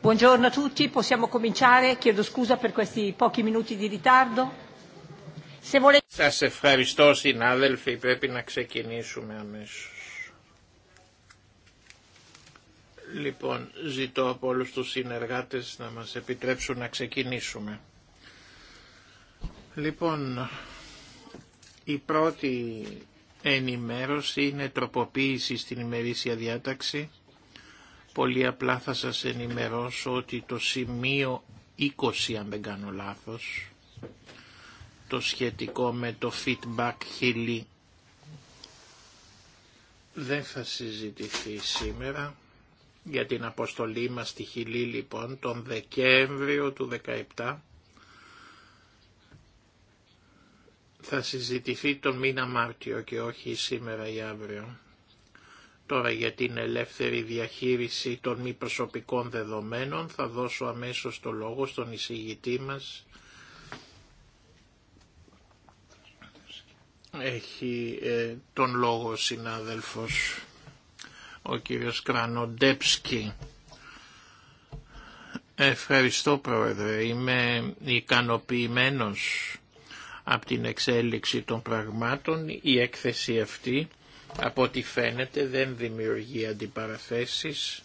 Buongiorno a tutti, possiamo cominciare. Chiedo scusa per questi pochi minuti di ritardo. Σας ευχαριστώ συνάδελφοι, πρέπει να ξεκινήσουμε αμέσως. Λοιπόν, ζητώ από όλους τους συνεργάτες να μας επιτρέψουν να ξεκινήσουμε. Λοιπόν, η πρώτη ενημέρωση είναι τροποποίηση στην ημερήσια διάταξη Πολύ απλά θα σας ενημερώσω ότι το σημείο 20, αν δεν κάνω λάθος, το σχετικό με το feedback χειλή δεν θα συζητηθεί σήμερα για την αποστολή μας στη Χιλή λοιπόν τον Δεκέμβριο του 17 θα συζητηθεί τον μήνα Μάρτιο και όχι σήμερα ή αύριο. Τώρα για την ελεύθερη διαχείριση των μη προσωπικών δεδομένων θα δώσω αμέσως το λόγο στον εισηγητή μας. Έχει ε, τον λόγο ο συνάδελφος ο κύριος Κρανοντέψκι. Ευχαριστώ Πρόεδρε, είμαι ικανοποιημένος από την εξέλιξη των πραγμάτων. Η έκθεση αυτή από ό,τι φαίνεται δεν δημιουργεί αντιπαραθέσεις.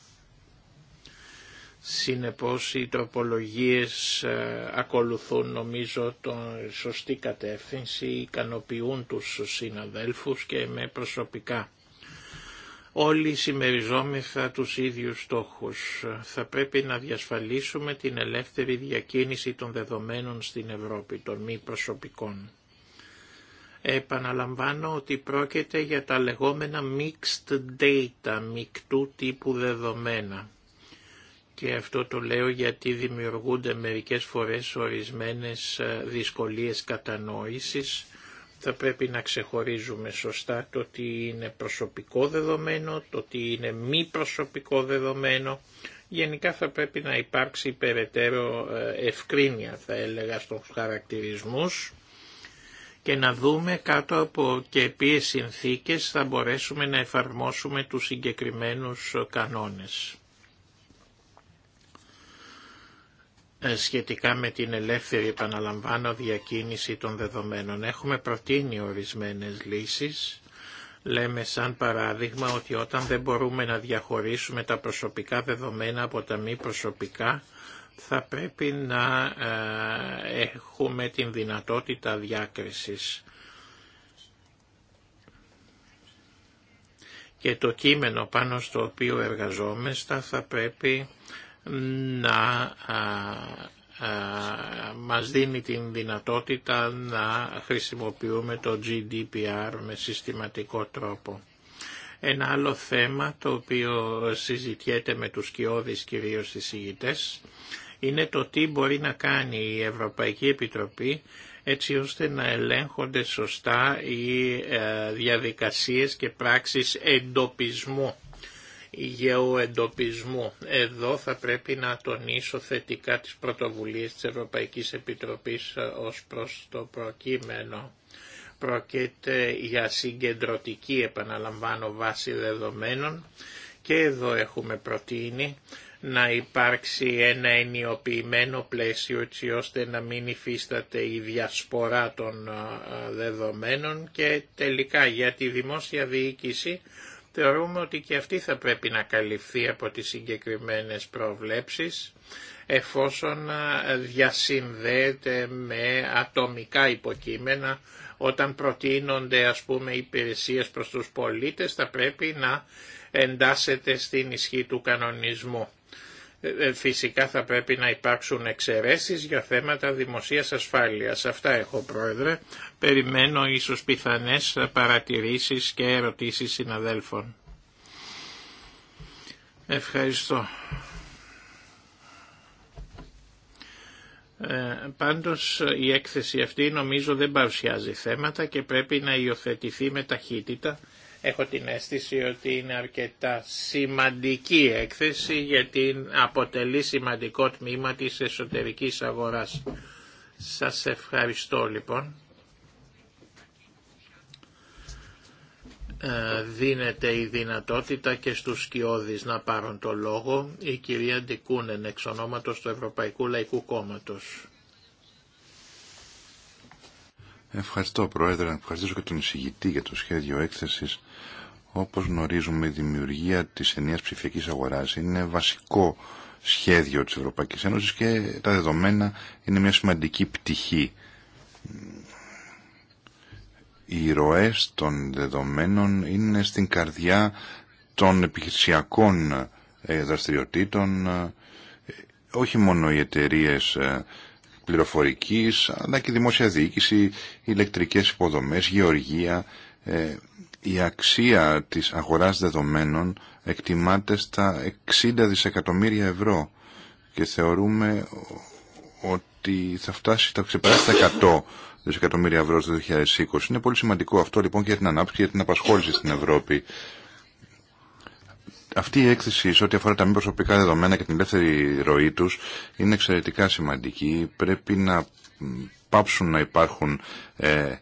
Συνεπώς οι τροπολογίες ε, ακολουθούν νομίζω τον σωστή κατεύθυνση, ικανοποιούν τους συναδέλφους και με προσωπικά. Όλοι συμμεριζόμεθα τους ίδιους στόχους. Θα πρέπει να διασφαλίσουμε την ελεύθερη διακίνηση των δεδομένων στην Ευρώπη, των μη προσωπικών. Επαναλαμβάνω ότι πρόκειται για τα λεγόμενα mixed data, μεικτού τύπου δεδομένα. Και αυτό το λέω γιατί δημιουργούνται μερικές φορές ορισμένες ε, δυσκολίες κατανόησης. Θα πρέπει να ξεχωρίζουμε σωστά το ότι είναι προσωπικό δεδομένο, το τι είναι μη προσωπικό δεδομένο. Γενικά θα πρέπει να υπάρξει περαιτέρω ε, ευκρίνεια θα έλεγα στους χαρακτηρισμούς και να δούμε κάτω από και ποιες συνθήκες θα μπορέσουμε να εφαρμόσουμε τους συγκεκριμένους κανόνες. Ε, σχετικά με την ελεύθερη επαναλαμβάνω διακίνηση των δεδομένων. Έχουμε προτείνει ορισμένες λύσεις. Λέμε σαν παράδειγμα ότι όταν δεν μπορούμε να διαχωρίσουμε τα προσωπικά δεδομένα από τα μη προσωπικά, θα πρέπει να ε, έχουμε την δυνατότητα διάκρισης. Και το κείμενο πάνω στο οποίο εργαζόμαστε θα πρέπει να ε, ε, μας δίνει την δυνατότητα να χρησιμοποιούμε το GDPR με συστηματικό τρόπο. Ένα άλλο θέμα το οποίο συζητιέται με τους κοιόδης κυρίως στις είναι το τι μπορεί να κάνει η Ευρωπαϊκή Επιτροπή έτσι ώστε να ελέγχονται σωστά οι ε, διαδικασίες και πράξεις εντοπισμού, γεωεντοπισμού. Εδώ θα πρέπει να τονίσω θετικά τις πρωτοβουλίες της Ευρωπαϊκής Επιτροπής ε, ως προς το προκείμενο. Πρόκειται για συγκεντρωτική, επαναλαμβάνω, βάση δεδομένων και εδώ έχουμε προτείνει να υπάρξει ένα ενιοποιημένο πλαίσιο έτσι ώστε να μην υφίσταται η διασπορά των δεδομένων και τελικά για τη δημόσια διοίκηση θεωρούμε ότι και αυτή θα πρέπει να καλυφθεί από τις συγκεκριμένες προβλέψεις εφόσον διασυνδέεται με ατομικά υποκείμενα όταν προτείνονται ας πούμε υπηρεσίες προς τους πολίτες θα πρέπει να εντάσσεται στην ισχύ του κανονισμού. Ε, ε, φυσικά θα πρέπει να υπάρξουν εξαιρέσεις για θέματα δημοσίας ασφάλειας. Αυτά έχω πρόεδρε. Περιμένω ίσως πιθανές παρατηρήσεις και ερωτήσεις συναδέλφων. Ευχαριστώ. Ε, πάντως η έκθεση αυτή νομίζω δεν παρουσιάζει θέματα και πρέπει να υιοθετηθεί με ταχύτητα Έχω την αίσθηση ότι είναι αρκετά σημαντική έκθεση γιατί αποτελεί σημαντικό τμήμα της εσωτερικής αγοράς. Σας ευχαριστώ λοιπόν. Ε, δίνεται η δυνατότητα και στους σκιώδεις να πάρουν το λόγο η κυρία Ντικούνεν εξ του Ευρωπαϊκού Λαϊκού Κόμματος. Ευχαριστώ Πρόεδρε, ευχαριστήσω και τον εισηγητή για το σχέδιο έκθεσης. Όπως γνωρίζουμε η δημιουργία της ενιαίας ψηφιακής αγοράς είναι βασικό σχέδιο της Ευρωπαϊκής Ένωσης και τα δεδομένα είναι μια σημαντική πτυχή. Οι ροές των δεδομένων είναι στην καρδιά των επιχειρησιακών ε, δραστηριοτήτων. Ε, όχι μόνο οι εταιρείε ε, πληροφορικής, αλλά και δημόσια διοίκηση, ηλεκτρικές υποδομές, γεωργία. Ε, η αξία της αγοράς δεδομένων εκτιμάται στα 60 δισεκατομμύρια ευρώ και θεωρούμε ότι θα φτάσει, θα ξεπεράσει τα 100 δισεκατομμύρια ευρώ το 2020. Είναι πολύ σημαντικό αυτό λοιπόν και για την ανάπτυξη και για την απασχόληση στην Ευρώπη αυτή η έκθεση σε ό,τι αφορά τα μη προσωπικά δεδομένα και την ελεύθερη ροή τους είναι εξαιρετικά σημαντική. Πρέπει να πάψουν να υπάρχουν ε,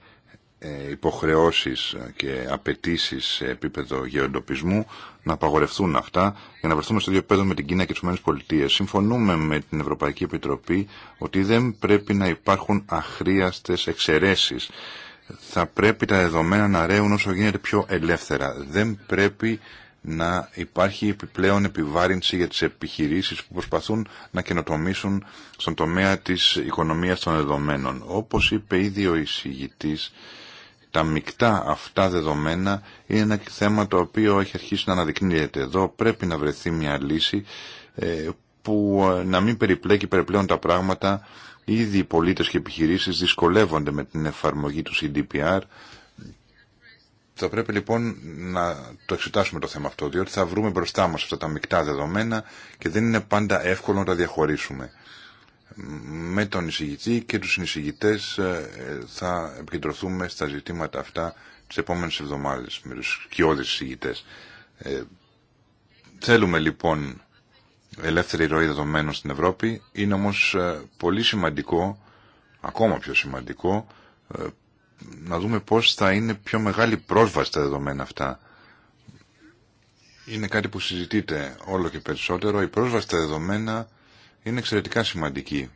ε, υποχρεώσεις και απαιτήσει σε επίπεδο γεωντοπισμού, να απαγορευτούν αυτά για να βρεθούμε στο ίδιο επίπεδο με την Κίνα και τις ΗΠΑ. Συμφωνούμε με την Ευρωπαϊκή Επιτροπή ότι δεν πρέπει να υπάρχουν αχρίαστες εξαιρεσει. Θα πρέπει τα δεδομένα να ρέουν όσο γίνεται πιο ελεύθερα. Δεν πρέπει να υπάρχει επιπλέον επιβάρυνση για τις επιχειρήσεις που προσπαθούν να καινοτομήσουν στον τομέα της οικονομίας των δεδομένων. Όπως είπε ήδη ο εισηγητής, τα μεικτά αυτά δεδομένα είναι ένα θέμα το οποίο έχει αρχίσει να αναδεικνύεται. Εδώ πρέπει να βρεθεί μια λύση ε, που ε, να μην περιπλέκει περιπλέον τα πράγματα. Ήδη οι πολίτες και επιχειρήσεις δυσκολεύονται με την εφαρμογή του CDPR θα πρέπει λοιπόν να το εξετάσουμε το θέμα αυτό, διότι θα βρούμε μπροστά μας αυτά τα μεικτά δεδομένα και δεν είναι πάντα εύκολο να τα διαχωρίσουμε. Με τον εισηγητή και τους συνεισηγητές ε, θα επικεντρωθούμε στα ζητήματα αυτά τις επόμενες εβδομάδες με τους κοιόδης εισηγητές. Ε, θέλουμε λοιπόν ελεύθερη ροή δεδομένων στην Ευρώπη, είναι όμως ε, πολύ σημαντικό, ακόμα πιο σημαντικό, να δούμε πώς θα είναι πιο μεγάλη πρόσβαση στα δεδομένα αυτά. Είναι κάτι που συζητείται όλο και περισσότερο. Η πρόσβαση στα δεδομένα είναι εξαιρετικά σημαντική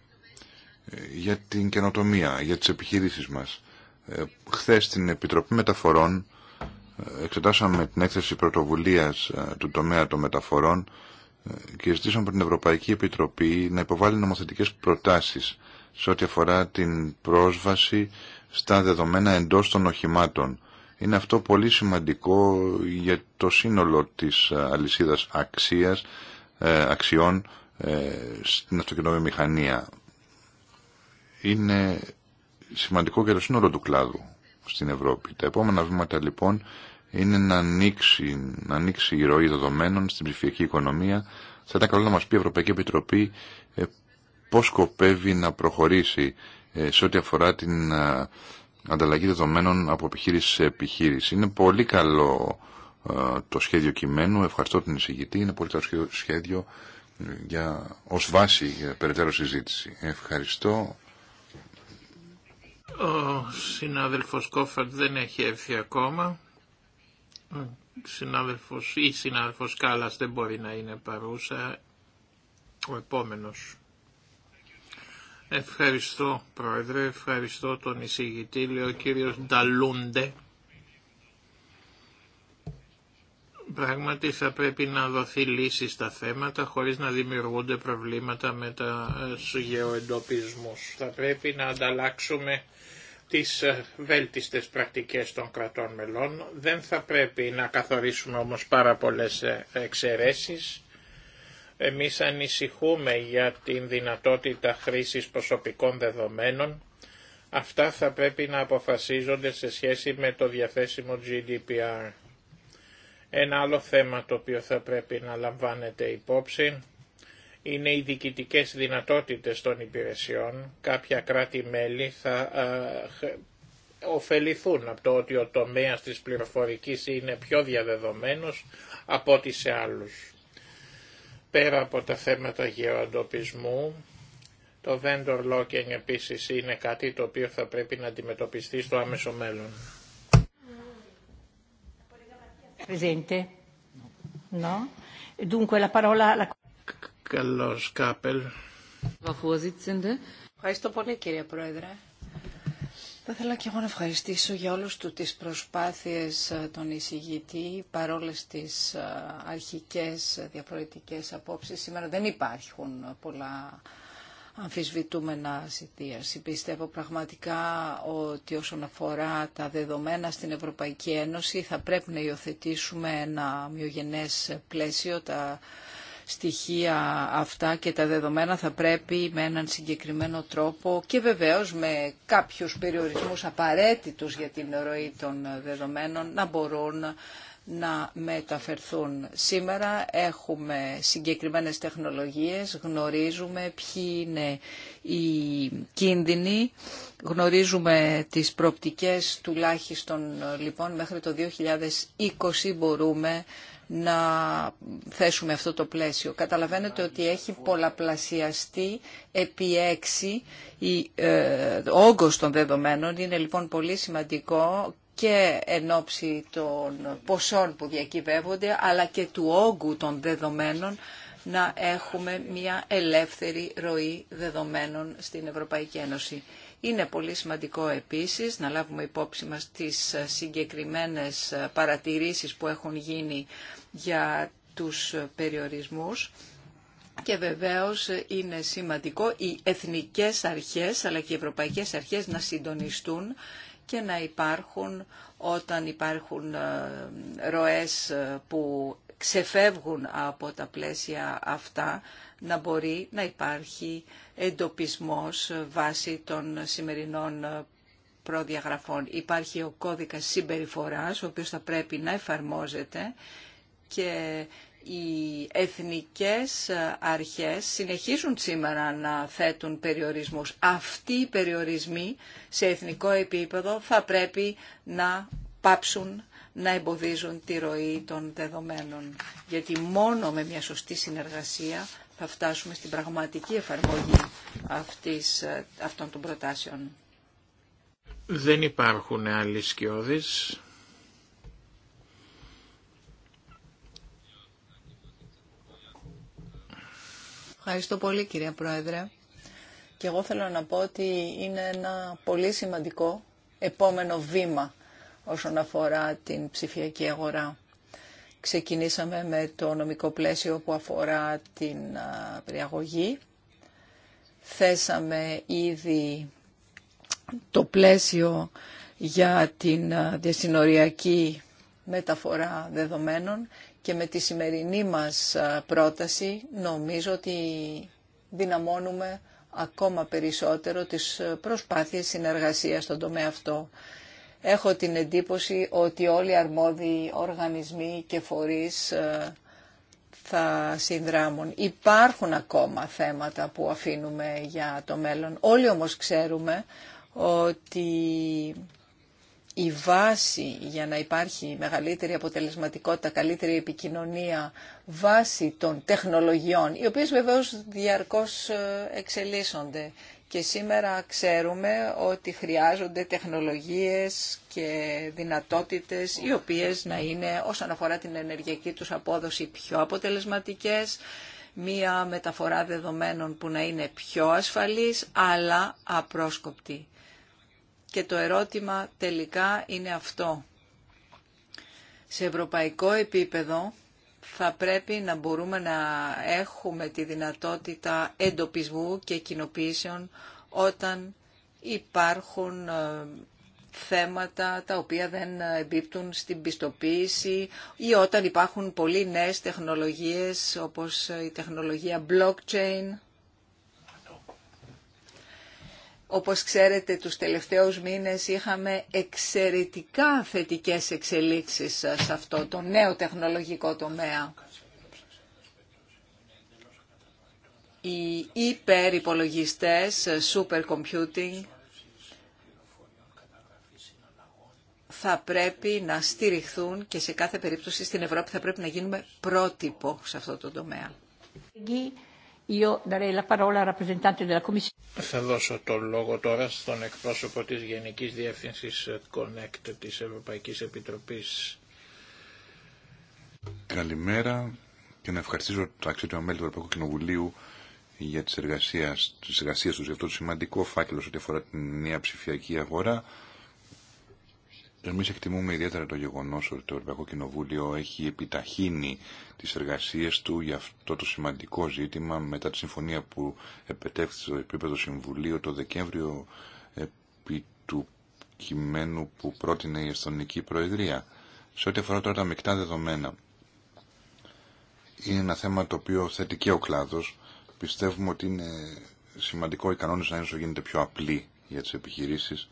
ε, για την καινοτομία, για τις επιχειρήσεις μας. Ε, χθες στην Επιτροπή Μεταφορών ε, εξετάσαμε την έκθεση πρωτοβουλίας του τομέα των μεταφορών και ζητήσαμε από την Ευρωπαϊκή Επιτροπή να υποβάλει νομοθετικές προτάσεις σε ό,τι αφορά την πρόσβαση στα δεδομένα εντός των οχημάτων. Είναι αυτό πολύ σημαντικό για το σύνολο της ε, αλυσίδας αξίας, ε, αξιών ε, στην μηχανία. Είναι σημαντικό για το σύνολο του κλάδου στην Ευρώπη. Τα επόμενα βήματα λοιπόν είναι να ανοίξει, να ανοίξει η ροή δεδομένων στην ψηφιακή οικονομία. Θα ήταν καλό να μας πει η Ευρωπαϊκή Επιτροπή πώς σκοπεύει να προχωρήσει ε, σε ό,τι αφορά την ε, ανταλλαγή δεδομένων από επιχείρηση σε επιχείρηση. Είναι πολύ καλό ε, το σχέδιο κειμένου. Ευχαριστώ την εισηγητή. Είναι πολύ καλό σχέδιο για, ως βάση για περαιτέρω συζήτηση. Ευχαριστώ. Ο συνάδελφος Κόφατ δεν έχει έρθει ακόμα. Ο συνάδελφος ή συνάδελφος Κάλλας δεν μπορεί να είναι παρούσα. Ο επόμενος. Ευχαριστώ Πρόεδρε, ευχαριστώ τον εισηγητή, λέει ο κύριος Νταλούντε. Πράγματι θα πρέπει να δοθεί λύση στα θέματα χωρίς να δημιουργούνται προβλήματα με τα ε, γεωεντοπισμούς. Θα πρέπει να ανταλλάξουμε τις ε, βέλτιστες πρακτικές των κρατών μελών. Δεν θα πρέπει να καθορίσουμε όμως πάρα πολλές ε, εξαιρέσεις εμείς ανησυχούμε για την δυνατότητα χρήσης προσωπικών δεδομένων. Αυτά θα πρέπει να αποφασίζονται σε σχέση με το διαθέσιμο GDPR. Ένα άλλο θέμα το οποίο θα πρέπει να λαμβάνετε υπόψη είναι οι διοικητικές δυνατότητες των υπηρεσιών. Κάποια κράτη-μέλη θα α, ωφεληθούν από το ότι ο τομέας της πληροφορικής είναι πιο διαδεδομένος από ό,τι σε άλλους πέρα από τα θέματα γεωαντοπισμού, το vendor locking επίσης είναι κάτι το οποίο θα πρέπει να αντιμετωπιστεί στο άμεσο μέλλον. Καλώς, Κάπελ. Ευχαριστώ πολύ κύριε Πρόεδρε. Θα ήθελα και εγώ να ευχαριστήσω για όλους του τις προσπάθειες ε, των εισηγητή, παρόλες τις ε, αρχικές διαφορετικές απόψεις. Σήμερα δεν υπάρχουν ε, πολλά αμφισβητούμενα ζητία. Πιστεύω πραγματικά ότι όσον αφορά τα δεδομένα στην Ευρωπαϊκή Ένωση θα πρέπει να υιοθετήσουμε ένα μειογενές πλαίσιο. Τα στοιχεία αυτά και τα δεδομένα θα πρέπει με έναν συγκεκριμένο τρόπο και βεβαίως με κάποιους περιορισμούς απαραίτητους για την ροή των δεδομένων να μπορούν να μεταφερθούν. Σήμερα έχουμε συγκεκριμένες τεχνολογίες, γνωρίζουμε ποιοι είναι οι κίνδυνοι, γνωρίζουμε τις προπτικές τουλάχιστον λοιπόν μέχρι το 2020 μπορούμε να θέσουμε αυτό το πλαίσιο. Καταλαβαίνετε ότι έχει πολλαπλασιαστεί επί έξι η, ε, ο όγκος των δεδομένων. Είναι λοιπόν πολύ σημαντικό και εν ώψη των ποσών που διακυβεύονται, αλλά και του όγκου των δεδομένων, να έχουμε μια ελεύθερη ροή δεδομένων στην Ευρωπαϊκή Ένωση. Είναι πολύ σημαντικό επίσης να λάβουμε υπόψη μας τις συγκεκριμένες παρατηρήσεις που έχουν γίνει για τους περιορισμούς. Και βεβαίως είναι σημαντικό οι εθνικές αρχές αλλά και οι ευρωπαϊκές αρχές να συντονιστούν και να υπάρχουν όταν υπάρχουν ε, ροές ε, που ξεφεύγουν από τα πλαίσια αυτά να μπορεί να υπάρχει εντοπισμός βάσει των σημερινών προδιαγραφών. Υπάρχει ο κώδικας συμπεριφοράς, ο οποίος θα πρέπει να εφαρμόζεται και οι εθνικές αρχές συνεχίζουν σήμερα να θέτουν περιορισμούς. Αυτοί οι περιορισμοί σε εθνικό επίπεδο θα πρέπει να πάψουν να εμποδίζουν τη ροή των δεδομένων. Γιατί μόνο με μια σωστή συνεργασία θα φτάσουμε στην πραγματική εφαρμογή αυτής, ε, αυτών των προτάσεων. Δεν υπάρχουν άλλοι σκιώδεις. Ευχαριστώ πολύ κυρία Πρόεδρε. Και εγώ θέλω να πω ότι είναι ένα πολύ σημαντικό επόμενο βήμα όσον αφορά την ψηφιακή αγορά. Ξεκινήσαμε με το νομικό πλαίσιο που αφορά την περιαγωγή. Θέσαμε ήδη το πλαίσιο για την διασυνοριακή μεταφορά δεδομένων και με τη σημερινή μας πρόταση νομίζω ότι δυναμώνουμε ακόμα περισσότερο τις προσπάθειες συνεργασίας στον τομέα αυτό έχω την εντύπωση ότι όλοι οι αρμόδιοι οργανισμοί και φορείς ε, θα συνδράμουν. Υπάρχουν ακόμα θέματα που αφήνουμε για το μέλλον. Όλοι όμως ξέρουμε ότι η βάση για να υπάρχει μεγαλύτερη αποτελεσματικότητα, καλύτερη επικοινωνία βάση των τεχνολογιών, οι οποίες βεβαίως διαρκώς ε, εξελίσσονται και σήμερα ξέρουμε ότι χρειάζονται τεχνολογίες και δυνατότητες οι οποίες να είναι όσον αφορά την ενεργειακή τους απόδοση πιο αποτελεσματικές, μία μεταφορά δεδομένων που να είναι πιο ασφαλής αλλά απρόσκοπτη. Και το ερώτημα τελικά είναι αυτό. Σε ευρωπαϊκό επίπεδο θα πρέπει να μπορούμε να έχουμε τη δυνατότητα εντοπισμού και κοινοποίησεων όταν υπάρχουν ε, θέματα τα οποία δεν ε, εμπίπτουν στην πιστοποίηση ή όταν υπάρχουν πολύ νέες τεχνολογίες όπως ε, η οταν υπαρχουν πολλοι νεες τεχνολογιες οπως η τεχνολογια blockchain όπως ξέρετε, τους τελευταίους μήνες είχαμε εξαιρετικά θετικές εξελίξεις σε αυτό το νέο τεχνολογικό τομέα. Οι υπερυπολογιστές, super computing, θα πρέπει να στηριχθούν και σε κάθε περίπτωση στην Ευρώπη θα πρέπει να γίνουμε πρότυπο σε αυτό το τομέα. Θα δώσω το λόγο τώρα στον εκπρόσωπο της Γενικής Διεύθυνσης Connect της Ευρωπαϊκής Επιτροπής. Καλημέρα και να ευχαριστήσω τα αξιότιμα μέλη του Ευρωπαϊκού Κοινοβουλίου για τις εργασίες, τις τους για αυτό το σημαντικό φάκελο ό,τι αφορά την νέα ψηφιακή αγορά. Εμεί εκτιμούμε ιδιαίτερα το γεγονό ότι το Ευρωπαϊκό Κοινοβούλιο έχει επιταχύνει τι εργασίε του για αυτό το σημαντικό ζήτημα μετά τη συμφωνία που επετέφθη στο επίπεδο Συμβουλίου το Δεκέμβριο επί του κειμένου που πρότεινε η Εσθονική Προεδρία. Σε ό,τι αφορά τώρα τα μεικτά δεδομένα, είναι ένα θέμα το οποίο θέτει και ο κλάδος. Πιστεύουμε ότι είναι σημαντικό οι κανόνε να είναι γίνεται πιο απλοί για τι επιχειρήσεις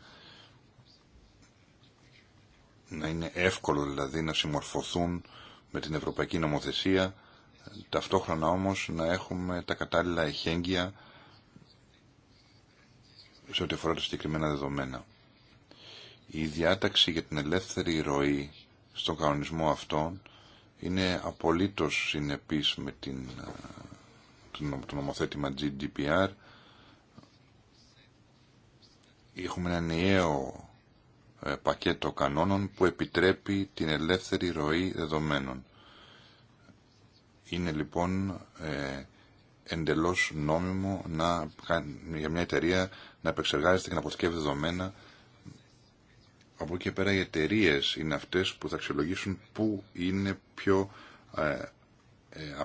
να είναι εύκολο δηλαδή να συμμορφωθούν με την ευρωπαϊκή νομοθεσία, ταυτόχρονα όμως να έχουμε τα κατάλληλα εχέγγυα σε ό,τι αφορά τα συγκεκριμένα δεδομένα. Η διάταξη για την ελεύθερη ροή στον κανονισμό αυτόν είναι απολύτως συνεπής με την, το νομοθέτημα GDPR. Έχουμε ένα νέο ε, πακέτο κανόνων που επιτρέπει την ελεύθερη ροή δεδομένων. Είναι λοιπόν ε, εντελώς νόμιμο να, για μια εταιρεία να επεξεργάζεται και να αποθηκεύει δεδομένα. Από εκεί και πέρα οι εταιρείε είναι αυτές που θα αξιολογήσουν πού είναι πιο ε, ε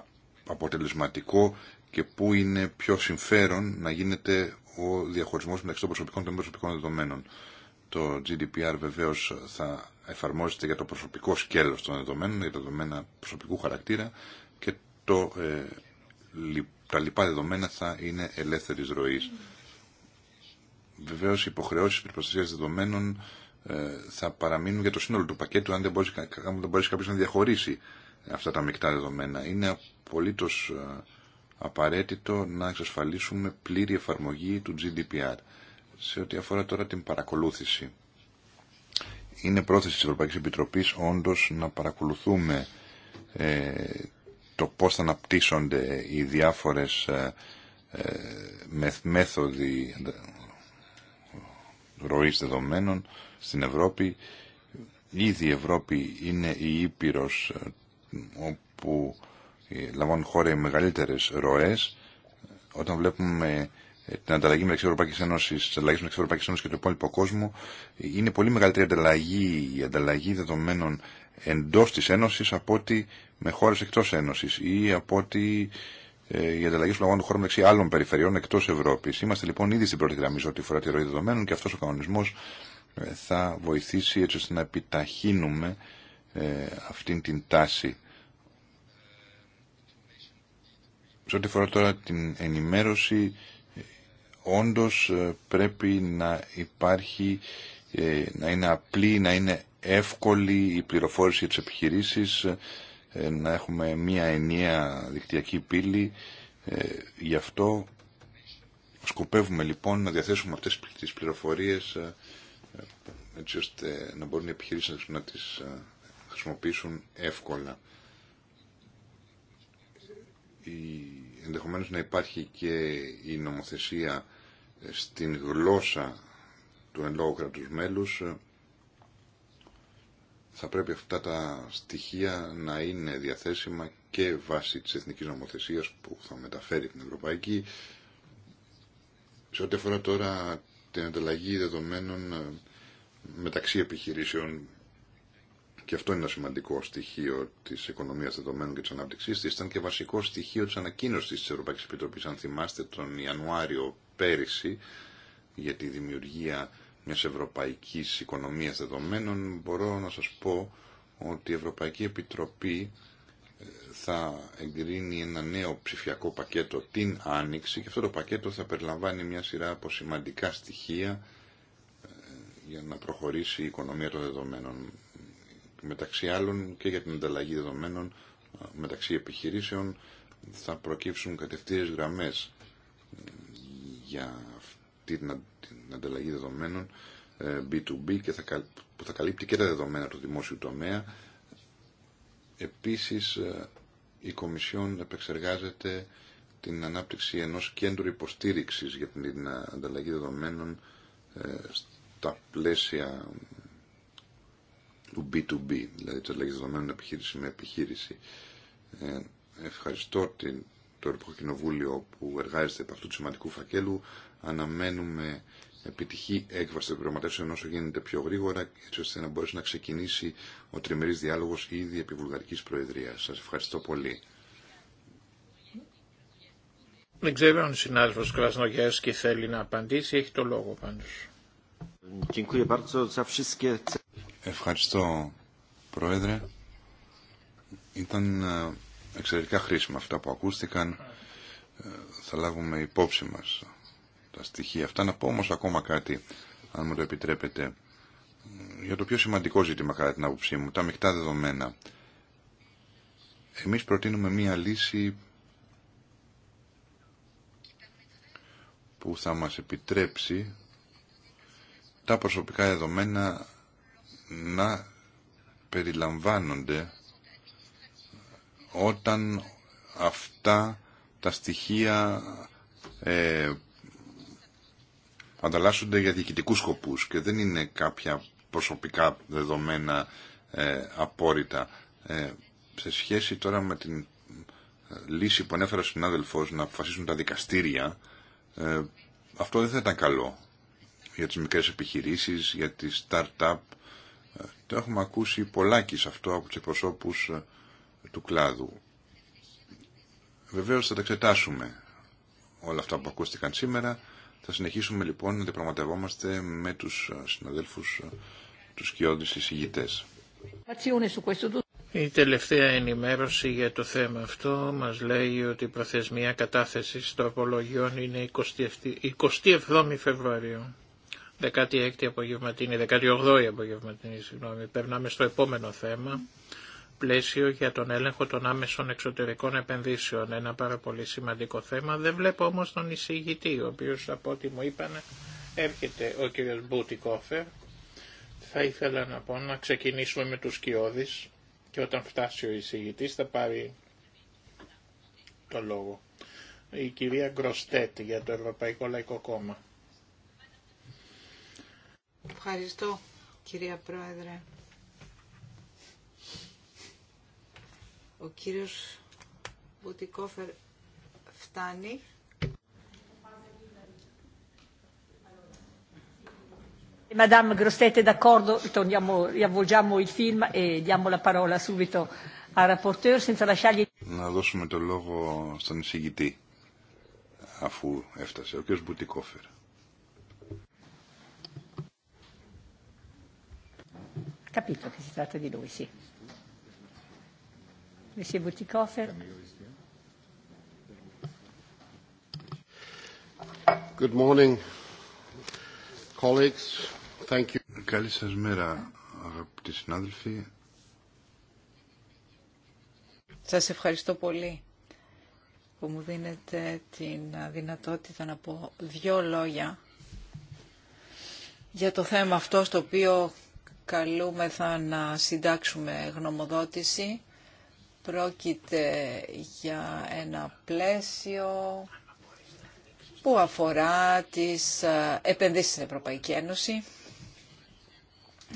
αποτελεσματικό και πού είναι πιο συμφέρον να γίνεται ο διαχωρισμός μεταξύ των προσωπικών και των προσωπικών δεδομένων το GDPR βεβαίως θα εφαρμόζεται για το προσωπικό σκέλος των δεδομένων, για τα δεδομένα προσωπικού χαρακτήρα και το, ε, τα λοιπά δεδομένα θα είναι ελεύθερης ροής. Βεβαίως οι υποχρεώσει τη προστασία δεδομένων ε, θα παραμείνουν για το σύνολο του πακέτου αν δεν μπορεί μπορεί να διαχωρίσει αυτά τα μεικτά δεδομένα. Είναι απολύτω ε, απαραίτητο να εξασφαλίσουμε πλήρη εφαρμογή του GDPR σε ό,τι αφορά τώρα την παρακολούθηση. Είναι πρόθεση της Ευρωπαϊκής Επιτροπής όντως να παρακολουθούμε ε, το πώς θα αναπτύσσονται οι διάφορες ε, ε, μέθοδοι ροής δεδομένων στην Ευρώπη. Ήδη η Ευρώπη είναι η Ήπειρος όπου λαμβάνουν χώρα μεγαλύτερες ροές. Όταν βλέπουμε ε, την ανταλλαγή μεταξύ Ευρωπαϊκή Ένωση, τη ανταλλαγή μεταξύ Ευρωπαϊκή Ένωση και του υπόλοιπου κόσμου, είναι πολύ μεγαλύτερη ανταλλαγή, η ανταλλαγή δεδομένων εντό τη Ένωση από ότι με χώρε εκτό Ένωση ή από ότι η ε, ανταλλαγη ανταλλαγέ που λαμβάνουν χώρου μεταξύ άλλων περιφερειών εκτό Ευρώπη. Είμαστε λοιπόν ήδη στην πρώτη γραμμή σε ό,τι αφορά τη ροή δεδομένων και αυτό ο κανονισμό ε, θα βοηθήσει έτσι ώστε να επιταχύνουμε ε, αυτήν την τάση. Σε ό,τι αφορά τώρα την ενημέρωση όντως ε, πρέπει να υπάρχει, ε, να είναι απλή, να είναι εύκολη η πληροφόρηση της επιχειρήσης, ε, να έχουμε μία ενιαία δικτυακή πύλη. Γι' αυτό σκοπεύουμε λοιπόν να διαθέσουμε αυτές τις πληροφορίες έτσι ώστε να μπορούν οι επιχειρήσεις να τις χρησιμοποιήσουν εύκολα. Ενδεχομένως να υπάρχει και η νομοθεσία στην γλώσσα του εν λόγω κρατούς μέλους θα πρέπει αυτά τα στοιχεία να είναι διαθέσιμα και βάσει της εθνικής νομοθεσίας που θα μεταφέρει την Ευρωπαϊκή. Σε ό,τι αφορά τώρα την ανταλλαγή δεδομένων ε, μεταξύ επιχειρήσεων και αυτό είναι ένα σημαντικό στοιχείο τη οικονομία δεδομένων και τη ανάπτυξή Ήταν και βασικό στοιχείο τη ανακοίνωση τη Ευρωπαϊκή Επιτροπή, αν θυμάστε, τον Ιανουάριο πέρυσι για τη δημιουργία μιας ευρωπαϊκής οικονομίας δεδομένων, μπορώ να σας πω ότι η Ευρωπαϊκή Επιτροπή ε, θα εγκρίνει ένα νέο ψηφιακό πακέτο την Άνοιξη και αυτό το πακέτο θα περιλαμβάνει μια σειρά από σημαντικά στοιχεία ε, για να προχωρήσει η οικονομία των δεδομένων. Μεταξύ άλλων και για την ανταλλαγή δεδομένων ε, μεταξύ επιχειρήσεων θα προκύψουν κατευθείαν γραμμές για αυτή την ανταλλαγή δεδομένων B2B ε, και θα, που θα καλύπτει και τα δεδομένα του δημόσιου τομέα. Επίσης ε, η Κομισιόν επεξεργάζεται την ανάπτυξη ενός κέντρου υποστήριξης για την ανταλλαγή δεδομένων ε, στα πλαίσια του B2B, δηλαδή της ανταλλαγής δεδομένων επιχείρηση με επιχείρηση. Ευχαριστώ την το Ευρωπαϊκό Κοινοβούλιο που εργάζεται από αυτού του σημαντικού φακέλου. Αναμένουμε επιτυχή έκβαση των προγραμματεύσεων όσο γίνεται πιο γρήγορα, έτσι ώστε να μπορέσει να ξεκινήσει ο τριμερής διάλογος ήδη επί Βουλγαρική Προεδρίας. Σας ευχαριστώ πολύ. Δεν ξέρω αν ο συνάδελφο Κρασνογιάσκη θέλει να απαντήσει, έχει το λόγο πάντω. Ευχαριστώ, Πρόεδρε. Ήταν ε, εξαιρετικά χρήσιμα αυτά που ακούστηκαν. Ε, θα λάβουμε υπόψη μας τα στοιχεία αυτά. Να πω όμως ακόμα κάτι, αν μου το επιτρέπετε, για το πιο σημαντικό ζήτημα κατά την άποψή μου, τα μεικτά δεδομένα. Εμείς προτείνουμε μία λύση που θα μας επιτρέψει τα προσωπικά δεδομένα να περιλαμβάνονται όταν αυτά τα στοιχεία ε, ανταλλάσσονται για διοικητικούς σκοπούς και δεν είναι κάποια προσωπικά δεδομένα ε, απόρριτα. Ε, σε σχέση τώρα με την ε, λύση που ανέφερα ο συνάδελφος να αποφασίσουν τα δικαστήρια, ε, αυτό δεν θα ήταν καλό για τις μικρές επιχειρήσεις, για τις start-up. Το έχουμε ακούσει πολλάκι σε αυτό από τους εκπροσώπους του κλάδου. Βεβαίως θα τα εξετάσουμε όλα αυτά που ακούστηκαν σήμερα. Θα συνεχίσουμε λοιπόν να διαπραγματευόμαστε με τους συναδέλφους τους κοιόντες εισηγητές. Η τελευταία ενημέρωση για το θέμα αυτό μας λέει ότι η προθεσμία κατάθεσης των απολογιών είναι 27 Φεβρουαρίου. 16η απογευματινή, 18η απογευματινή, συγγνώμη. Περνάμε στο επόμενο θέμα πλαίσιο για τον έλεγχο των άμεσων εξωτερικών επενδύσεων, ένα πάρα πολύ σημαντικό θέμα. Δεν βλέπω όμως τον εισηγητή, ο οποίος από ό,τι μου είπαν έρχεται ο κύριος Μπούτι Κόφερ. Θα ήθελα να πω να ξεκινήσουμε με τους Κιώδης και όταν φτάσει ο εισηγητής θα πάρει το λόγο. Η κυρία Γκροστέτ για το Ευρωπαϊκό Λαϊκό Κόμμα. Ευχαριστώ κυρία Πρόεδρε. Ο κύριος Μπουτικόφερ φτάνει. Madame Grosset è d'accordo, torniamo, riavvolgiamo il film e diamo la parola subito al rapporteur senza lasciargli... Να δώσουμε το λόγο στον εισηγητή, αφού έφτασε, ο κ. Μπουτικόφερ. Capito che si tratta di lui, sì. Monsieur Good morning, colleagues. Thank you. Καλή σας μέρα, αγαπητοί συνάδελφοι. Σας ευχαριστώ πολύ που μου δίνετε την δυνατότητα να πω δύο λόγια για το θέμα αυτό στο οποίο καλούμεθα να συντάξουμε γνωμοδότηση Πρόκειται για ένα πλαίσιο που αφορά τις ε, επενδύσεις στην Ευρωπαϊκή Ένωση.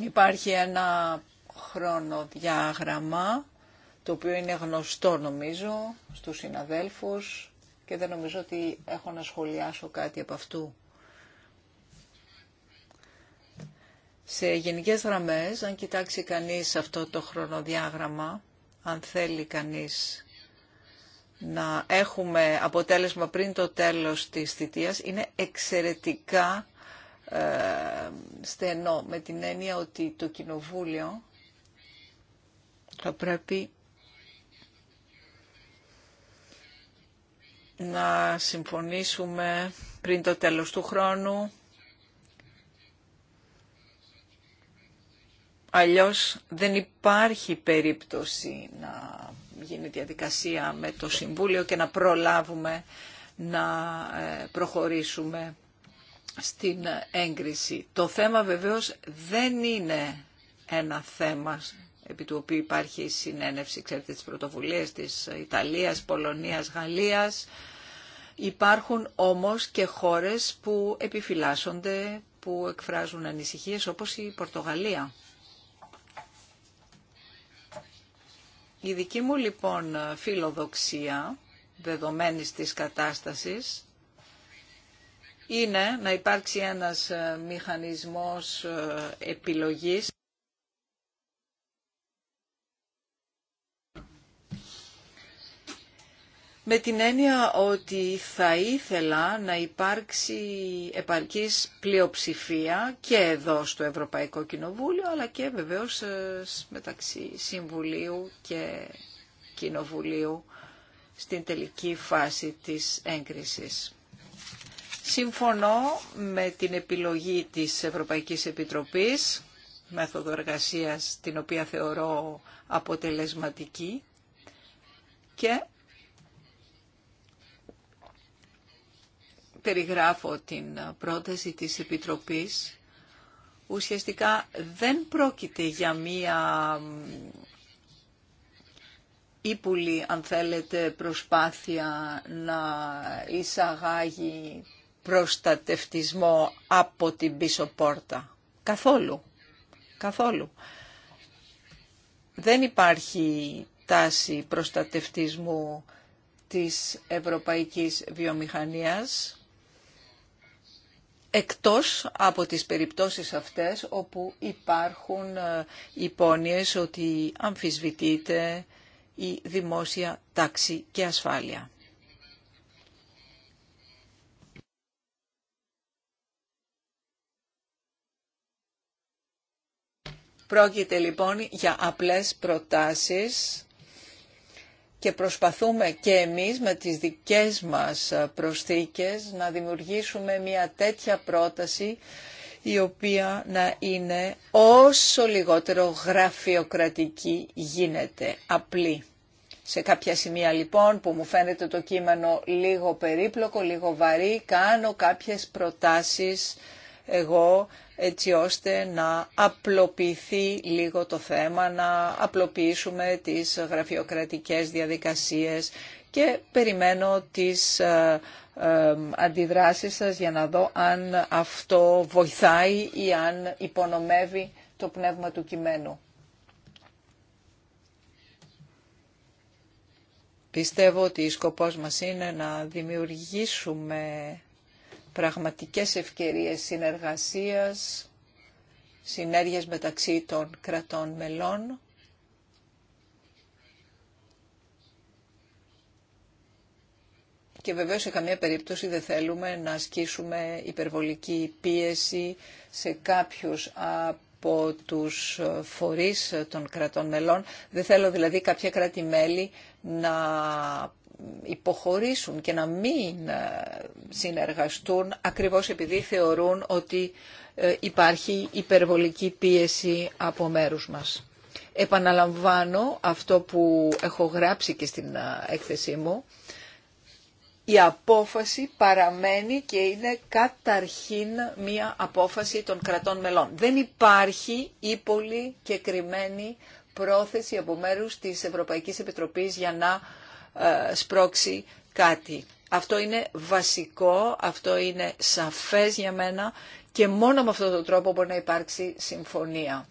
Υπάρχει ένα χρονοδιάγραμμα, το οποίο είναι γνωστό νομίζω στους συναδέλφους και δεν νομίζω ότι έχω να σχολιάσω κάτι από αυτού. Σε γενικές γραμμές, αν κοιτάξει κανείς αυτό το χρονοδιάγραμμα, αν θέλει κανείς να έχουμε αποτέλεσμα πριν το τέλος της θητείας, είναι εξαιρετικά ε, στενό, με την έννοια ότι το Κοινοβούλιο θα πρέπει να συμφωνήσουμε πριν το τέλος του χρόνου Αλλιώς δεν υπάρχει περίπτωση να γίνει διαδικασία με το Συμβούλιο και να προλάβουμε να ε, προχωρήσουμε στην έγκριση. Το θέμα βεβαίως δεν είναι ένα θέμα επί του οποίου υπάρχει συνένευση, ξέρετε, της πρωτοβουλίας της Ιταλίας, Πολωνίας, Γαλλίας. Υπάρχουν όμως και χώρες που επιφυλάσσονται, που εκφράζουν ανησυχίες, όπως η Πορτογαλία. Η δική μου λοιπόν φιλοδοξία, δεδομένης της κατάστασης, είναι να υπάρξει ένας ε, μηχανισμός ε, επιλογής με την έννοια ότι θα ήθελα να υπάρξει επαρκής πλειοψηφία και εδώ στο Ευρωπαϊκό Κοινοβούλιο, αλλά και βεβαίως ε, μεταξύ Συμβουλίου και Κοινοβουλίου στην τελική φάση της έγκρισης. Συμφωνώ με την επιλογή της Ευρωπαϊκής Επιτροπής, μέθοδο εργασίας την οποία θεωρώ αποτελεσματική και περιγράφω την ε, πρόταση της Επιτροπής, ουσιαστικά δεν πρόκειται για μία ύπουλη, αν θέλετε, προσπάθεια να εισαγάγει προστατευτισμό από την πίσω πόρτα. Καθόλου. Καθόλου. Δεν υπάρχει τάση προστατευτισμού της ευρωπαϊκής βιομηχανίας εκτός από τις περιπτώσεις αυτές όπου υπάρχουν ε, υπόνοιες ότι αμφισβητείται η δημόσια τάξη και ασφάλεια. Πρόκειται λοιπόν για απλές προτάσεις και προσπαθούμε και εμείς με τις δικές μας προσθήκες να δημιουργήσουμε μια τέτοια πρόταση η οποία να είναι όσο λιγότερο γραφειοκρατική γίνεται, απλή. Σε κάποια σημεία λοιπόν που μου φαίνεται το κείμενο λίγο περίπλοκο, λίγο βαρύ, κάνω κάποιες προτάσεις εγώ έτσι ώστε να απλοποιηθεί λίγο το θέμα, να απλοποιήσουμε τις γραφειοκρατικές διαδικασίες και περιμένω τις ε, ε, αντιδράσεις σας για να δω αν αυτό βοηθάει ή αν υπονομεύει το πνεύμα του κειμένου. Πιστεύω ότι η σκοπός μας είναι να δημιουργήσουμε πραγματικές ευκαιρίες συνεργασίας, συνέργειας μεταξύ των κρατών μελών. Και βεβαίως σε καμία περίπτωση δεν θέλουμε να ασκήσουμε υπερβολική πίεση σε κάποιους από τους φορείς των κρατών μελών. Δεν θέλω δηλαδή κάποια κράτη-μέλη να υποχωρήσουν και να μην ε, συνεργαστούν ακριβώς επειδή θεωρούν ότι ε, υπάρχει υπερβολική πίεση από μέρους μας. Επαναλαμβάνω αυτό που έχω γράψει και στην ε, έκθεσή μου. Η απόφαση παραμένει και είναι καταρχήν μία απόφαση των κρατών μελών. Δεν υπάρχει ύπολη και κρυμμένη πρόθεση από μέρους της Ευρωπαϊκής Επιτροπής για να ε, σπρώξει κάτι. Αυτό είναι βασικό, αυτό είναι σαφές για μένα και μόνο με αυτόν τον τρόπο μπορεί να υπάρξει συμφωνία.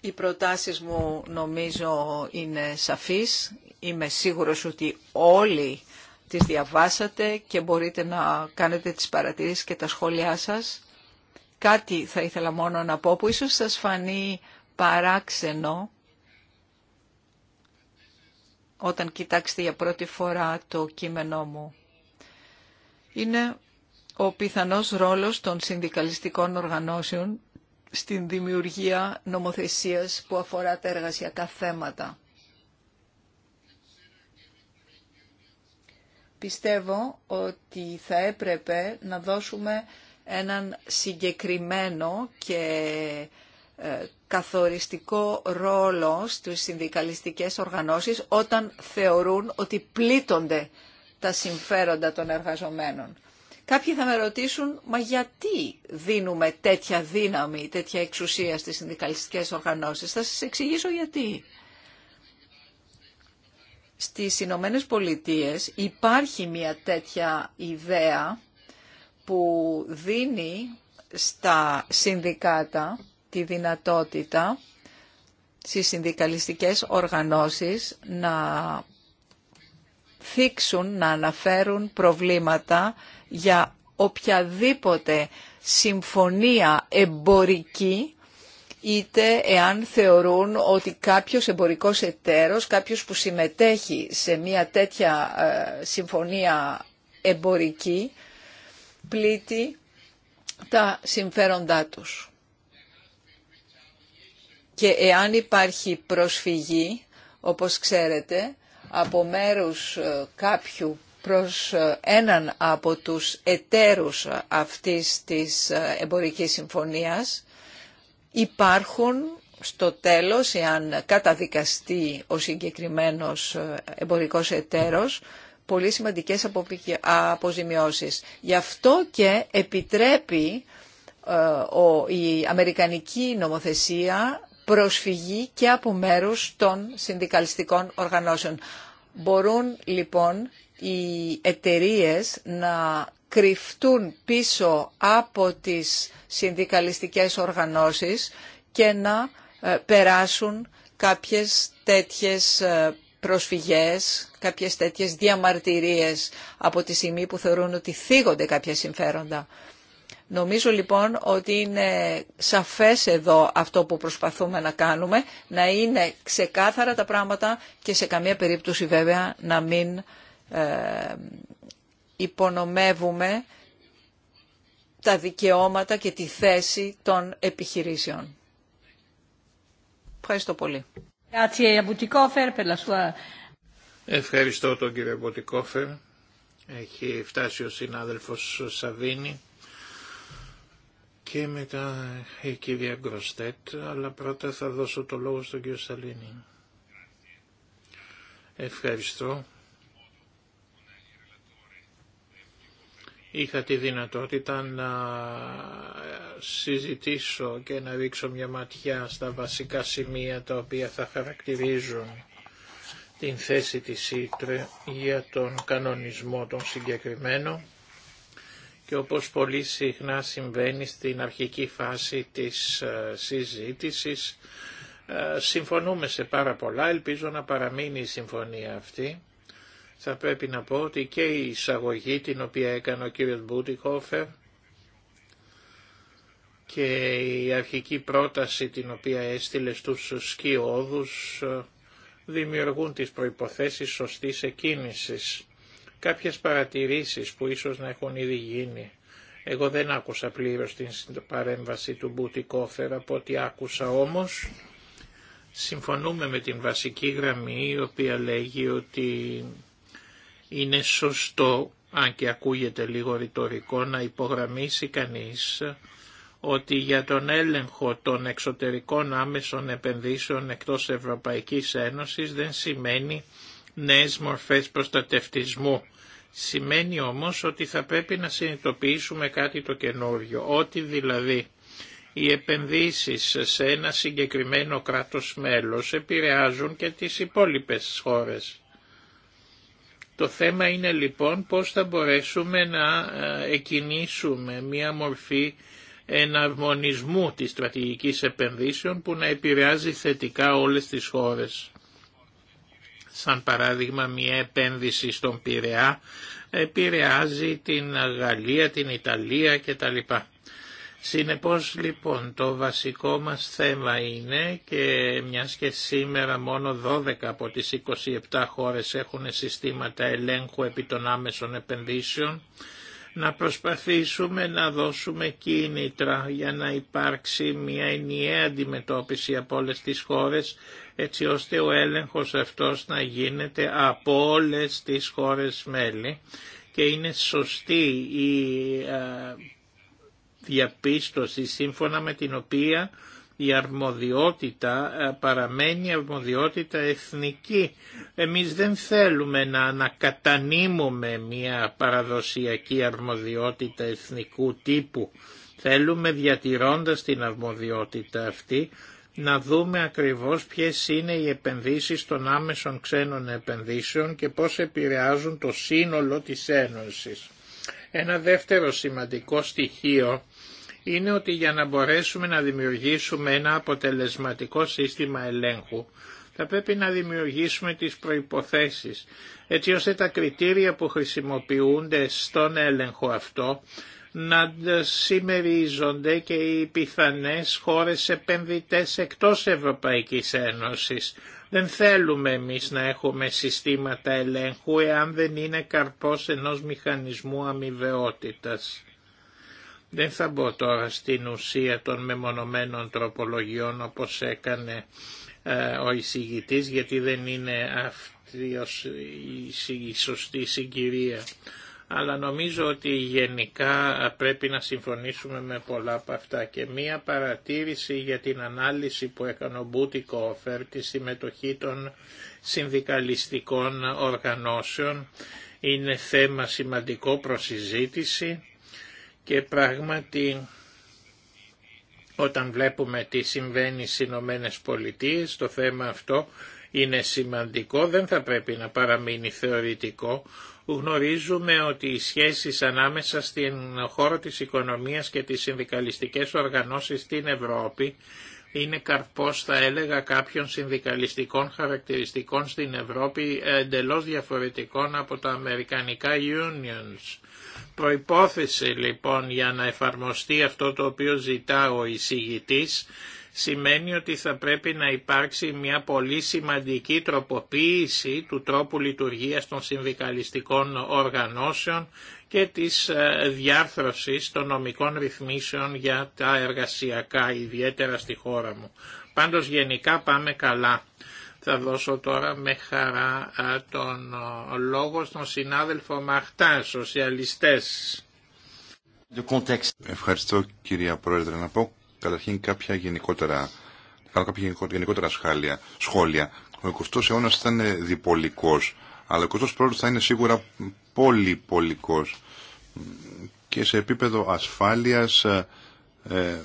Οι προτάσεις μου νομίζω είναι σαφείς. Είμαι σίγουρος ότι όλοι τις διαβάσατε και μπορείτε να κάνετε τις παρατηρήσεις και τα σχόλιά σας. Κάτι θα ήθελα μόνο να πω που ίσως σας φανεί παράξενο όταν κοιτάξτε για πρώτη φορά το κείμενό μου. Είναι ο πιθανός ρόλος των συνδικαλιστικών οργανώσεων στην δημιουργία νομοθεσίας που αφορά τα εργασιακά θέματα. Πιστεύω ότι θα έπρεπε να δώσουμε έναν συγκεκριμένο και ε, καθοριστικό ρόλο στις συνδικαλιστικές οργανώσεις όταν θεωρούν ότι πλήττονται τα συμφέροντα των εργαζομένων. Κάποιοι θα με ρωτήσουν, μα γιατί δίνουμε τέτοια δύναμη, τέτοια εξουσία στις συνδικαλιστικές οργανώσεις. Θα σας εξηγήσω γιατί. Στις Ηνωμένε Πολιτείες υπάρχει μια τέτοια ιδέα που δίνει στα συνδικάτα τη δυνατότητα στις συνδικαλιστικές οργανώσεις να θίξουν, να αναφέρουν προβλήματα για οποιαδήποτε συμφωνία εμπορική είτε εάν θεωρούν ότι κάποιος εμπορικός εταίρος, κάποιος που συμμετέχει σε μια τέτοια ε, συμφωνία εμπορική, πλήττει τα συμφέροντά τους και εάν υπάρχει προσφυγή, όπως ξέρετε, από μέρους ε, κάποιου προς ε, έναν από τους εταίρους ε, αυτής της εμπορικής συμφωνίας, υπάρχουν στο τέλος, εάν καταδικαστεί ο συγκεκριμένος εμπορικός εταίρος, πολύ σημαντικές αποζημιώσεις. Γι' αυτό και επιτρέπει η αμερικανική νομοθεσία προσφυγή και από μέρους των συνδικαλιστικών οργανώσεων. Μπορούν λοιπόν οι εταιρείες να κρυφτούν πίσω από τις συνδικαλιστικές οργανώσεις και να ε, περάσουν κάποιες τέτοιες ε, προσφυγές, κάποιες τέτοιες διαμαρτυρίες από τη στιγμή που θεωρούν ότι θίγονται κάποια συμφέροντα. Νομίζω λοιπόν ότι είναι σαφές εδώ αυτό που προσπαθούμε να κάνουμε, να είναι ξεκάθαρα τα πράγματα και σε καμία περίπτωση βέβαια να μην ε, υπονομεύουμε τα δικαιώματα και τη θέση των επιχειρήσεων. Ευχαριστώ πολύ. Ευχαριστώ τον κύριο Μποτικόφερ. Έχει φτάσει ο συνάδελφος Σαβίνη και μετά η κυρία Γκροστέτ, αλλά πρώτα θα δώσω το λόγο στον κύριο Σαλίνη. Ευχαριστώ. Είχα τη δυνατότητα να συζητήσω και να ρίξω μια ματιά στα βασικά σημεία τα οποία θα χαρακτηρίζουν την θέση της ΣΥΤΡΕ για τον κανονισμό των συγκεκριμένων και όπως πολύ συχνά συμβαίνει στην αρχική φάση της ε, συζήτησης, ε, συμφωνούμε σε πάρα πολλά, ελπίζω να παραμείνει η συμφωνία αυτή. Θα πρέπει να πω ότι και η εισαγωγή την οποία έκανε ο κύριος Μπούτιχόφερ και η αρχική πρόταση την οποία έστειλε στους σκιώδους ε, δημιουργούν τις προϋποθέσεις σωστής εκκίνησης. Κάποιες παρατηρήσεις που ίσως να έχουν ήδη γίνει. Εγώ δεν άκουσα πλήρως την παρέμβαση του Κόφερα από ό,τι άκουσα όμως συμφωνούμε με την βασική γραμμή η οποία λέγει ότι είναι σωστό, αν και ακούγεται λίγο ρητορικό, να υπογραμμίσει κανείς ότι για τον έλεγχο των εξωτερικών άμεσων επενδύσεων εκτός Ευρωπαϊκής Ένωσης δεν σημαίνει νέες μορφές προστατευτισμού Σημαίνει όμως ότι θα πρέπει να συνειδητοποιήσουμε κάτι το καινούριο, ότι δηλαδή οι επενδύσεις σε ένα συγκεκριμένο κράτος μέλος επηρεάζουν και τις υπόλοιπες χώρες. Το θέμα είναι λοιπόν πώς θα μπορέσουμε να εκινήσουμε μία μορφή εναρμονισμού της στρατηγικής επενδύσεων που να επηρεάζει θετικά όλες τις χώρες σαν παράδειγμα μια επένδυση στον Πειραιά επηρεάζει την Γαλλία, την Ιταλία κτλ. Συνεπώς λοιπόν το βασικό μας θέμα είναι και μιας και σήμερα μόνο 12 από τις 27 χώρες έχουν συστήματα ελέγχου επί των άμεσων επενδύσεων να προσπαθήσουμε να δώσουμε κίνητρα για να υπάρξει μια ενιαία αντιμετώπιση από όλες τις χώρες έτσι ώστε ο έλεγχος αυτός να γίνεται από όλες τις χώρες μέλη και είναι σωστή η ε, διαπίστωση σύμφωνα με την οποία η αρμοδιότητα ε, παραμένει αρμοδιότητα εθνική. Εμείς δεν θέλουμε να ανακατανύμουμε μια παραδοσιακή αρμοδιότητα εθνικού τύπου. Θέλουμε διατηρώντας την αρμοδιότητα αυτή να δούμε ακριβώς ποιες είναι οι επενδύσεις των άμεσων ξένων επενδύσεων και πώς επηρεάζουν το σύνολο της Ένωσης. Ένα δεύτερο σημαντικό στοιχείο είναι ότι για να μπορέσουμε να δημιουργήσουμε ένα αποτελεσματικό σύστημα ελέγχου θα πρέπει να δημιουργήσουμε τις προϋποθέσεις έτσι ώστε τα κριτήρια που χρησιμοποιούνται στον έλεγχο αυτό να συμμερίζονται και οι πιθανές χώρες επενδυτές εκτός Ευρωπαϊκής Ένωσης. Δεν θέλουμε εμείς να έχουμε συστήματα ελέγχου εάν δεν είναι καρπός ενός μηχανισμού αμοιβαιότητας. Δεν θα μπω τώρα στην ουσία των μεμονωμένων τροπολογιών όπως έκανε ε, ο εισηγητής γιατί δεν είναι αυτή η σωστή συγκυρία. Αλλά νομίζω ότι γενικά ε, πρέπει να συμφωνήσουμε με πολλά από αυτά και μία παρατήρηση για την ανάλυση που έκανε ο Μπούτικο τη συμμετοχή των συνδικαλιστικών οργανώσεων είναι θέμα σημαντικό προς και πράγματι όταν βλέπουμε τι συμβαίνει στι Ηνωμένε Πολιτείε, το θέμα αυτό είναι σημαντικό, δεν θα πρέπει να παραμείνει θεωρητικό. Γνωρίζουμε ότι οι σχέσεις ανάμεσα στην χώρο της οικονομίας και τις συνδικαλιστικές οργανώσεις στην Ευρώπη είναι καρπός θα έλεγα κάποιων συνδικαλιστικών χαρακτηριστικών στην Ευρώπη ε, εντελώς διαφορετικών από τα αμερικανικά unions Προϋπόθεση λοιπόν για να εφαρμοστεί αυτό το οποίο ζητά ο εισηγητής σημαίνει ότι θα πρέπει να υπάρξει μια πολύ σημαντική τροποποίηση του τρόπου λειτουργίας των συνδικαλιστικών οργανώσεων και της ε, διάρθρωσης των νομικών ρυθμίσεων για τα εργασιακά, ιδιαίτερα στη χώρα μου. Πάντως γενικά πάμε καλά. Θα δώσω τώρα με χαρά τον λόγο στον συνάδελφο Μαχτά, σοσιαλιστές. Ευχαριστώ κυρία Πρόεδρε. Να πω καταρχήν κάποια γενικότερα, κάποια γενικότερα σχάλια, σχόλια. Ο 20ος αιώνας ήταν διπολικός, αλλά ο 21ος θα είναι σίγουρα πολυπολικός και σε επίπεδο ασφάλειας ε, ε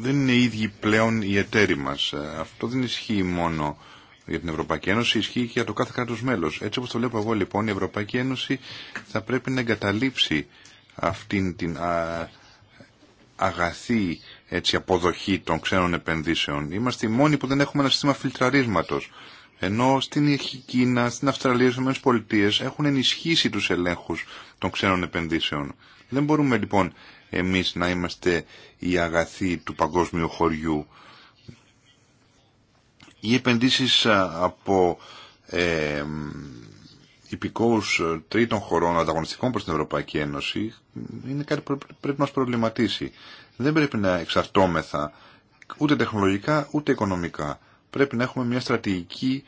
δεν είναι οι ίδιοι πλέον οι εταίροι μα. Ε, αυτό δεν ισχύει μόνο για την Ευρωπαϊκή Ένωση, ισχύει και για το κάθε κράτο μέλο. Έτσι όπω το βλέπω εγώ λοιπόν, η Ευρωπαϊκή Ένωση θα πρέπει να εγκαταλείψει αυτήν την α, αγαθή έτσι, αποδοχή των ξένων επενδύσεων. Είμαστε οι μόνοι που δεν έχουμε ένα σύστημα φιλτραρίσματος. Ενώ στην Κίνα, στην Αυστραλία, στι ΗΠΑ έχουν ενισχύσει του ελέγχου των ξένων επενδύσεων. Δεν μπορούμε λοιπόν εμείς να είμαστε η αγαθή του παγκόσμιου χωριού. Οι επενδύσεις από ε, υπηκόους τρίτων χωρών ανταγωνιστικών προς την Ευρωπαϊκή Ένωση είναι κάτι που πρέπει να μας προβληματίσει. Δεν πρέπει να εξαρτώμεθα ούτε τεχνολογικά ούτε οικονομικά. Πρέπει να έχουμε μια στρατηγική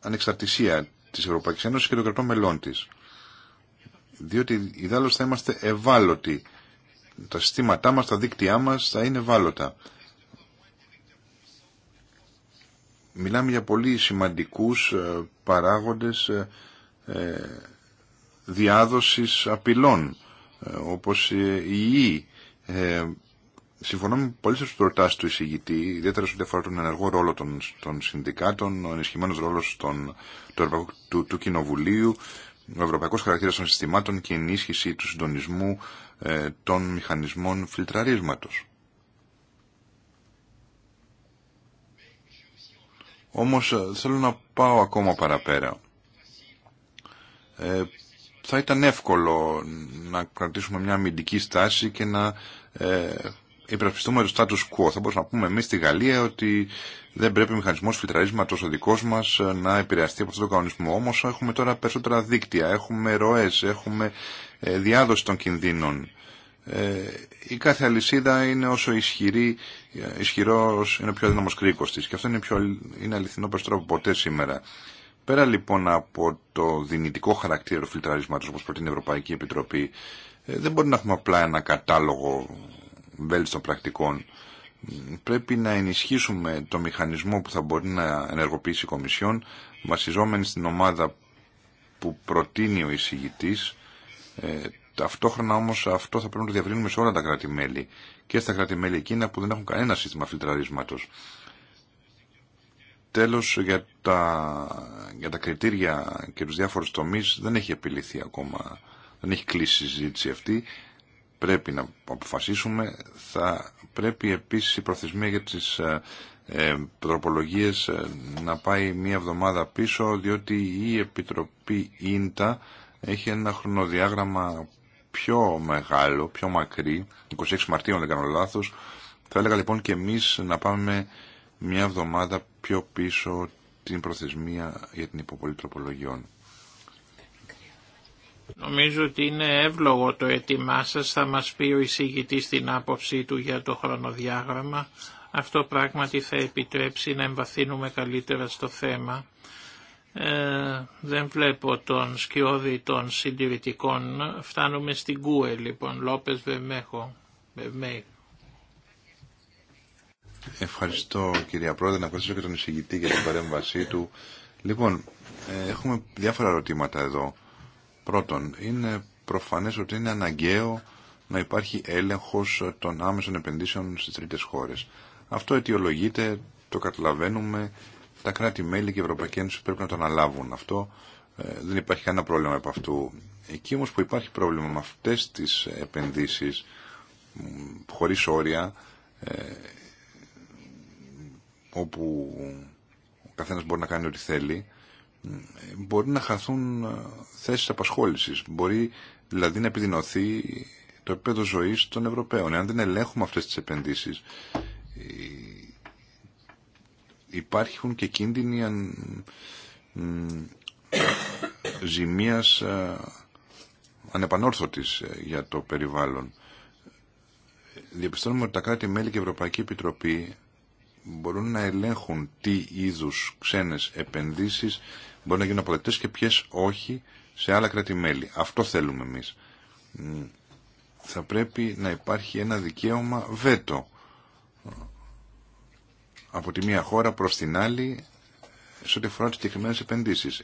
ανεξαρτησία της Ευρωπαϊκής Ένωσης και των κρατών μελών της. Διότι ιδάλλως θα είμαστε ευάλωτοι τα συστήματά μας, τα δίκτυά μας θα είναι βάλωτα. Μιλάμε για πολύ σημαντικούς ε, παράγοντες ε, ε, διάδοσης απειλών, όπως η ΙΗ. Συμφωνώ με πολλέ προτάσει του εισηγητή, ιδιαίτερα σε ό,τι αφορά τον ενεργό ρόλο των, των συνδικάτων, ο ενισχυμένο ρόλο του, του, του Κοινοβουλίου, ο ευρωπαϊκό χαρακτήρα των συστημάτων και η ενίσχυση του συντονισμού ε, των μηχανισμών φιλτραρίσματος. Όμως ε, θέλω να πάω ακόμα παραπέρα. Ε, θα ήταν εύκολο να κρατήσουμε μια αμυντική στάση και να ε, υπερασπιστούμε το status quo. Θα μπορούσαμε να πούμε εμείς στη Γαλλία ότι δεν πρέπει ο μηχανισμός φιλτραρίσματος ο δικός μας ε, να επηρεαστεί από αυτό τον κανονισμό. Όμως έχουμε τώρα περισσότερα δίκτυα, έχουμε ροές, έχουμε ε, διάδοση των κινδύνων. Ε, η κάθε αλυσίδα είναι όσο ισχυρή, ισχυρό είναι ο πιο δύναμος κρίκος της και αυτό είναι, πιο, είναι αληθινό περισσότερο από ποτέ σήμερα. Πέρα λοιπόν από το δυνητικό χαρακτήρα του φιλτραρίσματος όπως προτείνει η Ευρωπαϊκή Επιτροπή ε, δεν μπορεί να έχουμε απλά ένα κατάλογο βέλτιστων πρακτικών. Πρέπει να ενισχύσουμε το μηχανισμό που θα μπορεί να ενεργοποιήσει η Κομισιόν βασιζόμενη στην ομάδα που προτείνει ο εισηγητής ε, ταυτόχρονα όμως αυτό θα πρέπει να το διαβρύνουμε σε όλα τα κράτη-μέλη και στα κράτη-μέλη εκείνα που δεν έχουν κανένα σύστημα φιλτραρίσματο. Τέλος, για τα, για τα κριτήρια και τους διάφορους τομεί δεν έχει επιληθεί ακόμα, δεν έχει κλείσει η συζήτηση αυτή. Πρέπει να αποφασίσουμε. Θα πρέπει επίσης η προθεσμία για τι ε, ε, ε, να πάει μία εβδομάδα πίσω, διότι η Επιτροπή Ίντα έχει ένα χρονοδιάγραμμα πιο μεγάλο, πιο μακρύ, 26 Μαρτίου αν δεν κάνω λάθος. Θα έλεγα λοιπόν και εμείς να πάμε μια εβδομάδα πιο πίσω την προθεσμία για την υποβολή τροπολογιών. Νομίζω ότι είναι εύλογο το αίτημά σα. Θα μας πει ο εισηγητής την άποψή του για το χρονοδιάγραμμα. Αυτό πράγματι θα επιτρέψει να εμβαθύνουμε καλύτερα στο θέμα ε, δεν βλέπω τον σκιώδη των συντηρητικών. Φτάνουμε στην κούε λοιπόν. Λόπες Βεμέχο. Ευχαριστώ κυρία Πρόεδρε. Να ευχαριστήσω και τον εισηγητή για την παρέμβασή του. Λοιπόν, ε, έχουμε διάφορα ερωτήματα εδώ. Πρώτον, είναι προφανές ότι είναι αναγκαίο να υπάρχει έλεγχος των άμεσων επενδύσεων στις τρίτες χώρες. Αυτό αιτιολογείται, το καταλαβαίνουμε, τα κράτη-μέλη και η Ευρωπαϊκή Ένωση πρέπει να το αναλάβουν αυτό. Ε, δεν υπάρχει κανένα πρόβλημα από αυτού. Εκεί όμως που υπάρχει πρόβλημα με αυτές τις επενδύσεις χωρί όρια ε, όπου ο καθένα μπορεί να κάνει ό,τι θέλει μπορεί να χαθούν ε, θέσεις απασχόλησης. Μπορεί δηλαδή να επιδεινωθεί το επίπεδο ζωής των Ευρωπαίων. Εάν δεν ελέγχουμε αυτές τις επενδύσεις υπάρχουν και κίνδυνοι αν, ζημίας ανεπανόρθωτης ε, για το περιβάλλον. Διαπιστώνουμε ότι τα κράτη-μέλη και η Ευρωπαϊκή Επιτροπή μπορούν να ελέγχουν τι είδους ξένες επενδύσεις μπορούν να γίνουν αποδεκτές και ποιε όχι σε άλλα κράτη-μέλη. Αυτό θέλουμε εμείς. Θα πρέπει να υπάρχει ένα δικαίωμα βέτο από τη μία χώρα προς την άλλη σε ό,τι αφορά τις συγκεκριμένε επενδύσεις.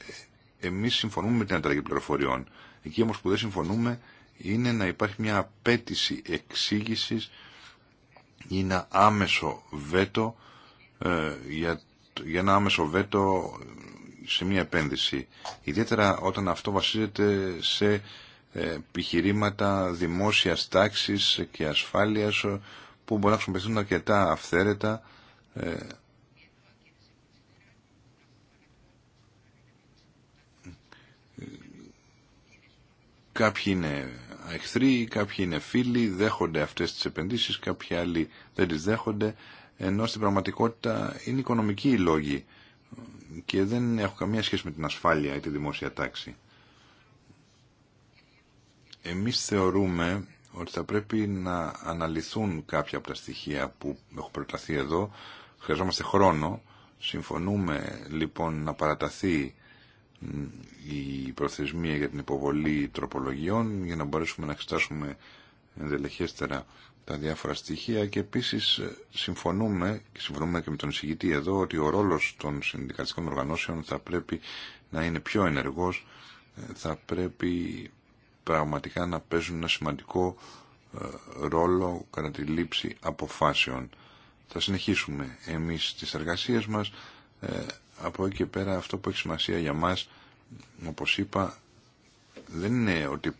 Εμείς συμφωνούμε με την ανταλλαγή πληροφοριών. Εκεί όμως που δεν συμφωνούμε είναι να υπάρχει μια απέτηση εξήγηση, ή ένα άμεσο βέτο ε, για, για ένα άμεσο βέτο σε μια επένδυση. Ιδιαίτερα όταν αυτό βασίζεται σε ε, επιχειρήματα δημόσιας τάξης και ασφάλειας ε, που μπορεί να χρησιμοποιηθούν αρκετά αυθαίρετα ε, κάποιοι είναι εχθροί, κάποιοι είναι φίλοι, δέχονται αυτές τις επενδύσεις, κάποιοι άλλοι δεν τις δέχονται, ενώ στην πραγματικότητα είναι οικονομικοί οι λόγοι και δεν έχω καμία σχέση με την ασφάλεια ή τη δημόσια τάξη. Εμείς θεωρούμε ότι θα πρέπει να αναλυθούν κάποια από τα στοιχεία που έχω προταθεί εδώ, χρειαζόμαστε χρόνο. Συμφωνούμε λοιπόν να παραταθεί η προθεσμία για την υποβολή τροπολογιών για να μπορέσουμε να εξετάσουμε ενδελεχέστερα τα διάφορα στοιχεία και επίσης συμφωνούμε και συμφωνούμε και με τον εισηγητή εδώ ότι ο ρόλος των συνδικαλιστικών οργανώσεων θα πρέπει να είναι πιο ενεργός θα πρέπει πραγματικά να παίζουν ένα σημαντικό ε, ρόλο κατά τη λήψη αποφάσεων θα συνεχίσουμε εμείς τις εργασίες μας. Ε, από εκεί και πέρα αυτό που έχει σημασία για μας, όπως είπα, δεν είναι ότι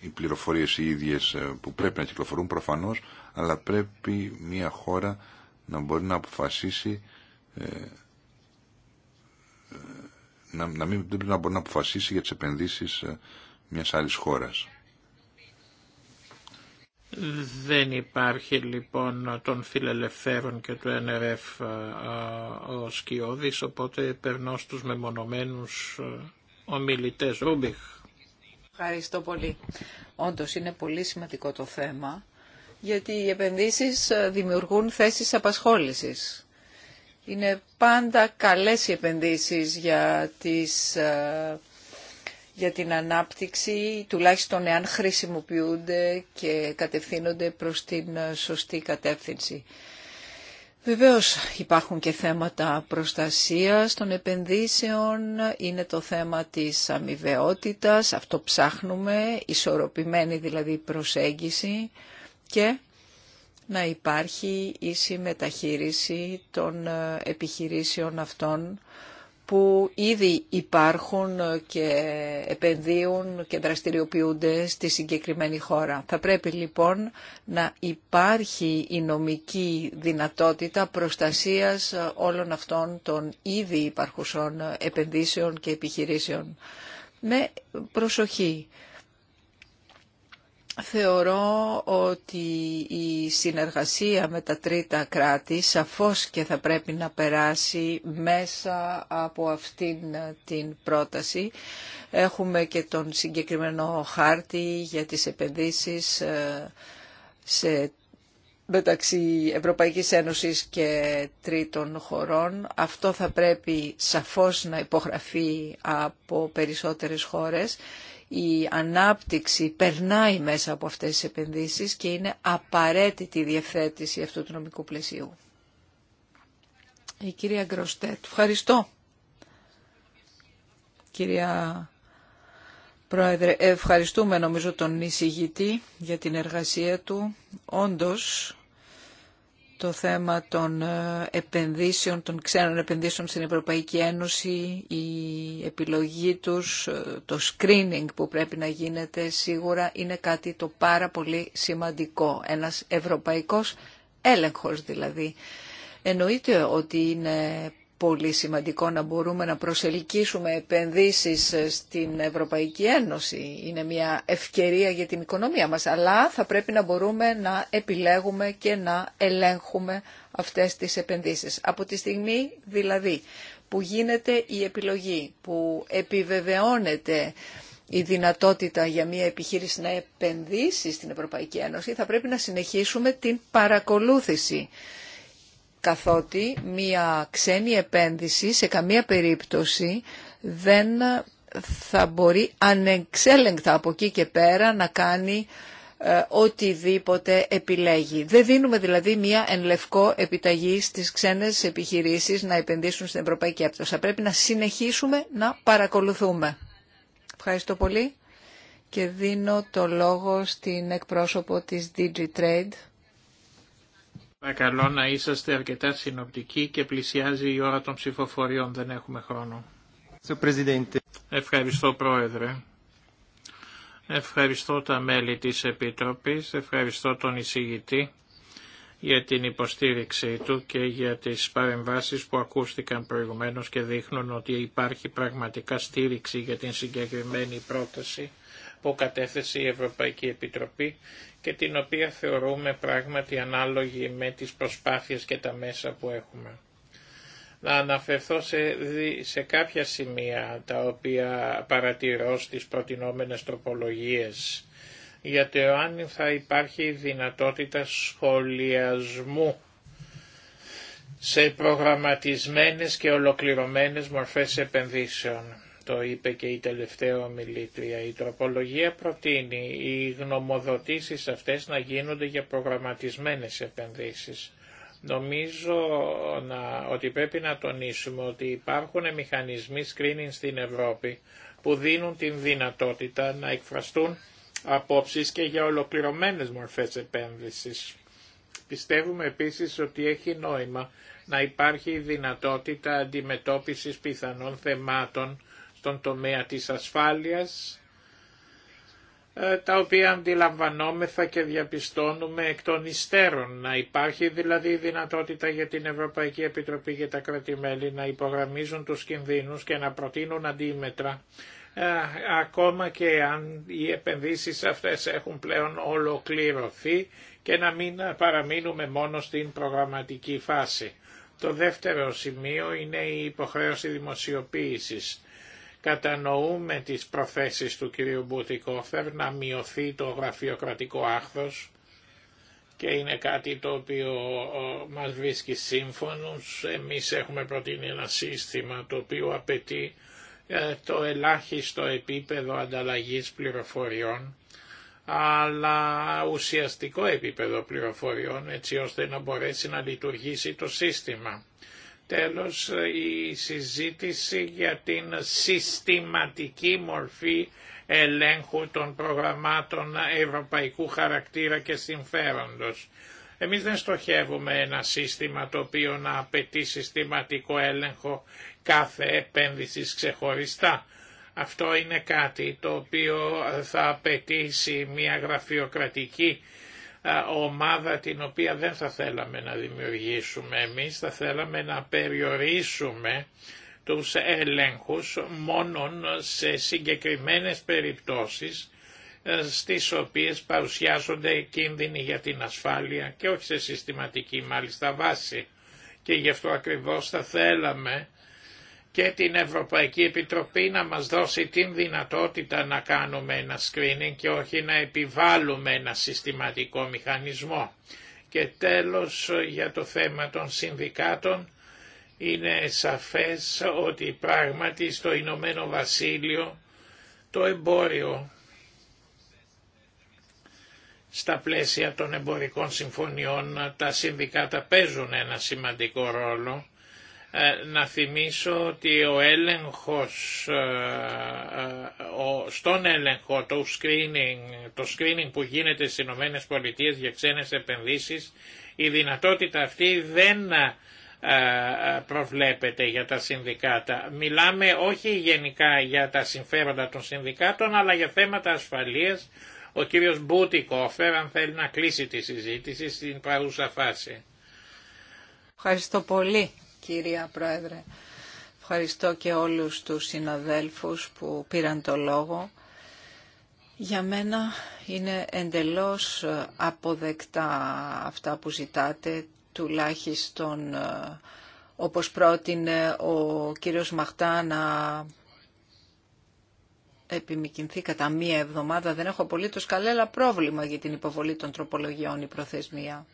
οι πληροφορίες οι ίδιες ε, που πρέπει να κυκλοφορούν προφανώς, αλλά πρέπει μια χώρα να μπορεί να αποφασίσει ε, ε να, να μην, να μπορεί να αποφασίσει για τις επενδύσεις μιας άλλης χώρας. Δεν υπάρχει λοιπόν των φιλελευθέρων και του NRF ε, ε, ο Σκιώδης, οπότε περνώ στους μεμονωμένους ε, ομιλητές. Ρούμπιχ. Ευχαριστώ πολύ. Όντως είναι πολύ σημαντικό το θέμα, γιατί οι επενδύσεις δημιουργούν θέσεις απασχόλησης. Είναι πάντα καλές οι επενδύσεις για τις για την ανάπτυξη, τουλάχιστον εάν χρησιμοποιούνται και κατευθύνονται προς την σωστή κατεύθυνση. Βεβαίως υπάρχουν και θέματα προστασίας των επενδύσεων, είναι το θέμα της αμοιβαιότητας, αυτό ψάχνουμε, ισορροπημένη δηλαδή προσέγγιση και να υπάρχει ίση μεταχείριση των επιχειρήσεων αυτών που ήδη υπάρχουν και επενδύουν και δραστηριοποιούνται στη συγκεκριμένη χώρα. Θα πρέπει λοιπόν να υπάρχει η νομική δυνατότητα προστασίας όλων αυτών των ήδη υπαρχουσών επενδύσεων και επιχειρήσεων. Με προσοχή Θεωρώ ότι η συνεργασία με τα τρίτα κράτη σαφώς και θα πρέπει να περάσει μέσα από αυτήν την πρόταση. Έχουμε και τον συγκεκριμένο χάρτη για τις επενδύσεις ε, σε μεταξύ Ευρωπαϊκής Ένωσης και τρίτων χωρών. Αυτό θα πρέπει σαφώς να υπογραφεί από περισσότερες χώρες η ανάπτυξη περνάει μέσα από αυτές τις επενδύσεις και είναι απαραίτητη η διευθέτηση αυτού του νομικού πλαισίου. Η κυρία Γκροστέτ. Ευχαριστώ. Κυρία Πρόεδρε, ευχαριστούμε νομίζω τον εισηγητή για την εργασία του. Όντως, το θέμα των ε, επενδύσεων, των ξένων επενδύσεων στην Ευρωπαϊκή Ένωση, η επιλογή τους, ε, το screening που πρέπει να γίνεται σίγουρα είναι κάτι το πάρα πολύ σημαντικό. Ένας ευρωπαϊκός έλεγχος δηλαδή. Εννοείται ότι είναι πολύ σημαντικό να μπορούμε να προσελκύσουμε επενδύσεις ε, στην Ευρωπαϊκή Ένωση. Είναι μια ευκαιρία για την οικονομία μας, αλλά θα πρέπει να μπορούμε να επιλέγουμε και να ελέγχουμε αυτές τις επενδύσεις. Από τη στιγμή δηλαδή που γίνεται η επιλογή, που επιβεβαιώνεται η δυνατότητα για μια επιχείρηση να επενδύσει στην Ευρωπαϊκή Ένωση, θα πρέπει να συνεχίσουμε την παρακολούθηση καθότι μία ξένη επένδυση σε καμία περίπτωση δεν θα μπορεί ανεξέλεγκτα από εκεί και πέρα να κάνει ε, οτιδήποτε επιλέγει. Δεν δίνουμε δηλαδή μία εν λευκό επιταγή στις ξένες επιχειρήσεις να επενδύσουν στην Ευρωπαϊκή Έπτωση. Θα πρέπει να συνεχίσουμε να παρακολουθούμε. Ευχαριστώ πολύ και δίνω το λόγο στην εκπρόσωπο της DigiTrade. Παρακαλώ ε, να είσαστε αρκετά συνοπτικοί και πλησιάζει η ώρα των ψηφοφοριών. Δεν έχουμε χρόνο. Ευχαριστώ Πρόεδρε. Ευχαριστώ τα μέλη της Επιτροπής, ευχαριστώ τον εισηγητή για την υποστήριξή του και για τις παρεμβάσεις που ακούστηκαν προηγουμένως και δείχνουν ότι υπάρχει πραγματικά στήριξη για την συγκεκριμένη πρόταση που κατέθεσε η Ευρωπαϊκή Επιτροπή και την οποία θεωρούμε πράγματι ανάλογη με τις προσπάθειες και τα μέσα που έχουμε. Να αναφερθώ σε, σε κάποια σημεία τα οποία παρατηρώ στις προτινόμενες τροπολογίες γιατί αν θα υπάρχει δυνατότητα σχολιασμού σε προγραμματισμένες και ολοκληρωμένες μορφές επενδύσεων το είπε και η τελευταία ομιλήτρια. Η τροπολογία προτείνει οι γνωμοδοτήσεις αυτές να γίνονται για προγραμματισμένες επενδύσεις. Νομίζω να, ότι πρέπει να τονίσουμε ότι υπάρχουν μηχανισμοί screening στην Ευρώπη που δίνουν την δυνατότητα να εκφραστούν απόψεις και για ολοκληρωμένες μορφές επένδυσης. Πιστεύουμε επίσης ότι έχει νόημα να υπάρχει δυνατότητα αντιμετώπισης πιθανών θεμάτων στον τομέα της ασφάλειας, ε, τα οποία αντιλαμβανόμεθα και διαπιστώνουμε εκ των υστέρων. Να υπάρχει δηλαδή δυνατότητα για την Ευρωπαϊκή Επιτροπή για τα κρατημέλη να υπογραμμίζουν τους κινδύνους και να προτείνουν αντίμετρα, ε, ακόμα και αν οι επενδύσεις αυτές έχουν πλέον ολοκληρωθεί και να μην παραμείνουμε μόνο στην προγραμματική φάση. Το δεύτερο σημείο είναι η υποχρέωση δημοσιοποίησης Κατανοούμε τις προθέσεις του κυρίου Μπουτικόφερ να μειωθεί το γραφειοκρατικό άχθος και είναι κάτι το οποίο μας βρίσκει σύμφωνος. Εμείς έχουμε προτείνει ένα σύστημα το οποίο απαιτεί ε, το ελάχιστο επίπεδο ανταλλαγής πληροφοριών αλλά ουσιαστικό επίπεδο πληροφοριών έτσι ώστε να μπορέσει να λειτουργήσει το σύστημα τέλος η συζήτηση για την συστηματική μορφή ελέγχου των προγραμμάτων ευρωπαϊκού χαρακτήρα και συμφέροντος. Εμείς δεν στοχεύουμε ένα σύστημα το οποίο να απαιτεί συστηματικό έλεγχο κάθε επένδυσης ξεχωριστά. Αυτό είναι κάτι το οποίο θα απαιτήσει μια γραφειοκρατική ομάδα την οποία δεν θα θέλαμε να δημιουργήσουμε εμείς, θα θέλαμε να περιορίσουμε τους έλεγχους μόνον σε συγκεκριμένες περιπτώσεις στις οποίες παρουσιάζονται κίνδυνοι για την ασφάλεια και όχι σε συστηματική μάλιστα βάση. Και γι' αυτό ακριβώς θα θέλαμε και την Ευρωπαϊκή Επιτροπή να μας δώσει την δυνατότητα να κάνουμε ένα screening και όχι να επιβάλλουμε ένα συστηματικό μηχανισμό. Και τέλος για το θέμα των συνδικάτων είναι σαφές ότι πράγματι στο Ηνωμένο Βασίλειο το εμπόριο στα πλαίσια των εμπορικών συμφωνιών τα συνδικάτα παίζουν ένα σημαντικό ρόλο ε, να θυμίσω ότι ο έλεγχος, ε, ε, στον έλεγχο, το screening, το screening που γίνεται στις Ηνωμένες Πολιτείες για ξένες επενδύσεις, η δυνατότητα αυτή δεν προβλέπεται για τα συνδικάτα. Μιλάμε όχι γενικά για τα συμφέροντα των συνδικάτων, αλλά για θέματα ασφαλείας. Ο κύριος Μπούτικοφερ, αν θέλει να κλείσει τη συζήτηση στην παρούσα φάση. Ευχαριστώ πολύ κυρία Πρόεδρε. Ευχαριστώ και όλους τους συναδέλφους που πήραν το λόγο. Για μένα είναι εντελώς αποδεκτά αυτά που ζητάτε, τουλάχιστον ε, όπως πρότεινε ο κύριος Μαχτά να επιμηκυνθεί κατά μία εβδομάδα. Δεν έχω απολύτως καλέλα πρόβλημα για την υποβολή των τροπολογιών η προθεσμία.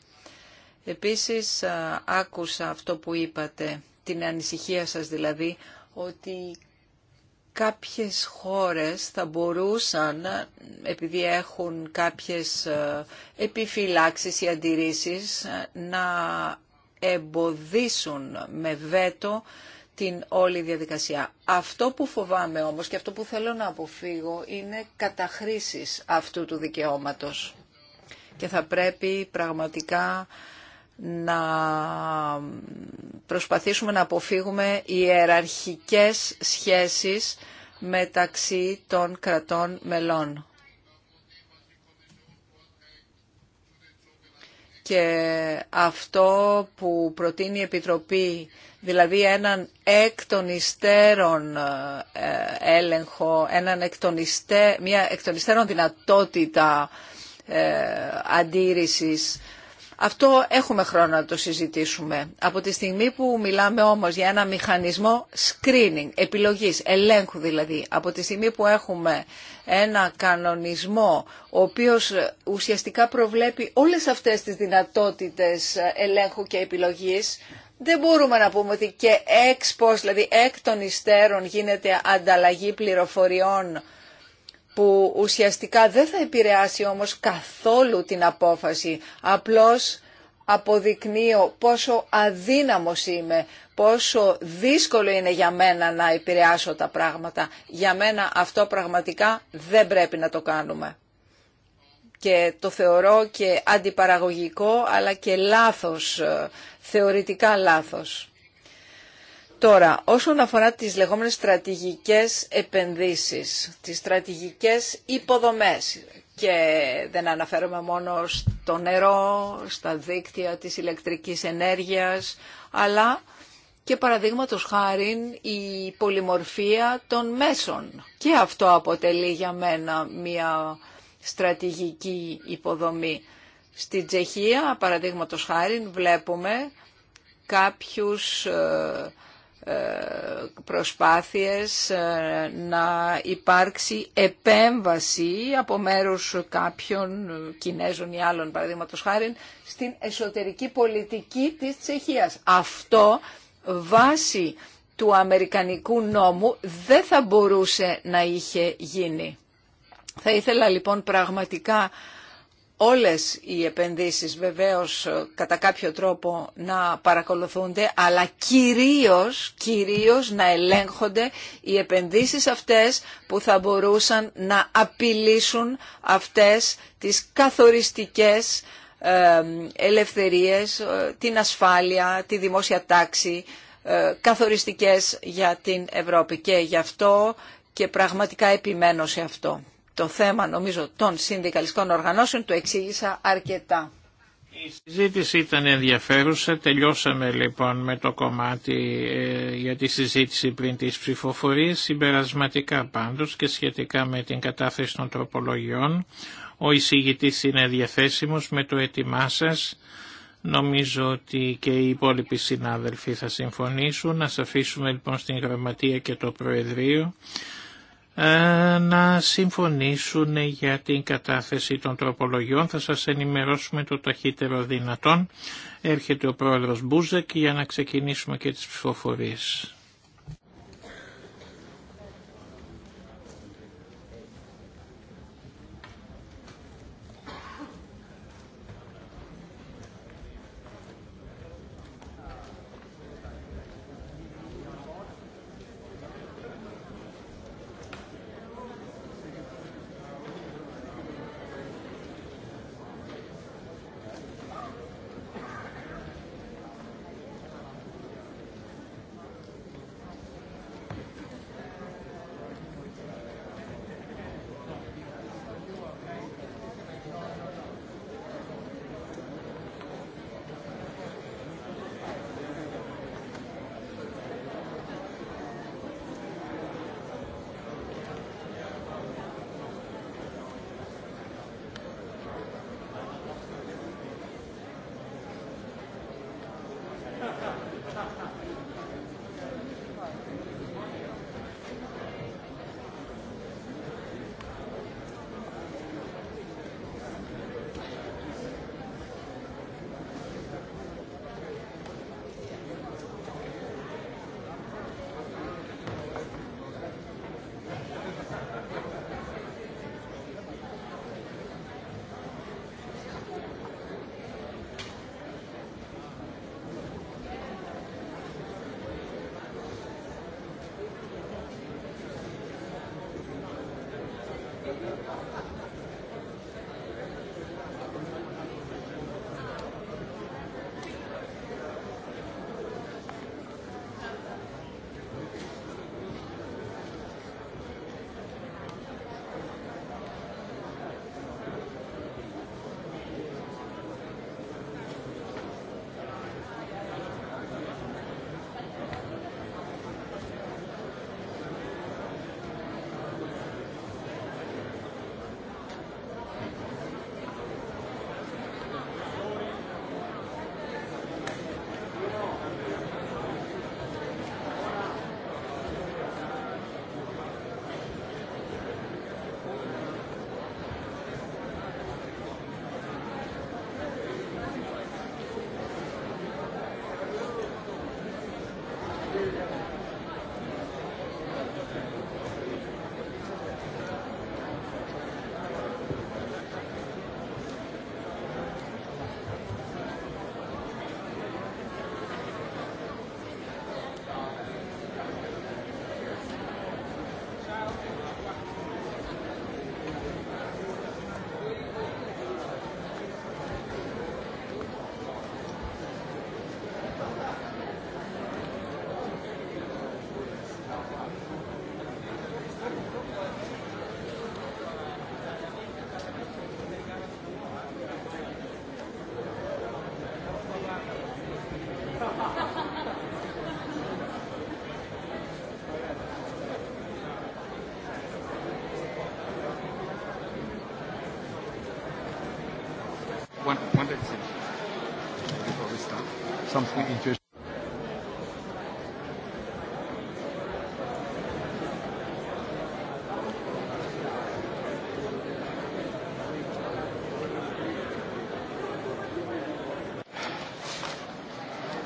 Επίσης άκουσα αυτό που είπατε, την ανησυχία σας δηλαδή, ότι κάποιες χώρες θα μπορούσαν, επειδή έχουν κάποιες επιφυλάξεις ή αντιρρήσεις, να εμποδίσουν με βέτο την όλη διαδικασία. Αυτό που φοβάμαι όμως και αυτό που θέλω να αποφύγω είναι καταχρήσεις αυτού του δικαιώματος. Και θα πρέπει πραγματικά να προσπαθήσουμε να αποφύγουμε ιεραρχικές σχέσεις μεταξύ των κρατών μελών. Και αυτό που προτείνει η Επιτροπή, δηλαδή έναν εκ των ε, έλεγχο, έναν μια εκ των υστέρων δυνατότητα ε, αντίρρησης, αυτό έχουμε χρόνο να το συζητήσουμε. Από τη στιγμή που μιλάμε όμως για ένα μηχανισμό screening, επιλογής, ελέγχου δηλαδή, από τη στιγμή που έχουμε ένα κανονισμό ο οποίος ουσιαστικά προβλέπει όλες αυτές τις δυνατότητες ελέγχου και επιλογής, δεν μπορούμε να πούμε ότι και εξ δηλαδή εκ των υστέρων γίνεται ανταλλαγή πληροφοριών που ουσιαστικά δεν θα επηρεάσει όμως καθόλου την απόφαση. Απλώς αποδεικνύω πόσο αδύναμος είμαι, πόσο δύσκολο είναι για μένα να επηρεάσω τα πράγματα. Για μένα αυτό πραγματικά δεν πρέπει να το κάνουμε. Και το θεωρώ και αντιπαραγωγικό αλλά και λάθος, ε, θεωρητικά λάθος. Τώρα, όσον αφορά τις λεγόμενες στρατηγικές επενδύσεις, τις στρατηγικές υποδομές και δεν αναφέρομαι μόνο στο νερό, στα δίκτυα της ηλεκτρικής ενέργειας, αλλά και παραδείγματο χάρη η πολυμορφία των μέσων. Και αυτό αποτελεί για μένα μια στρατηγική υποδομή. Στην Τσεχία, παραδείγματο χάρη, βλέπουμε κάποιους ε, προσπάθειες ε, να υπάρξει επέμβαση από μέρους κάποιων Κινέζων ή άλλων παραδείγματος χάρη στην εσωτερική πολιτική της Τσεχίας. Αυτό βάσει του Αμερικανικού νόμου δεν θα μπορούσε να είχε γίνει. Θα ήθελα λοιπόν πραγματικά όλες οι επενδύσεις βεβαίως ε, κατά κάποιο τρόπο να παρακολουθούνται, αλλά κυρίως, κυρίως να ελέγχονται οι επενδύσεις αυτές που θα μπορούσαν να απειλήσουν αυτές τις καθοριστικές ε, ελευθερίες, ε, την ασφάλεια, τη δημόσια τάξη, καθοριστικές για την Ευρώπη. Και γι' αυτό και πραγματικά επιμένω σε αυτό το θέμα νομίζω των συνδικαλιστικών οργανώσεων, το εξήγησα αρκετά. Η συζήτηση ήταν ενδιαφέρουσα, τελειώσαμε λοιπόν με το κομμάτι ε, για τη συζήτηση πριν της ψηφοφορίες, συμπερασματικά πάντως και σχετικά με την κατάθεση των τροπολογιών. Ο εισηγητής είναι διαθέσιμος με το έτοιμά σας. Νομίζω ότι και οι υπόλοιποι συνάδελφοι θα συμφωνήσουν. Να αφήσουμε λοιπόν στην Γραμματεία και το Προεδρείο ε, να συμφωνήσουν για την κατάθεση των τροπολογιών. Θα σας ενημερώσουμε το ταχύτερο δυνατόν. Έρχεται ο πρόεδρος Μπούζεκ για να ξεκινήσουμε και τις ψηφοφορίες.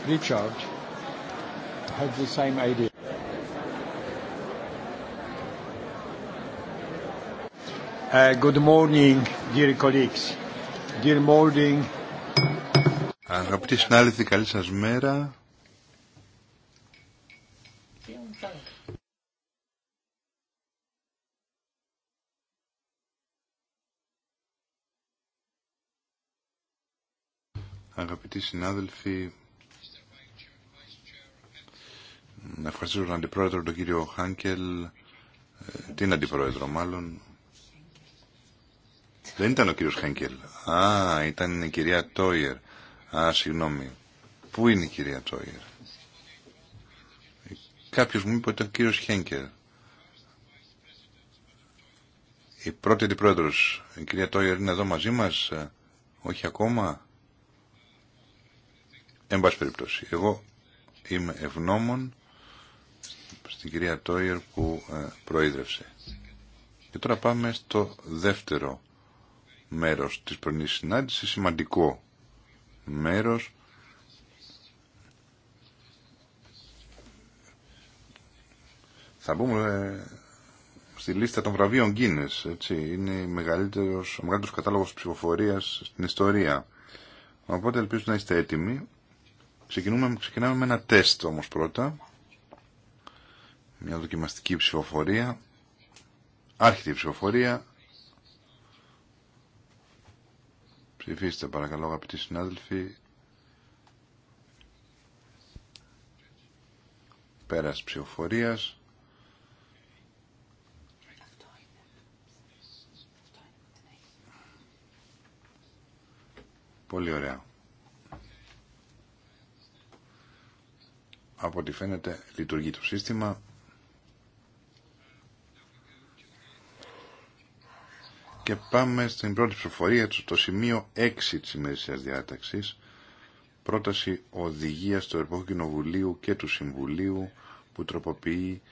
Richard had the same idea. Uh, good morning, dear colleagues. Dear morning. Αγαπητοί συνάδελφοι, καλή σας μέρα. Αγαπητοί συνάδελφοι, αποφασίζω τον Αντιπρόεδρο, τον κύριο Χάνκελ, ε, την Αντιπρόεδρο μάλλον. Δεν ήταν ο κύριος Χάνκελ. Α, ήταν η κυρία Τόιερ. Α, συγγνώμη. Πού είναι η κυρία Τόιερ. Ε, κάποιος μου είπε ότι ήταν ο κύριος Χένκελ. Η πρώτη αντιπρόεδρος, η κυρία Τόιερ, είναι εδώ μαζί μας. Ε, όχι ακόμα. Εν πάση περιπτώσει, εγώ είμαι ευγνώμων στην κυρία Τόιερ που ε, προείδρευσε. Και τώρα πάμε στο δεύτερο μέρος της πρωινής συνάντησης, σημαντικό μέρος θα μπούμε ε, στη λίστα των βραβείων Guinness, έτσι, είναι μεγαλύτερος, ο μεγαλύτερος κατάλογος ψηφοφορίας στην ιστορία. Οπότε ελπίζω να είστε έτοιμοι. Ξεκινούμε, ξεκινάμε με ένα τεστ όμως πρώτα μια δοκιμαστική ψηφοφορία, άρχιτη ψηφοφορία. Ψηφίστε παρακαλώ αγαπητοί συνάδελφοι. Πέρας ψηφοφορίας. Πολύ ωραία. Από ό,τι φαίνεται λειτουργεί το σύστημα. Και πάμε στην πρώτη ψηφοφορία, το σημείο 6 της ημερησίας διάταξης. Πρόταση οδηγίας του Ευρωπαϊκού Κοινοβουλίου και του Συμβουλίου που τροποποιεί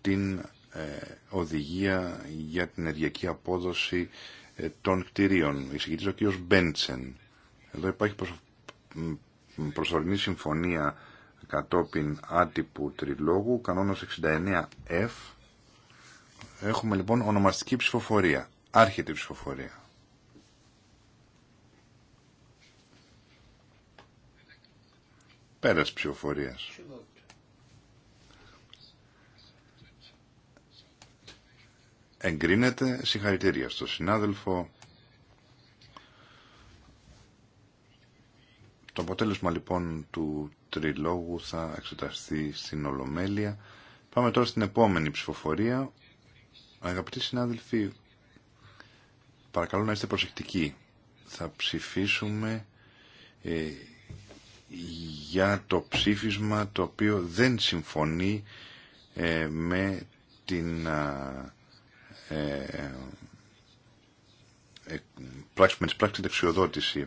την ε, οδηγία για την ενεργειακή απόδοση ε, των κτηρίων. Εισηγητής ο κ. Μπέντσεν. Εδώ υπάρχει προσωρινή συμφωνία κατόπιν άτυπου τριλόγου, κανόνας 69F. Έχουμε λοιπόν ονομαστική ψηφοφορία. Άρχεται η ψηφοφορία. Πέρας ψηφοφορίας. Εγκρίνεται συγχαρητήρια στο συνάδελφο. Το αποτέλεσμα λοιπόν του τριλόγου θα εξεταστεί στην Ολομέλεια. Πάμε τώρα στην επόμενη ψηφοφορία. Αγαπητοί συνάδελφοι, Παρακαλώ να είστε προσεκτικοί. Θα ψηφίσουμε ε, για το ψήφισμα το οποίο δεν συμφωνεί ε, με την ε, ε πράξη, με τις πράξεις δεξιοδότηση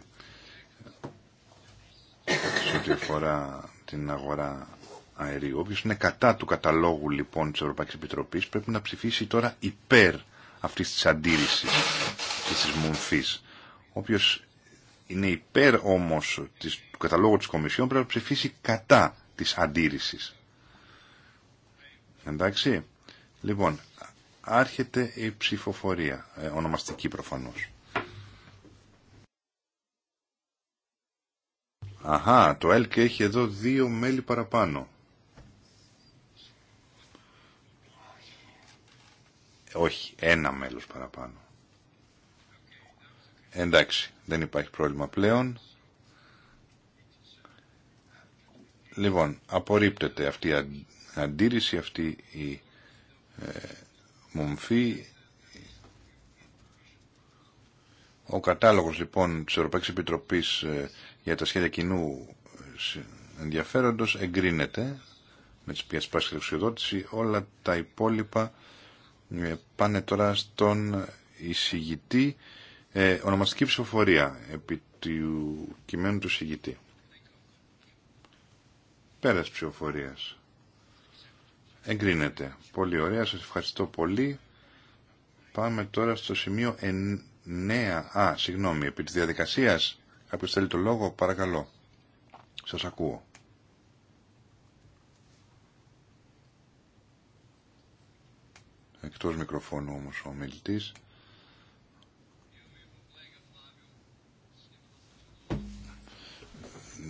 σε ό,τι αφορά την αγορά αερίου. Όποιος είναι κατά του καταλόγου λοιπόν της Ευρωπαϊκής Επιτροπής πρέπει να ψηφίσει τώρα υπέρ αυτής της αντίρρησης και της μορφής. Όποιος είναι υπέρ όμως της, του καταλόγου της Κομισιόν πρέπει να ψηφίσει κατά της αντίρρησης. Εντάξει. Λοιπόν, άρχεται η ψηφοφορία, ε, ονομαστική προφανώς. Αχά, το ΕΛΚ έχει εδώ δύο μέλη παραπάνω. Όχι, ένα μέλος παραπάνω. Εντάξει, δεν υπάρχει πρόβλημα πλέον. Λοιπόν, απορρίπτεται αυτή η αντίρρηση, αυτή η ε, μομφή. Ο κατάλογος λοιπόν της Ευρωπαϊκής Επιτροπής ε, για τα σχέδια κοινού ε, ενδιαφέροντος εγκρίνεται με τις οποίες πράσεις Όλα τα υπόλοιπα ε, πάνε τώρα στον εισηγητή ε, ονομαστική ψηφοφορία επί του κειμένου του συγητή. Πέρας ψηφοφορίας. Εγκρίνεται. Πολύ ωραία. Σας ευχαριστώ πολύ. Πάμε τώρα στο σημείο 9. Α, συγγνώμη. Επί της διαδικασίας. Κάποιος θέλει το λόγο. Παρακαλώ. Σας ακούω. Εκτός μικροφώνου όμως ο μιλητής.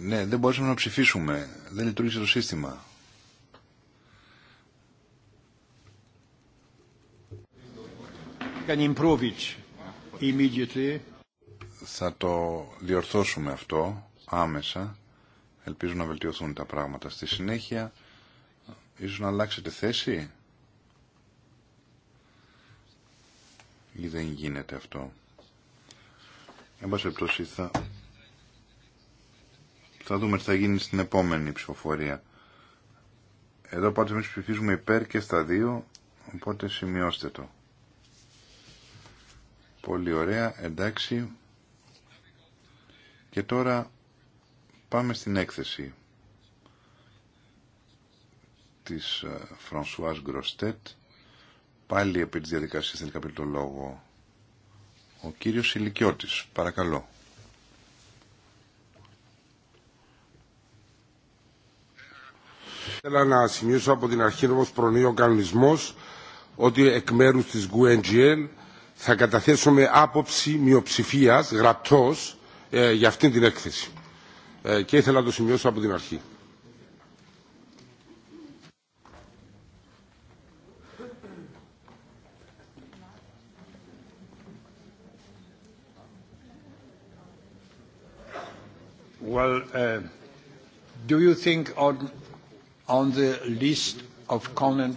Ναι, δεν μπορούσαμε να ψηφίσουμε. Δεν λειτουργήσε το σύστημα. Θα το διορθώσουμε αυτό άμεσα. Ελπίζω να βελτιωθούν τα πράγματα. Στη συνέχεια, ίσως να αλλάξετε θέση. Ή δεν γίνεται αυτό. Εν πάση περιπτώσει θα θα δούμε τι θα γίνει στην επόμενη ψηφοφορία. Εδώ πάντω εμεί ψηφίζουμε υπέρ και στα δύο, οπότε σημειώστε το. Πολύ ωραία, εντάξει. Και τώρα πάμε στην έκθεση της Φρανσουάς ε, Γκροστέτ. Πάλι επί της διαδικασίας θέλει κάποιο λόγο. Ο κύριος Ηλικιώτης, παρακαλώ. Θέλω να σημειώσω από την αρχή όπως προνοεί ο κανονισμός ότι εκ μέρους της GUNGL θα καταθέσουμε άποψη μειοψηφία γραπτός ε, για αυτήν την έκθεση. Ε, και ήθελα να το σημειώσω από την αρχή. Well, uh, do you think on the list of common...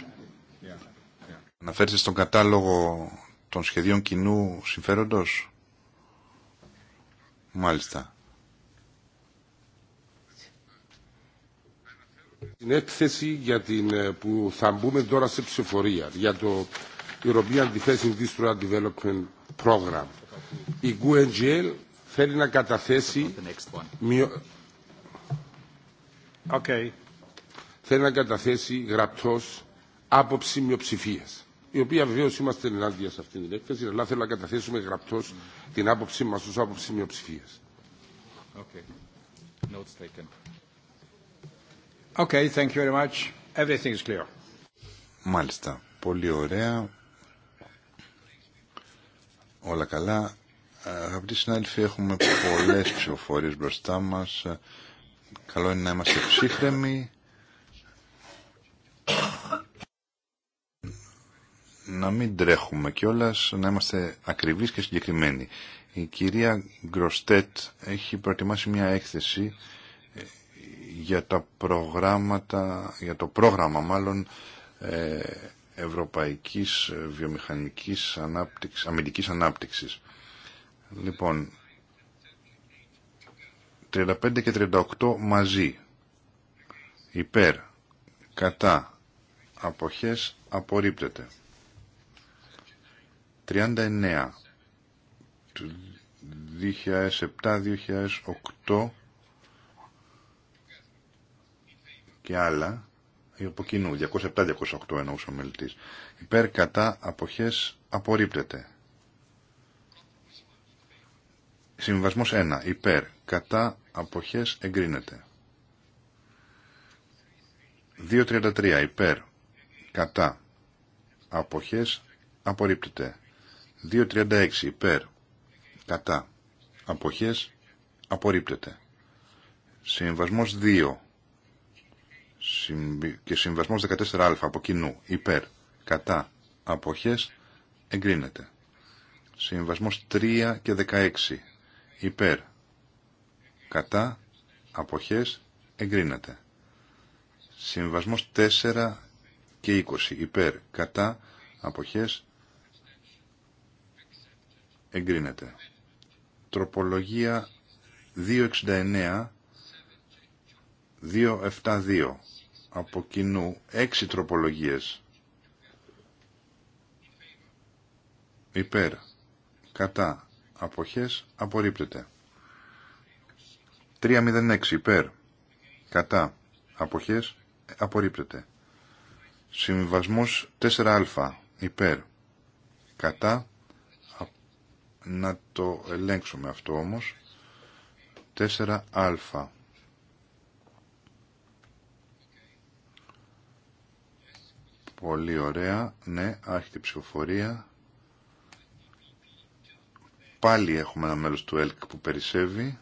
Αναφέρεστε στον κατάλογο των σχεδίων κοινού συμφέροντος. Μάλιστα. Την έκθεση για την, ε, που θα μπούμε τώρα σε ψηφορία για το European Defense Industrial Development Program. Η GUNGL θέλει να καταθέσει... Okay θέλει να καταθέσει γραπτό άποψη μειοψηφία. Η οποία βεβαίω είμαστε ενάντια σε αυτήν την έκθεση, αλλά θέλω να καταθέσουμε γραπτό την άποψή μα ω άποψη μειοψηφία. Okay. Notes Okay, Μάλιστα. Πολύ ωραία. Όλα καλά. Αγαπητοί συνάδελφοι, έχουμε πολλές ψηφοφορίες μπροστά μας. Καλό είναι να είμαστε ψύχρεμοι. να μην τρέχουμε όλας να είμαστε ακριβείς και συγκεκριμένοι. Η κυρία Γκροστέτ έχει προετοιμάσει μια έκθεση ε, για τα προγράμματα, για το πρόγραμμα μάλλον ε, ευρωπαϊκής ε, βιομηχανικής ανάπτυξης, αμυντικής ανάπτυξης. Λοιπόν, 35 και 38 μαζί, υπέρ, κατά, αποχές, απορρίπτεται. 39 του 2007-2008 και άλλα από κοινού 207-208 ενώ ο μελητής υπέρ κατά αποχές απορρίπτεται Συμβασμός 1 υπέρ κατά αποχές εγκρίνεται 2.33 υπέρ κατά αποχές απορρίπτεται 2.36 υπέρ κατά αποχές απορρίπτεται. Συμβασμός 2 και συμβασμός 14α από κοινού υπέρ κατά αποχές εγκρίνεται. Συμβασμός 3 και 16 υπέρ κατά αποχές εγκρίνεται. Συμβασμός 4 και 20 υπέρ κατά αποχές εγκρίνεται. Τροπολογία 269 272 από κοινού 6 τροπολογίες υπέρ κατά αποχές απορρίπτεται 306 υπέρ κατά αποχές απορρίπτεται. συμβιβασμός 4α υπέρ κατά να το ελέγξουμε αυτό όμως. 4α. Πολύ ωραία. Ναι, άρχιτη ψηφοφορία. Πάλι έχουμε ένα μέλος του ΕΛΚ που περισσεύει.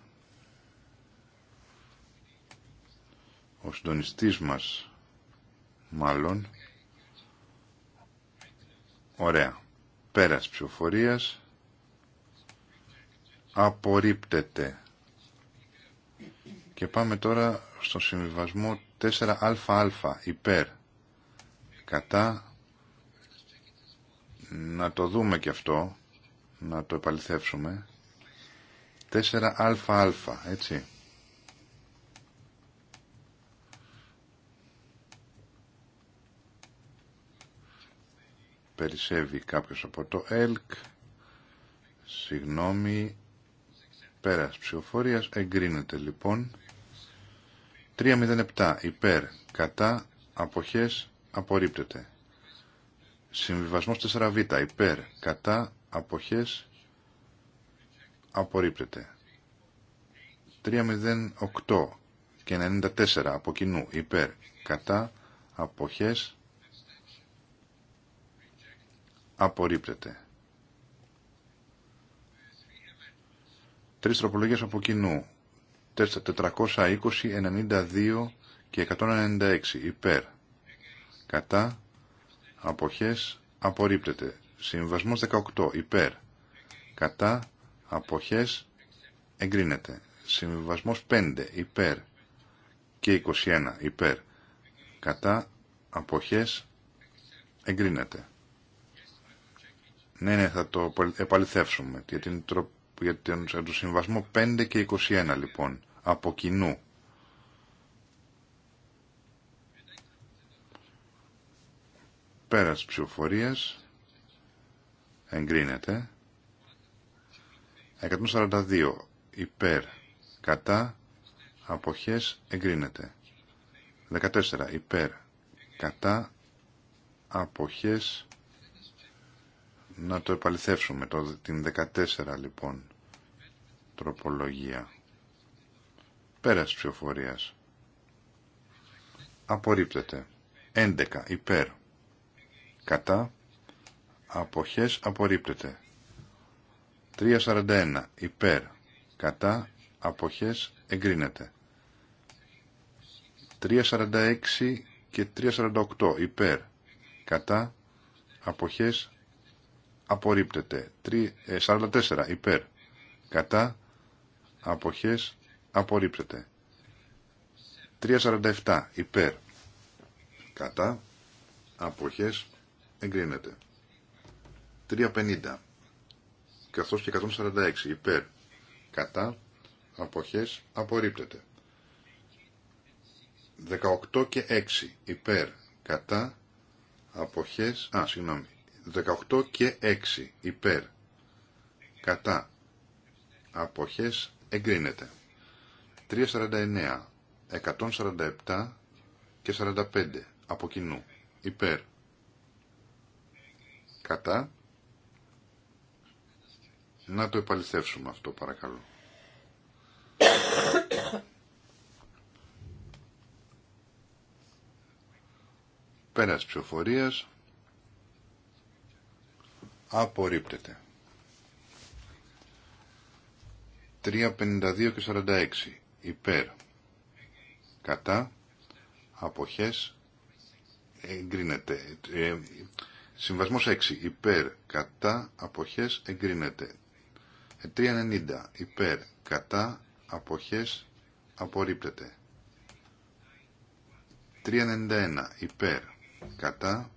Ο συντονιστής μας, μάλλον. Ωραία. Πέρας ψηφοφορίας απορρίπτεται. Και πάμε τώρα στο συμβιβασμό 4αα υπέρ κατά να το δούμε και αυτό να το επαληθεύσουμε 4αα έτσι περισσεύει κάποιος από το ΕΛΚ συγγνώμη Πέρας ψηφοφορίας εγκρίνεται λοιπόν. 307 υπέρ κατά αποχές απορρίπτεται. Συμβιβασμός 4β υπέρ κατά αποχές απορρίπτεται. 308 και 94 από κοινού υπέρ κατά αποχές απορρίπτεται. Τρεις τροπολογίες από κοινού. 420, 92 και 196 υπέρ. Κατά αποχές απορρίπτεται. Συμβασμός 18 υπέρ. Κατά αποχές εγκρίνεται. Συμβασμός 5 υπέρ και 21 υπέρ. Κατά αποχές εγκρίνεται. Ναι, ναι, θα το επαληθεύσουμε. Γιατί είναι για τον, για τον συμβασμό 5 και 21 λοιπόν, από κοινού. Πέρας ψηφοφορίας, εγκρίνεται. 142 υπέρ, κατά, αποχές, εγκρίνεται. 14 υπέρ, κατά, αποχές, να το επαληθεύσουμε το, την 14 λοιπόν τροπολογία. Πέρας ψηφοφορίας. Απορρίπτεται. 11 υπέρ. Κατά. Αποχές απορρίπτεται. 341 υπέρ. Κατά. Αποχές εγκρίνεται. 346 και 348 υπέρ. Κατά. Αποχές απορρίπτεται. 44 ε, υπέρ κατά αποχές απορρίπτεται. 347 υπέρ κατά αποχές εγκρίνεται. 350 καθώς και 146 υπέρ κατά αποχές απορρίπτεται. 18 και 6 υπέρ κατά αποχές α συγγνώμη 18 και 6 υπέρ κατά αποχές εγκρίνεται 349 147 και 45 από κοινού υπέρ κατά να το επαληθεύσουμε αυτό παρακαλώ πέρας ψηφοφορίας απορρίπτεται. 3.52 και 46 υπέρ κατά αποχές εγκρίνεται. Ε, συμβασμός 6 υπέρ κατά αποχές εγκρίνεται. 3.90 ε, υπέρ κατά αποχές απορρίπτεται. 3.91 υπέρ κατά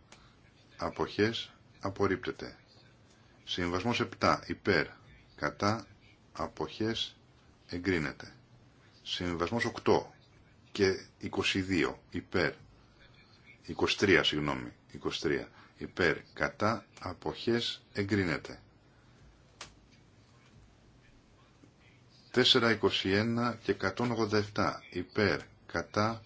αποχές απορρίπτεται. Συμβασμός 7 υπέρ κατά αποχές εγκρίνεται. Συμβασμός 8 και 22 υπέρ 23 συγγνώμη 23 υπέρ κατά αποχές εγκρίνεται. 21 και 187 υπέρ κατά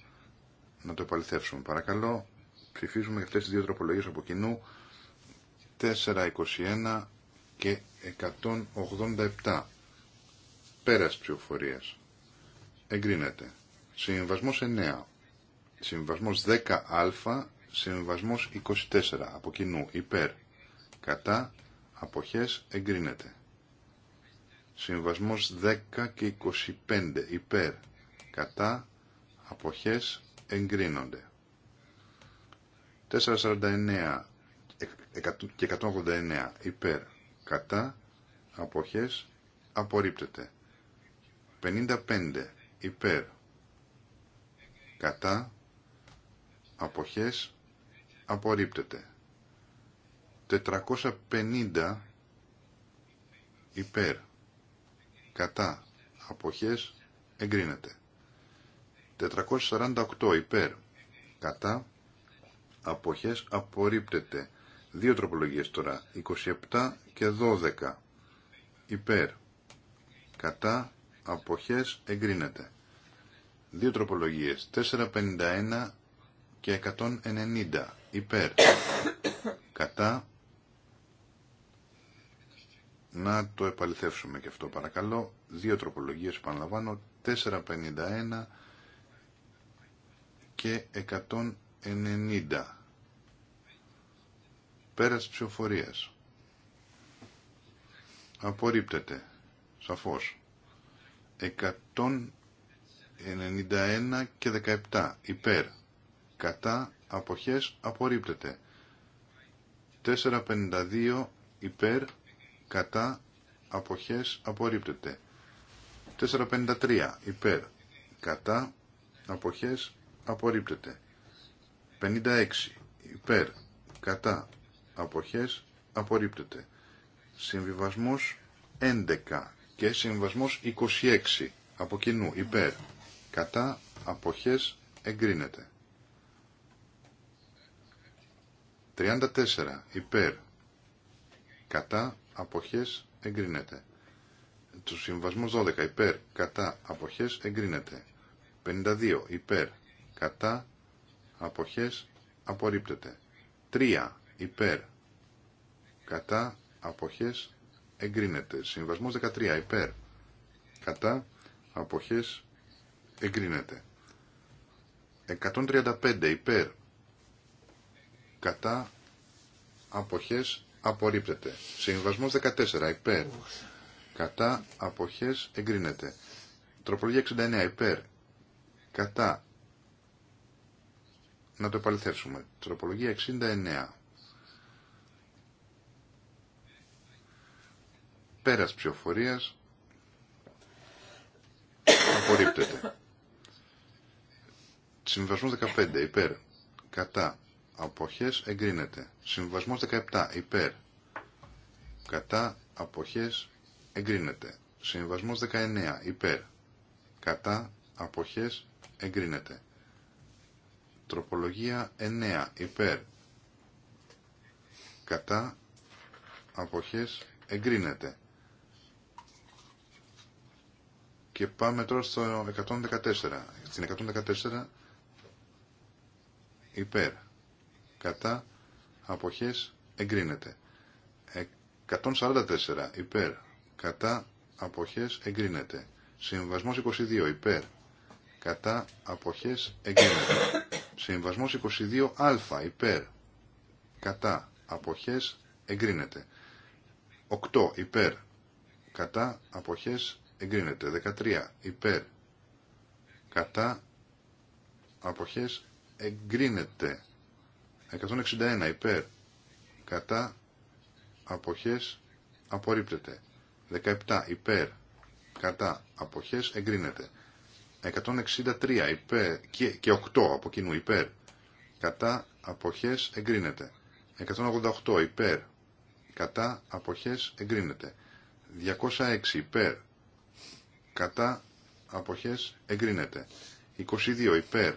να το επαληθεύσουμε παρακαλώ ψηφίζουμε αυτές τις δύο τροπολογίες από κοινού 421 και 187. Πέρας ψηφοφορίας. Εγκρίνεται. Συμβασμός 9. Συμβασμός 10α. Συμβασμός 24. Από κοινού. Υπέρ. Κατά. Αποχές. Εγκρίνεται. Συμβασμός 10 και 25. Υπέρ. Κατά. Αποχές. Εγκρίνονται. 449 και 189 υπέρ κατά αποχές απορρίπτεται 55 υπέρ κατά αποχές απορρίπτεται 450 υπέρ κατά αποχές εγκρίνεται 448 υπέρ κατά αποχές απορρίπτεται Δύο τροπολογίες τώρα. 27 και 12. Υπέρ. Κατά. Αποχές. Εγκρίνεται. Δύο τροπολογίες. 451 και 190. Υπέρ. Κατά. Να το επαληθεύσουμε και αυτό παρακαλώ. Δύο τροπολογίες επαναλαμβάνω. 451 και 190. Πέρα τη ψηφοφορία. Απορρίπτεται. Σαφώ. 191 και 17 υπέρ. Κατά αποχές απορρίπτεται. 452 υπέρ. Κατά αποχές απορρίπτεται. 453 υπέρ. Κατά αποχές απορρίπτεται. 56 υπέρ. Κατά αποχές απορρίπτεται. Συμβιβασμός 11 και συμβιβασμός 26 από κοινού υπέρ κατά αποχές εγκρίνεται. 34 υπέρ κατά αποχές εγκρίνεται. Του συμβασμού 12 υπέρ κατά αποχές εγκρίνεται. 52 υπέρ κατά αποχές απορρίπτεται. 3 υπέρ κατά αποχές εγκρίνεται. Συμβασμός 13 υπέρ κατά αποχές εγκρίνεται. 135 υπέρ κατά αποχές απορρίπτεται. Συμβασμός 14 υπέρ κατά αποχές εγκρίνεται. Τροπολογία 69 υπέρ κατά να το επαληθεύσουμε. Τροπολογία 69 Πέρας ψηφοφορίας. Απορρίπτεται. Συμβασμό 15 υπέρ. Κατά. Αποχές εγκρίνεται. Συμβασμός 17 υπέρ. Κατά. Αποχές εγκρίνεται. Συμβασμός 19 υπέρ. Κατά. Αποχές εγκρίνεται. Τροπολογία 9 υπέρ. Κατά. Αποχές εγκρίνεται. Και πάμε τώρα στο 114. Στην 114 υπέρ. Κατά αποχές εγκρίνεται. 144 υπέρ. Κατά αποχές εγκρίνεται. Συμβασμός 22 υπέρ. Κατά αποχές εγκρίνεται. Συμβασμός 22α υπέρ. Κατά αποχές εγκρίνεται. 8 υπέρ. Κατά αποχές εγκρίνεται. 13 υπέρ κατά αποχές εγκρίνεται. 161 υπέρ κατά αποχές απορρίπτεται. 17 υπέρ κατά αποχές εγκρίνεται. 163 υπέρ και, 8 από κοινού υπέρ κατά αποχές εγκρίνεται. 188 υπέρ κατά αποχές εγκρίνεται. 206 υπέρ κατά αποχές εγκρίνεται. 22 υπέρ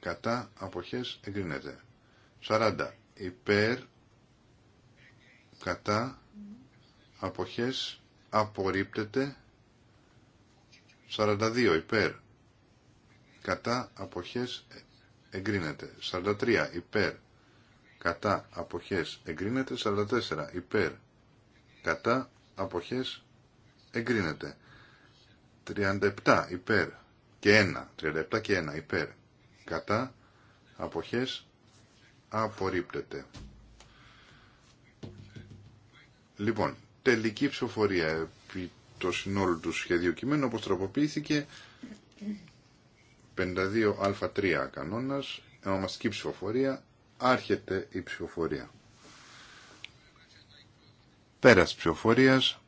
κατά αποχές εγκρίνεται. 40 υπέρ κατά αποχές απορρίπτεται. 42 υπέρ κατά αποχές εγκρίνεται. 43 υπέρ κατά αποχές εγκρίνεται. 44 υπέρ κατά αποχές εγκρίνεται. 37 υπέρ και 1. 37 και 1 υπέρ. Κατά αποχές απορρίπτεται. Λοιπόν, τελική ψηφοφορία επί το συνόλου του σχεδίου κειμένου όπως τροποποιήθηκε 52α3 κανόνας, ονομαστική ψηφοφορία, άρχεται η ψηφοφορία. Πέρας ψηφοφορίας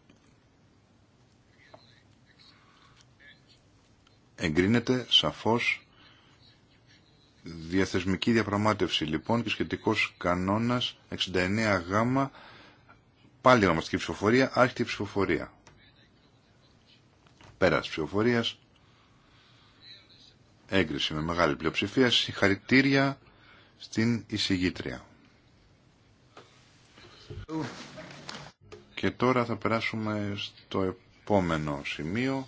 εγκρίνεται σαφώς διαθεσμική διαπραγμάτευση λοιπόν και σχετικός κανόνας 69 γάμα πάλι ονομαστική ψηφοφορία, άρχιτη ψηφοφορία. Πέρας ψηφοφορίας, έγκριση με μεγάλη πλειοψηφία, συγχαρητήρια στην εισηγήτρια. Και τώρα θα περάσουμε στο επόμενο σημείο.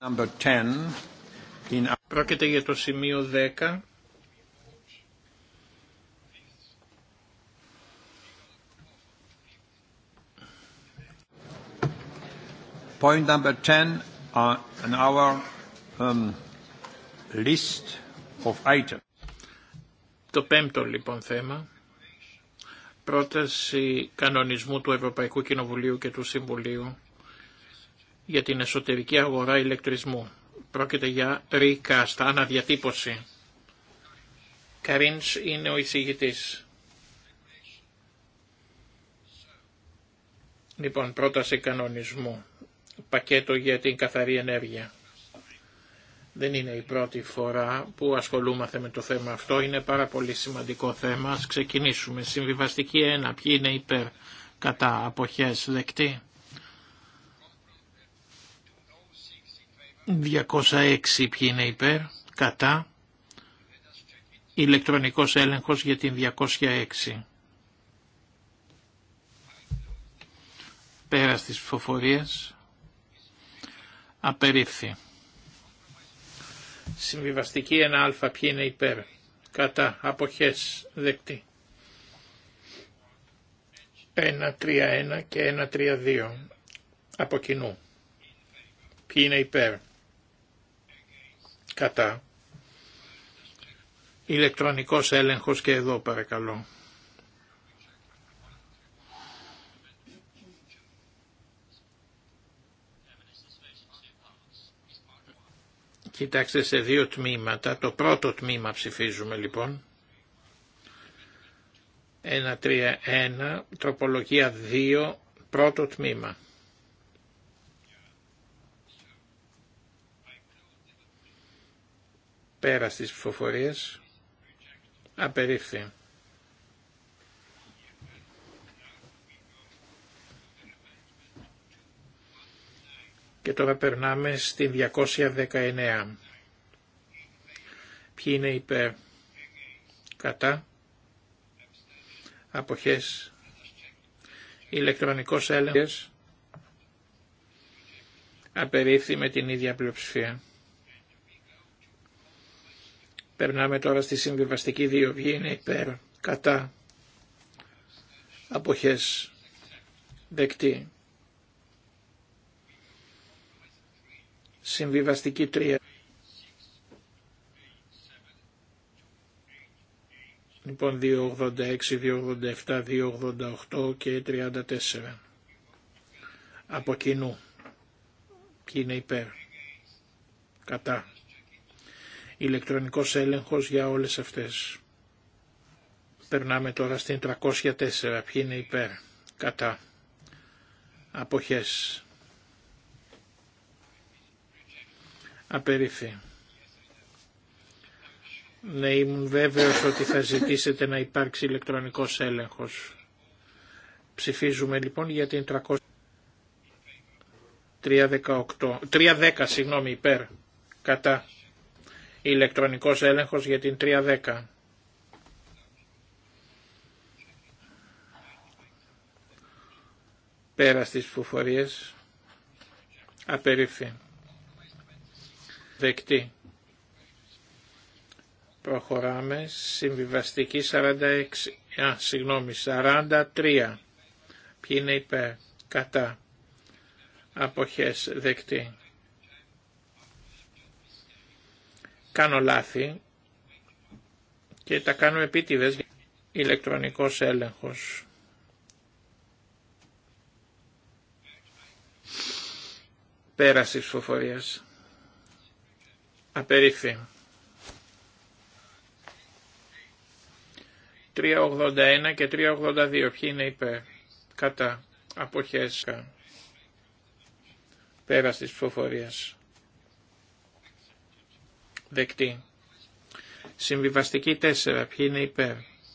Number 10. Πρόκειται για το σημείο 10. Point number 10 on our um, list of items. Το πέμπτο λοιπόν θέμα, πρόταση κανονισμού του Ευρωπαϊκού Κοινοβουλίου και του Συμβουλίου για την εσωτερική αγορά ηλεκτρισμού. Πρόκειται για recast, στα αναδιατύπωση. Καρίνς είναι ο εισηγητής. Λοιπόν, πρόταση κανονισμού. Πακέτο για την καθαρή ενέργεια. Δεν είναι η πρώτη φορά που ασχολούμαστε με το θέμα αυτό. Είναι πάρα πολύ σημαντικό θέμα. Ας ξεκινήσουμε. Συμβιβαστική 1. Ποιοι είναι υπέρ κατά αποχές δεκτή. 206 ποιοι είναι υπέρ, κατά, ηλεκτρονικός έλεγχος για την 206. Πέρα της ψηφοφορίας, απερίφθη. Συμβιβαστική 1α ποιοι είναι υπέρ, κατά, αποχές, δεκτή. 1-3-1 και 1-3-2 από κοινού. Ποιοι είναι υπέρ. Κατά. Ηλεκτρονικός έλεγχος και εδώ παρακαλώ. Κοιτάξτε σε δύο τμήματα. Το πρώτο τμήμα ψηφίζουμε λοιπόν. 1-3-1, τροπολογία 2, πρώτο τμήμα. Πέρα στις ψηφοφορίες. Απερίφθη. Και τώρα περνάμε στην 219. Ποιοι είναι υπέρ, κατά, αποχές, ηλεκτρονικός έλεγχος, απερίφθη με την ίδια πλειοψηφία. Περνάμε τώρα στη συμβιβαστική 2. είναι υπέρ, κατά, αποχές, δεκτή. Συμβιβαστική 3. Λοιπόν 286, 287, 288 και 34. Από κοινού. Ποιοι είναι υπέρ. Κατά ηλεκτρονικός έλεγχος για όλες αυτές. Περνάμε τώρα στην 304. Ποιοι είναι υπέρ, κατά, αποχές, απερίφη. Ναι, ήμουν βέβαιος ότι θα ζητήσετε να υπάρξει ηλεκτρονικός έλεγχος. Ψηφίζουμε λοιπόν για την 300... 318... 310, συγγνώμη, υπέρ, κατά, Ηλεκτρονικός έλεγχος για την 310. Πέρα στις φουφορίες. Απερίφθη. Δεκτή. Προχωράμε. Συμβιβαστική 46. Α, συγγνώμη, 43. Ποιοι είναι υπέρ. Κατά. Αποχές. Δεκτή. κάνω λάθη και τα κάνω επίτηδες ηλεκτρονικός έλεγχος. Πέραση ψηφοφορίας. Απερίφθη. 381 και 382. Ποιοι είναι υπέρ. Κατά. Αποχέσκα. Πέραση φοφορίας. Δεκτή. Συμβιβαστική 4. Ποιοι είναι υπέρ.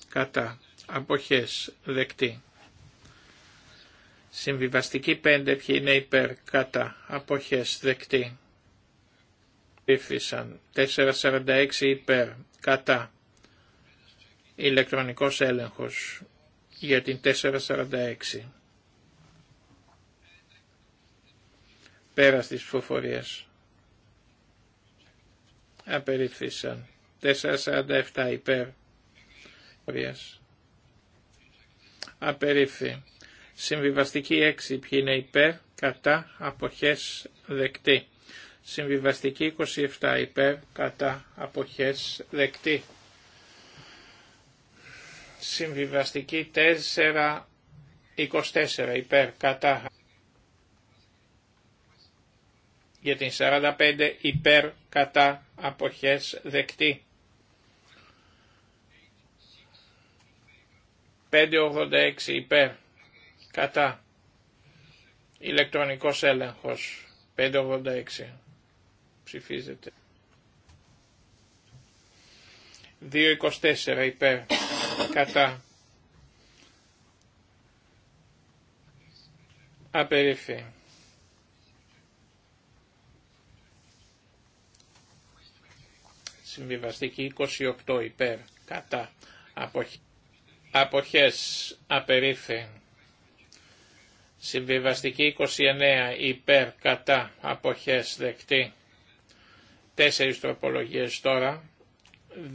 Κατά. Αποχές. Δεκτή. Συμβιβαστική 5. Ποιοι είναι υπέρ. Κατά. Αποχές. Δεκτή. Ήφησαν. 446 υπέρ. Κατά. Ηλεκτρονικός έλεγχος για την 446. Πέρα στις ψηφοφορίες απεριφθήσαν. 447 υπέρ Απερίφθη. Συμβιβαστική 6 ποιοι είναι υπέρ, κατά, αποχές, δεκτή. Συμβιβαστική 27 υπέρ, κατά, αποχές, δεκτή. Συμβιβαστική 4, 24 υπέρ, κατά, για την 45 υπέρ κατά αποχές δεκτή. 586 υπέρ κατά ηλεκτρονικός έλεγχος 586 ψηφίζεται 224 υπέρ κατά απερίφη Συμβιβαστική 28 υπέρ. Κατά. Αποχές. Αποχές. Απερίφη. Συμβιβαστική 29 υπέρ. Κατά. Αποχές. Δεκτή. Τέσσερις τροπολογίες τώρα.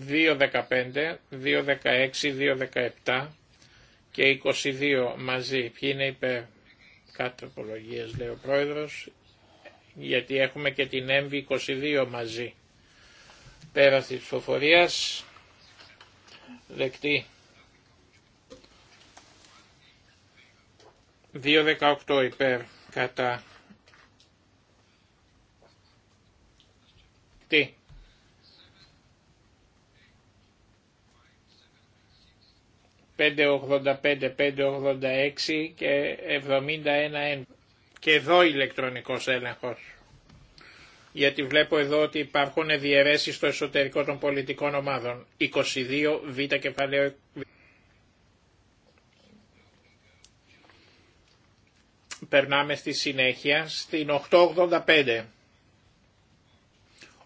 2.15, 2.16, 2.17 και 22 μαζί. Ποιοι είναι υπέρ κάτω τροπολογίες λέει ο πρόεδρος, γιατί έχουμε και την έμβη 22 μαζί. Πέρας της ψηφοφορίας. Δεκτή. 2.18 υπέρ κατά. Τι. 5.85, 5.86 και 71 και εδώ ηλεκτρονικός έλεγχος γιατί βλέπω εδώ ότι υπάρχουν διαιρέσεις στο εσωτερικό των πολιτικών ομάδων. 22 β κεφαλαίο περνάμε στη συνέχεια στην 885.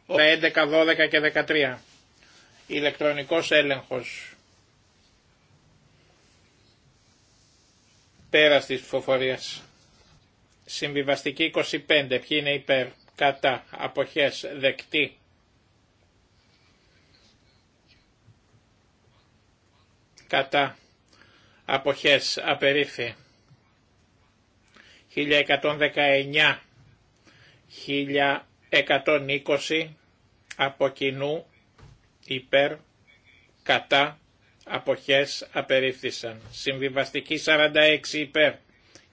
11, 12 και 13. Ηλεκτρονικός έλεγχος. Πέρας της ψηφοφορίας. Συμβιβαστική 25. Ποιοι είναι υπέρ κατά αποχές δεκτή. Κατά αποχές απερίφη. 1119, 1120 από κοινού υπέρ, κατά, αποχές απερίφθησαν. Συμβιβαστική 46 υπέρ,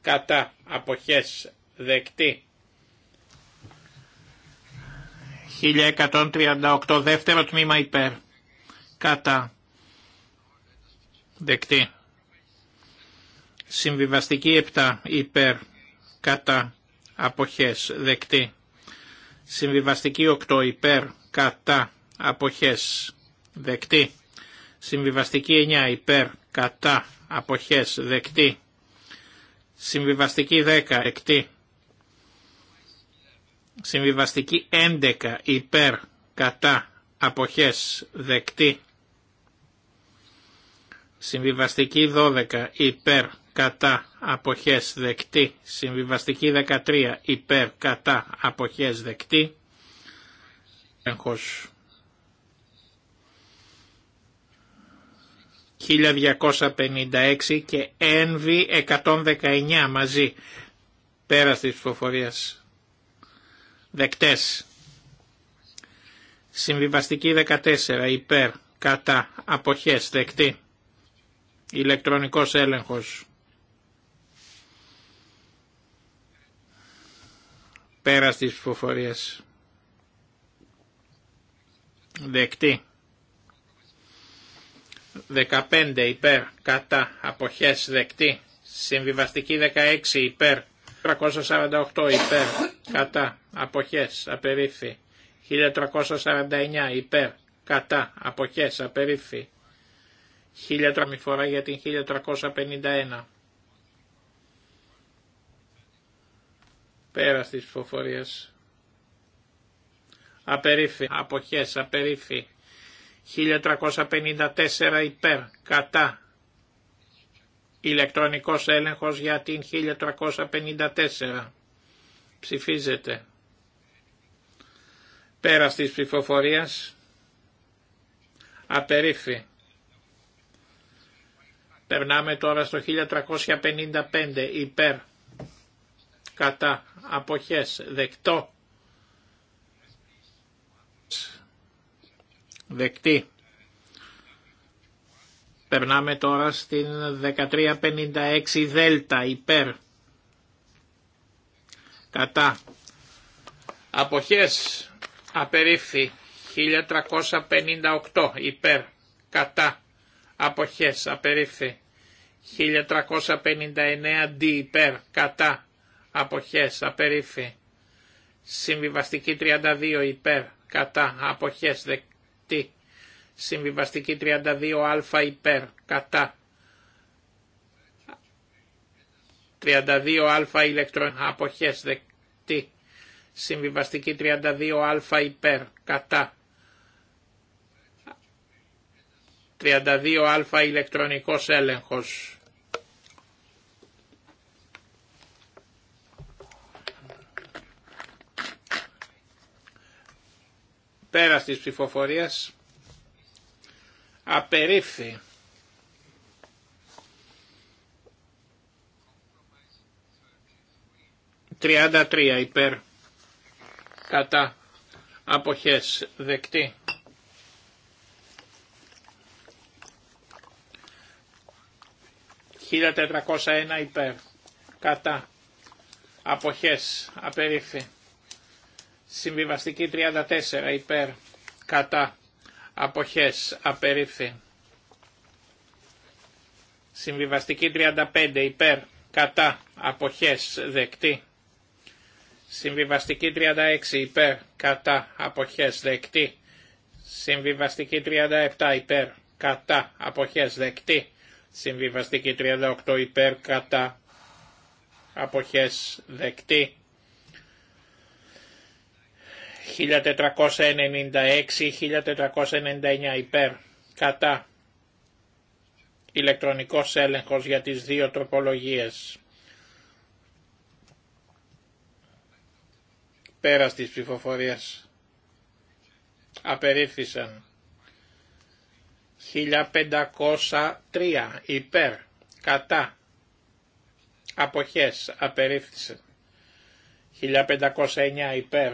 κατά, αποχές δεκτή. 1138 δεύτερο τμήμα υπέρ. Κατά. Δεκτή. Συμβιβαστική 7 υπέρ. Κατά. Αποχές. Δεκτή. Συμβιβαστική 8 υπέρ. Κατά. Αποχές. Δεκτή. Συμβιβαστική 9 υπέρ. Κατά. Αποχές. Δεκτή. Συμβιβαστική 10 δεκτή. Συμβιβαστική 11 υπέρ κατά αποχές δεκτή. Συμβιβαστική 12 υπέρ κατά αποχές δεκτή. Συμβιβαστική 13 υπέρ κατά αποχές δεκτή. 1256 και NV 119 μαζί πέρας της ψηφοφορίας. Δεκτές. Συμβιβαστική 14. Υπέρ. Κατά. Αποχές. Δεκτή. Ηλεκτρονικός έλεγχος. Πέρα στις ψηφοφορίες. Δεκτή. 15 υπέρ, κατά, αποχές δεκτή. Συμβιβαστική 16 υπέρ, 1348 υπέρ, κατά, αποχές, απερίφθη. 1349 υπέρ, κατά, αποχές, απερίφθη. 1000 μη φορά για την 1351. Πέρα της φοφορίες. Απερίφθη, αποχές, απερίφθη. 1354 υπέρ, κατά, Ηλεκτρονικός έλεγχος για την 1354. Ψηφίζεται. Πέρας της ψηφοφορίας. απερίφη. Περνάμε τώρα στο 1355. Υπέρ. Κατά. Αποχές. Δεκτό. Δεκτή. Περνάμε τώρα στην 1356 Δέλτα υπέρ. Κατά. Αποχές απερίφθη 1358 υπέρ. Κατά. Αποχές απερίφθη 1359 δι υπέρ. Κατά. Αποχές απερίφθη. Συμβιβαστική 32 υπέρ. Κατά. Αποχές δεκτή. Συμβιβαστική 32α υπέρ. Κατά. 32α ηλεκτρον αποχές δεκτή. Συμβιβαστική 32α υπέρ. Κατά. 32α ηλεκτρονικός έλεγχος. Πέρας της ψηφοφορίας απερίφθη. 33 υπέρ κατά αποχές δεκτή. Χίλια υπέρ κατά αποχές απερίφθη. Συμβιβαστική 34 υπέρ κατά αποχές απερίφθη. Συμβιβαστική 35 υπέρ κατά αποχές δεκτή. Συμβιβαστική 36 υπέρ κατά αποχές δεκτή. Συμβιβαστική 37 υπέρ κατά αποχές δεκτή. Συμβιβαστική 38 υπέρ κατά αποχές δεκτή. 1496-1499 υπέρ, κατά. Ηλεκτρονικός έλεγχος για τις δύο τροπολογίες. πέρα της ψηφοφορίας. Απερίφθησαν. 1503 υπέρ, κατά. Αποχές, απερίφθησαν. 1509 υπέρ,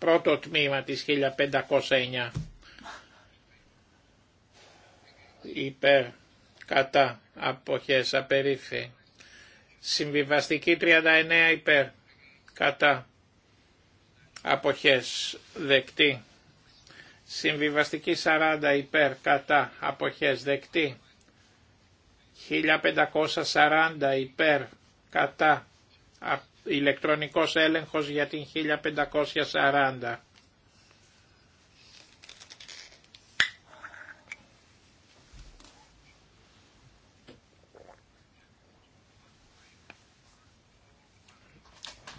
πρώτο τμήμα της 1509 υπέρ κατά αποχές απερίφη. συμβιβαστική 39 υπέρ κατά αποχές δεκτή συμβιβαστική 40 υπέρ κατά αποχές δεκτή 1540 υπέρ κατά ηλεκτρονικός έλεγχος για την 1540.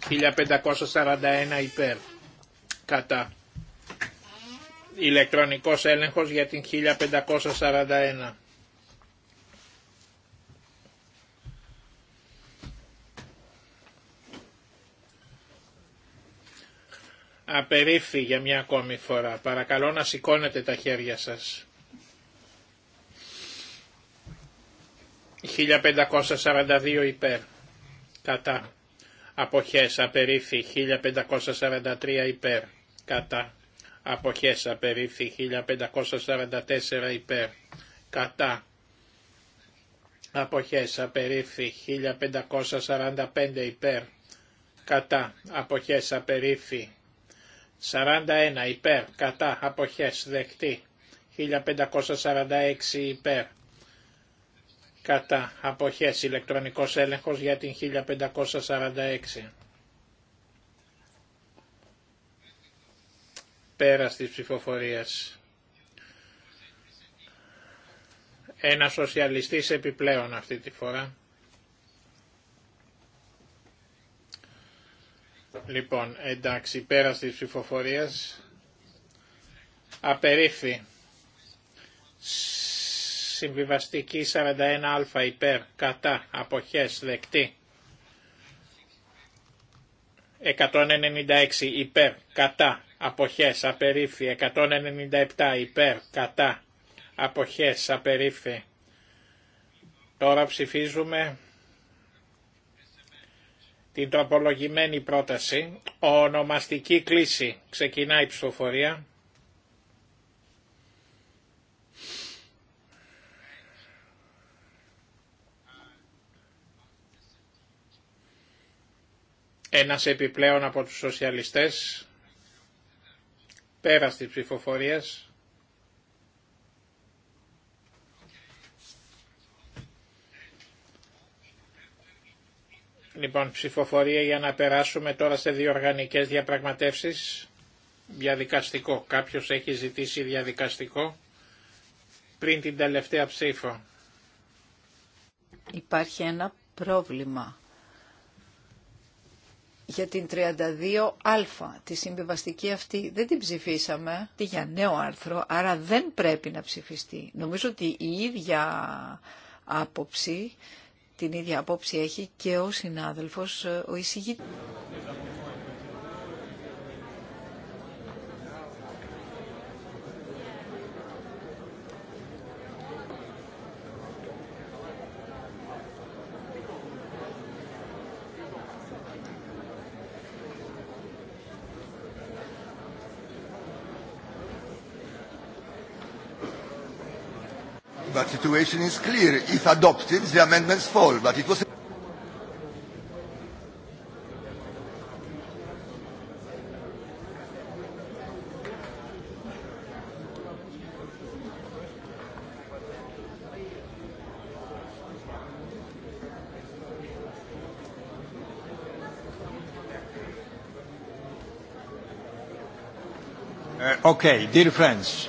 ...1541 υπέρ, κατά. Ηλεκτρονικός έλεγχος για την 1541. Απερίφθη για μια ακόμη φορά. Παρακαλώ να σηκώνετε τα χέρια σας. 1542 υπέρ. Κατά. Αποχές απερίφθη 1543 υπέρ. Κατά. Αποχές απερίφθη 1544 υπέρ. Κατά. Αποχές απερίφθη 1545 υπέρ. Κατά. Αποχές απερίφθη 41 υπέρ, κατά, αποχές, δεκτή. 1546 υπέρ, κατά, αποχές, ηλεκτρονικός έλεγχος για την 1546. Πέρας της ψηφοφορίας. Ένα σοσιαλιστής επιπλέον αυτή τη φορά. Λοιπόν, εντάξει, πέρα τη ψηφοφορία. Απερίφθη. Συμβιβαστική 41α υπέρ, κατά, αποχές, δεκτή. 196 υπέρ, κατά, αποχές, απερίφθη. 197 υπέρ, κατά, αποχές, απερίφθη. Τώρα ψηφίζουμε την τροπολογημένη πρόταση, ονομαστική κλίση, ξεκινάει η ψηφοφορία. Ένας επιπλέον από τους σοσιαλιστές, πέρας της ψηφοφορίας. Λοιπόν, ψηφοφορία για να περάσουμε τώρα σε οργανικές διαπραγματεύσεις. Διαδικαστικό. Κάποιος έχει ζητήσει διαδικαστικό πριν την τελευταία ψήφο. Υπάρχει ένα πρόβλημα για την 32α, τη συμβιβαστική αυτή, δεν την ψηφίσαμε, τη για νέο άρθρο, άρα δεν πρέπει να ψηφιστεί. Νομίζω ότι η ίδια άποψη την ίδια απόψη έχει και ο συνάδελφος ε, ο εισηγητής. situation is clear. If adopted, the amendments fall, but it was... Okay, dear friends,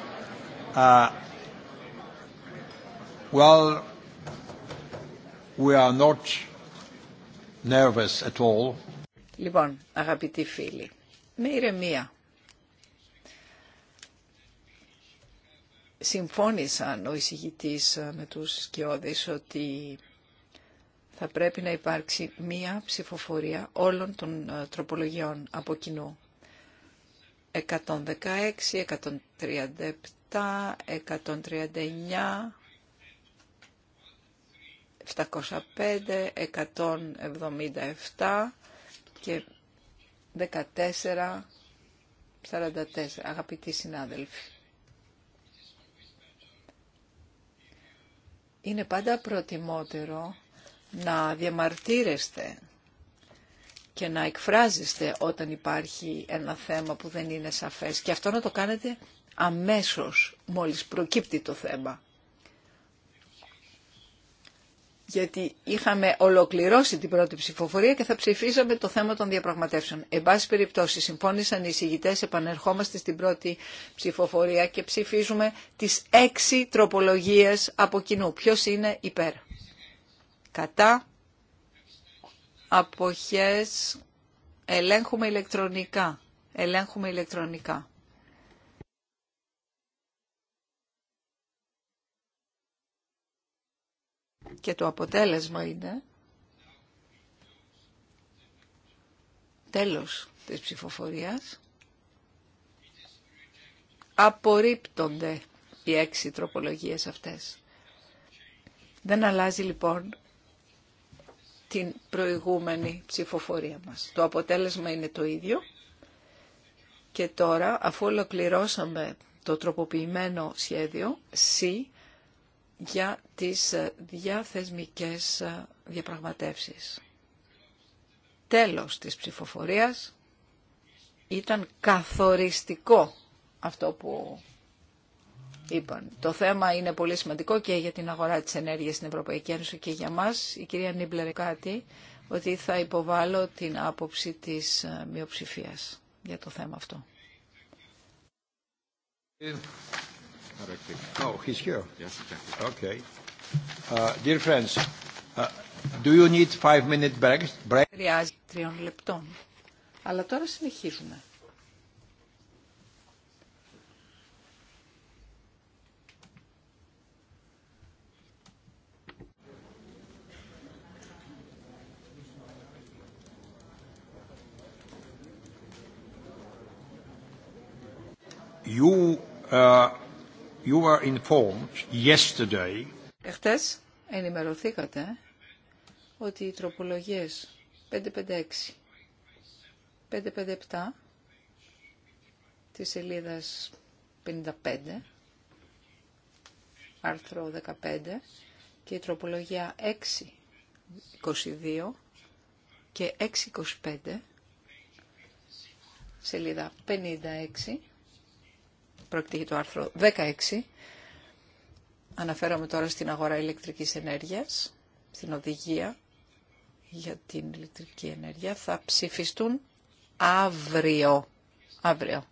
Λοιπόν, αγαπητοί φίλοι, με ηρεμία. Συμφώνησαν ο εισηγητής με τους σκιώδεις ότι θα πρέπει να υπάρξει μία ψηφοφορία όλων των ε, τροπολογιών από κοινού. 116, 137, 139, 705, 177 και 14, 44. Αγαπητοί συνάδελφοι. Είναι πάντα προτιμότερο να διαμαρτύρεστε και να εκφράζεστε όταν υπάρχει ένα θέμα που δεν είναι σαφές. Και αυτό να το κάνετε αμέσως μόλις προκύπτει το θέμα γιατί είχαμε ολοκληρώσει την πρώτη ψηφοφορία και θα ψηφίζαμε το θέμα των διαπραγματεύσεων. Εν πάση περιπτώσει, συμφώνησαν οι εισηγητέ, επανερχόμαστε στην πρώτη ψηφοφορία και ψηφίζουμε τις έξι τροπολογίες από κοινού. Ποιο είναι υπέρ. Κατά αποχές ελέγχουμε ηλεκτρονικά. Ελέγχουμε ηλεκτρονικά. και το αποτέλεσμα είναι τέλος της ψηφοφορίας απορρίπτονται οι έξι τροπολογίες αυτές. Δεν αλλάζει λοιπόν την προηγούμενη ψηφοφορία μας. Το αποτέλεσμα είναι το ίδιο και τώρα αφού ολοκληρώσαμε το τροποποιημένο σχέδιο, C, για τις ε, διαθεσμικές ε, διαπραγματεύσεις. Τέλος της ψηφοφορίας ήταν καθοριστικό αυτό που είπαν. Το θέμα είναι πολύ σημαντικό και για την αγορά της ενέργειας στην Ευρωπαϊκή Ένωση και για μας. Η κυρία Νίμπλερ κάτι ότι θα υποβάλω την άποψη της ε, μειοψηφίας για το θέμα αυτό. Oh, he's here. Yes, exactly. Okay. Dear friends, do you need five minute break? break? Χρειάζεται τριών λεπτών. Αλλά τώρα συνεχίζουμε. you uh, You Εχθές ενημερωθήκατε ότι οι τροπολογίες 556, 557 της σελίδας 55, άρθρο 15 και η τροπολογία 622 και 625, σελίδα 56, πρόκειται το άρθρο 16. Αναφέραμε τώρα στην αγορά ηλεκτρικής ενέργειας, στην οδηγία για την ηλεκτρική ενέργεια. Θα ψηφιστούν αύριο. Αύριο.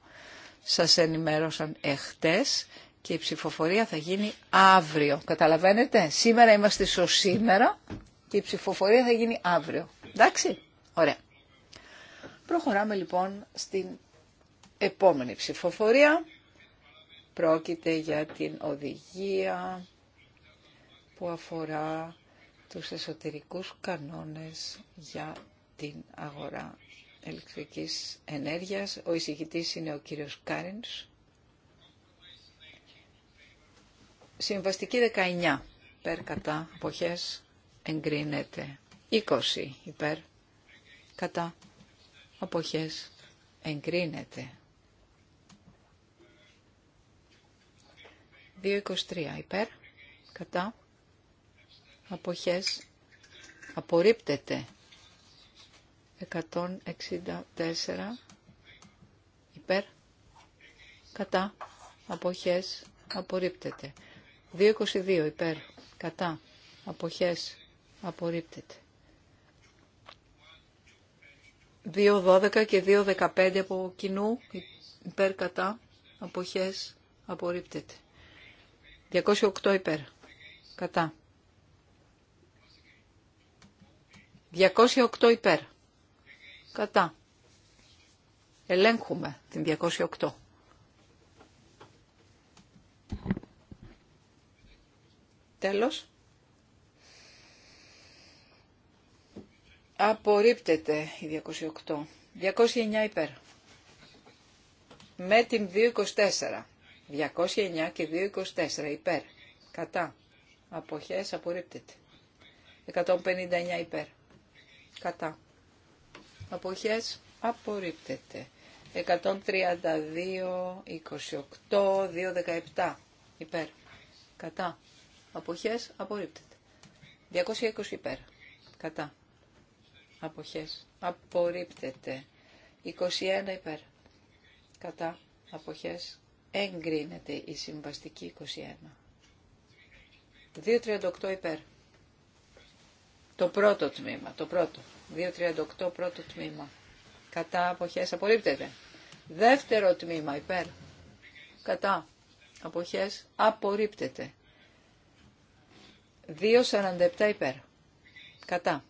Σας ενημέρωσαν εχθές και η ψηφοφορία θα γίνει αύριο. Καταλαβαίνετε, σήμερα είμαστε στο σήμερα και η ψηφοφορία θα γίνει αύριο. Εντάξει, ωραία. Προχωράμε λοιπόν στην επόμενη ψηφοφορία. Πρόκειται για την οδηγία που αφορά τους εσωτερικούς κανόνες για την αγορά ηλεκτρικής ενέργειας. Ο εισηγητής είναι ο κύριος Κάρινς. Συμβαστική 19 υπέρ κατά αποχές εγκρίνεται. 20 υπέρ κατά αποχές εγκρίνεται. 2.23 υπέρ, κατά, αποχές, απορρίπτεται. 164 υπέρ, κατά, αποχές, απορρίπτεται. 2.22 υπέρ, κατά, αποχές, απορρίπτεται. 2.12 και 2.15 από κοινού υπέρ κατά αποχές απορρίπτεται. 208 υπέρ. Κατά. 208 υπέρ. Κατά. Ελέγχουμε την 208. Τέλος. Απορρίπτεται η 208. 209 υπέρ. Με την 224. 209 και 224 υπέρ. Κατά. Αποχές απορρίπτεται. 159 υπέρ. Κατά. Αποχές απορρίπτεται. 132, 28, 217 υπέρ. Κατά. Αποχές απορρίπτεται. 220 υπέρ. Κατά. Αποχές απορρίπτεται. 21 υπέρ. Κατά. Αποχές Εγκρίνεται η συμβαστική 21. 2.38 υπέρ. Το πρώτο τμήμα, το πρώτο. 2.38 πρώτο τμήμα. Κατά αποχές απορρίπτεται. Δεύτερο τμήμα υπέρ. Κατά αποχές απορρίπτεται. 2.47 υπέρ. Κατά.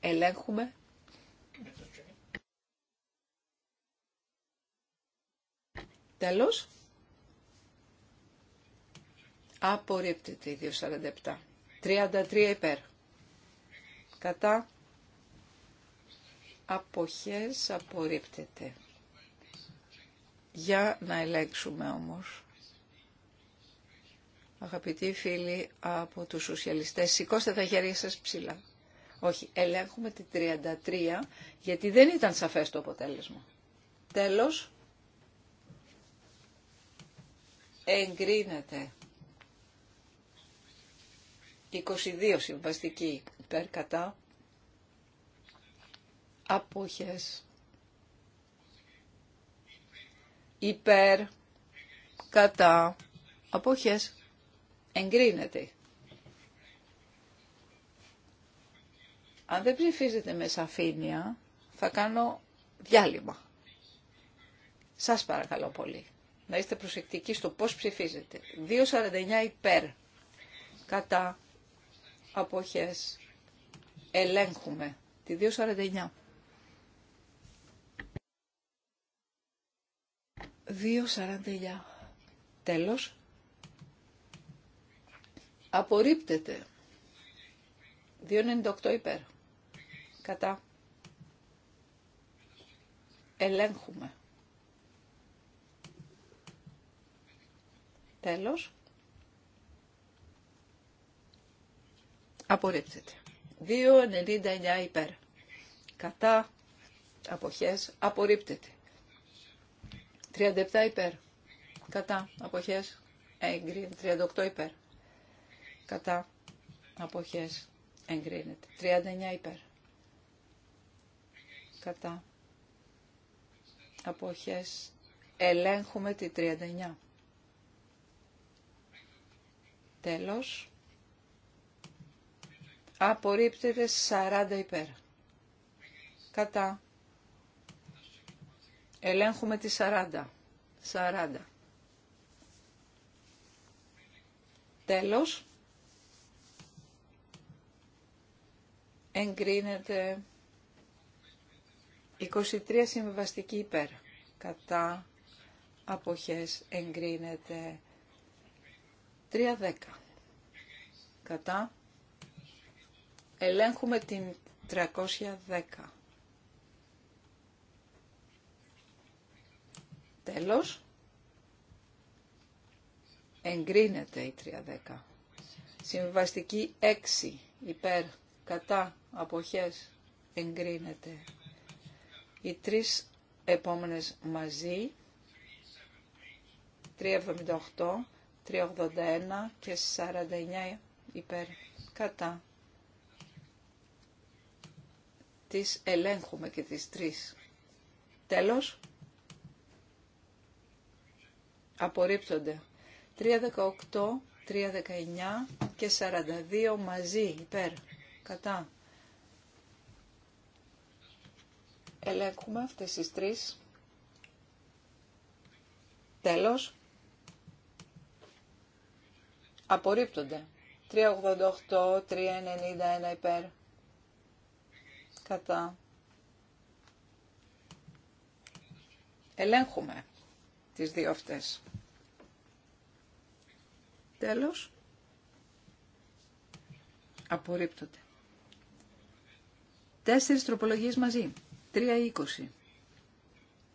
Ελέγχουμε Τέλος. Απορρίπτεται η 247. 33 υπέρ. Κατά. Αποχές απορρίπτεται. Για να ελέγξουμε όμως. Αγαπητοί φίλοι από τους σοσιαλιστές, σηκώστε τα χέρια σας ψηλά. Όχι, ελέγχουμε τη 33 γιατί δεν ήταν σαφές το αποτέλεσμα. Τέλος. εγκρίνεται. 22 συμβαστική υπέρ κατά απόχες υπέρ κατά απόχες εγκρίνεται. Αν δεν ψηφίζετε με σαφήνεια θα κάνω διάλειμμα. Σας παρακαλώ πολύ να είστε προσεκτικοί στο πώς ψηφίζετε. 2,49 υπέρ. Κατά αποχές. Ελέγχουμε τη 2,49. 2,49. Τέλος. Απορρίπτεται. 2,98 υπέρ. Κατά. Ελέγχουμε. Τέλος. Απορρίπτεται. 2,99 υπέρ. Κατά αποχές απορρίπτεται. 37 υπέρ. Κατά αποχές εγκρίνεται. 38 υπέρ. Κατά αποχές εγκρίνεται. 39 υπέρ. Κατά αποχές ελέγχουμε τη 39. Τέλος. Απορρίπτεται 40 υπέρ. Κατά. Ελέγχουμε τη 40. 40. Τέλος. Εγκρίνεται 23 συμβαστική υπέρ. Κατά αποχές εγκρίνεται 3.10. Κατά. Ελέγχουμε την 310. Τέλος. Εγκρίνεται η 310. Συμβαστική 6. Υπέρ. Κατά. Αποχές. Εγκρίνεται. Οι τρεις επόμενες μαζί. 378. 381 και 49 υπέρ κατά. Τις ελέγχουμε και τις τρεις. Τέλος. Απορρίπτονται. 318, 319 και 42 μαζί υπέρ κατά. Ελέγχουμε αυτές τις τρεις. Τέλος. Απορρίπτονται. 388, 391 υπέρ. Κατά. Ελέγχουμε τις δύο αυτές. Τέλος. Απορρίπτονται. Τέσσερις τροπολογίες μαζί. 3.20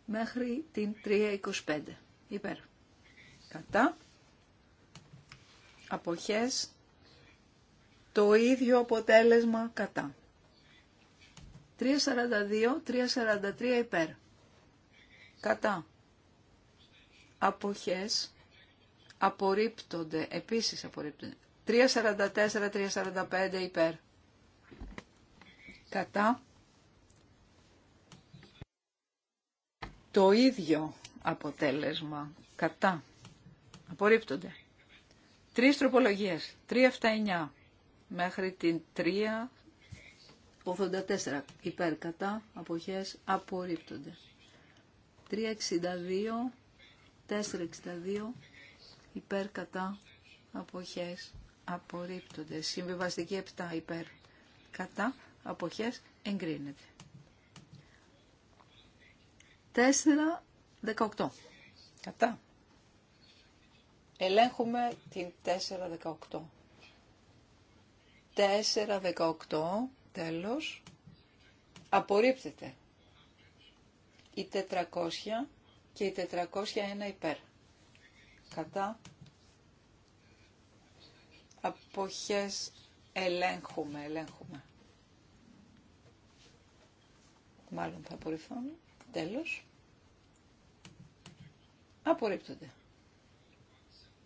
μέχρι την 3.25. Υπέρ. Κατά αποχές, το ίδιο αποτέλεσμα κατά. 3.42, 3.43 υπέρ. Κατά. Αποχές απορρίπτονται, επίσης απορρίπτονται. 3.44, 3.45 υπέρ. Κατά. Το ίδιο αποτέλεσμα. Κατά. Απορρίπτονται. Τρεις τροπολογίες. 379 μέχρι την 384 υπέρ κατά αποχές απορρίπτονται. 362, 462 υπέρ κατά αποχές απορρίπτονται. Συμβιβαστική 7 υπέρ κατά αποχές εγκρίνεται. 4, 18 κατά Ελέγχουμε την 418. 418, τέλος, απορρίπτεται. Η 400 και η 401 υπέρ. Κατά αποχές ελέγχουμε, ελέγχουμε. Μάλλον θα απορριφθούν. Τέλος. Απορρίπτονται.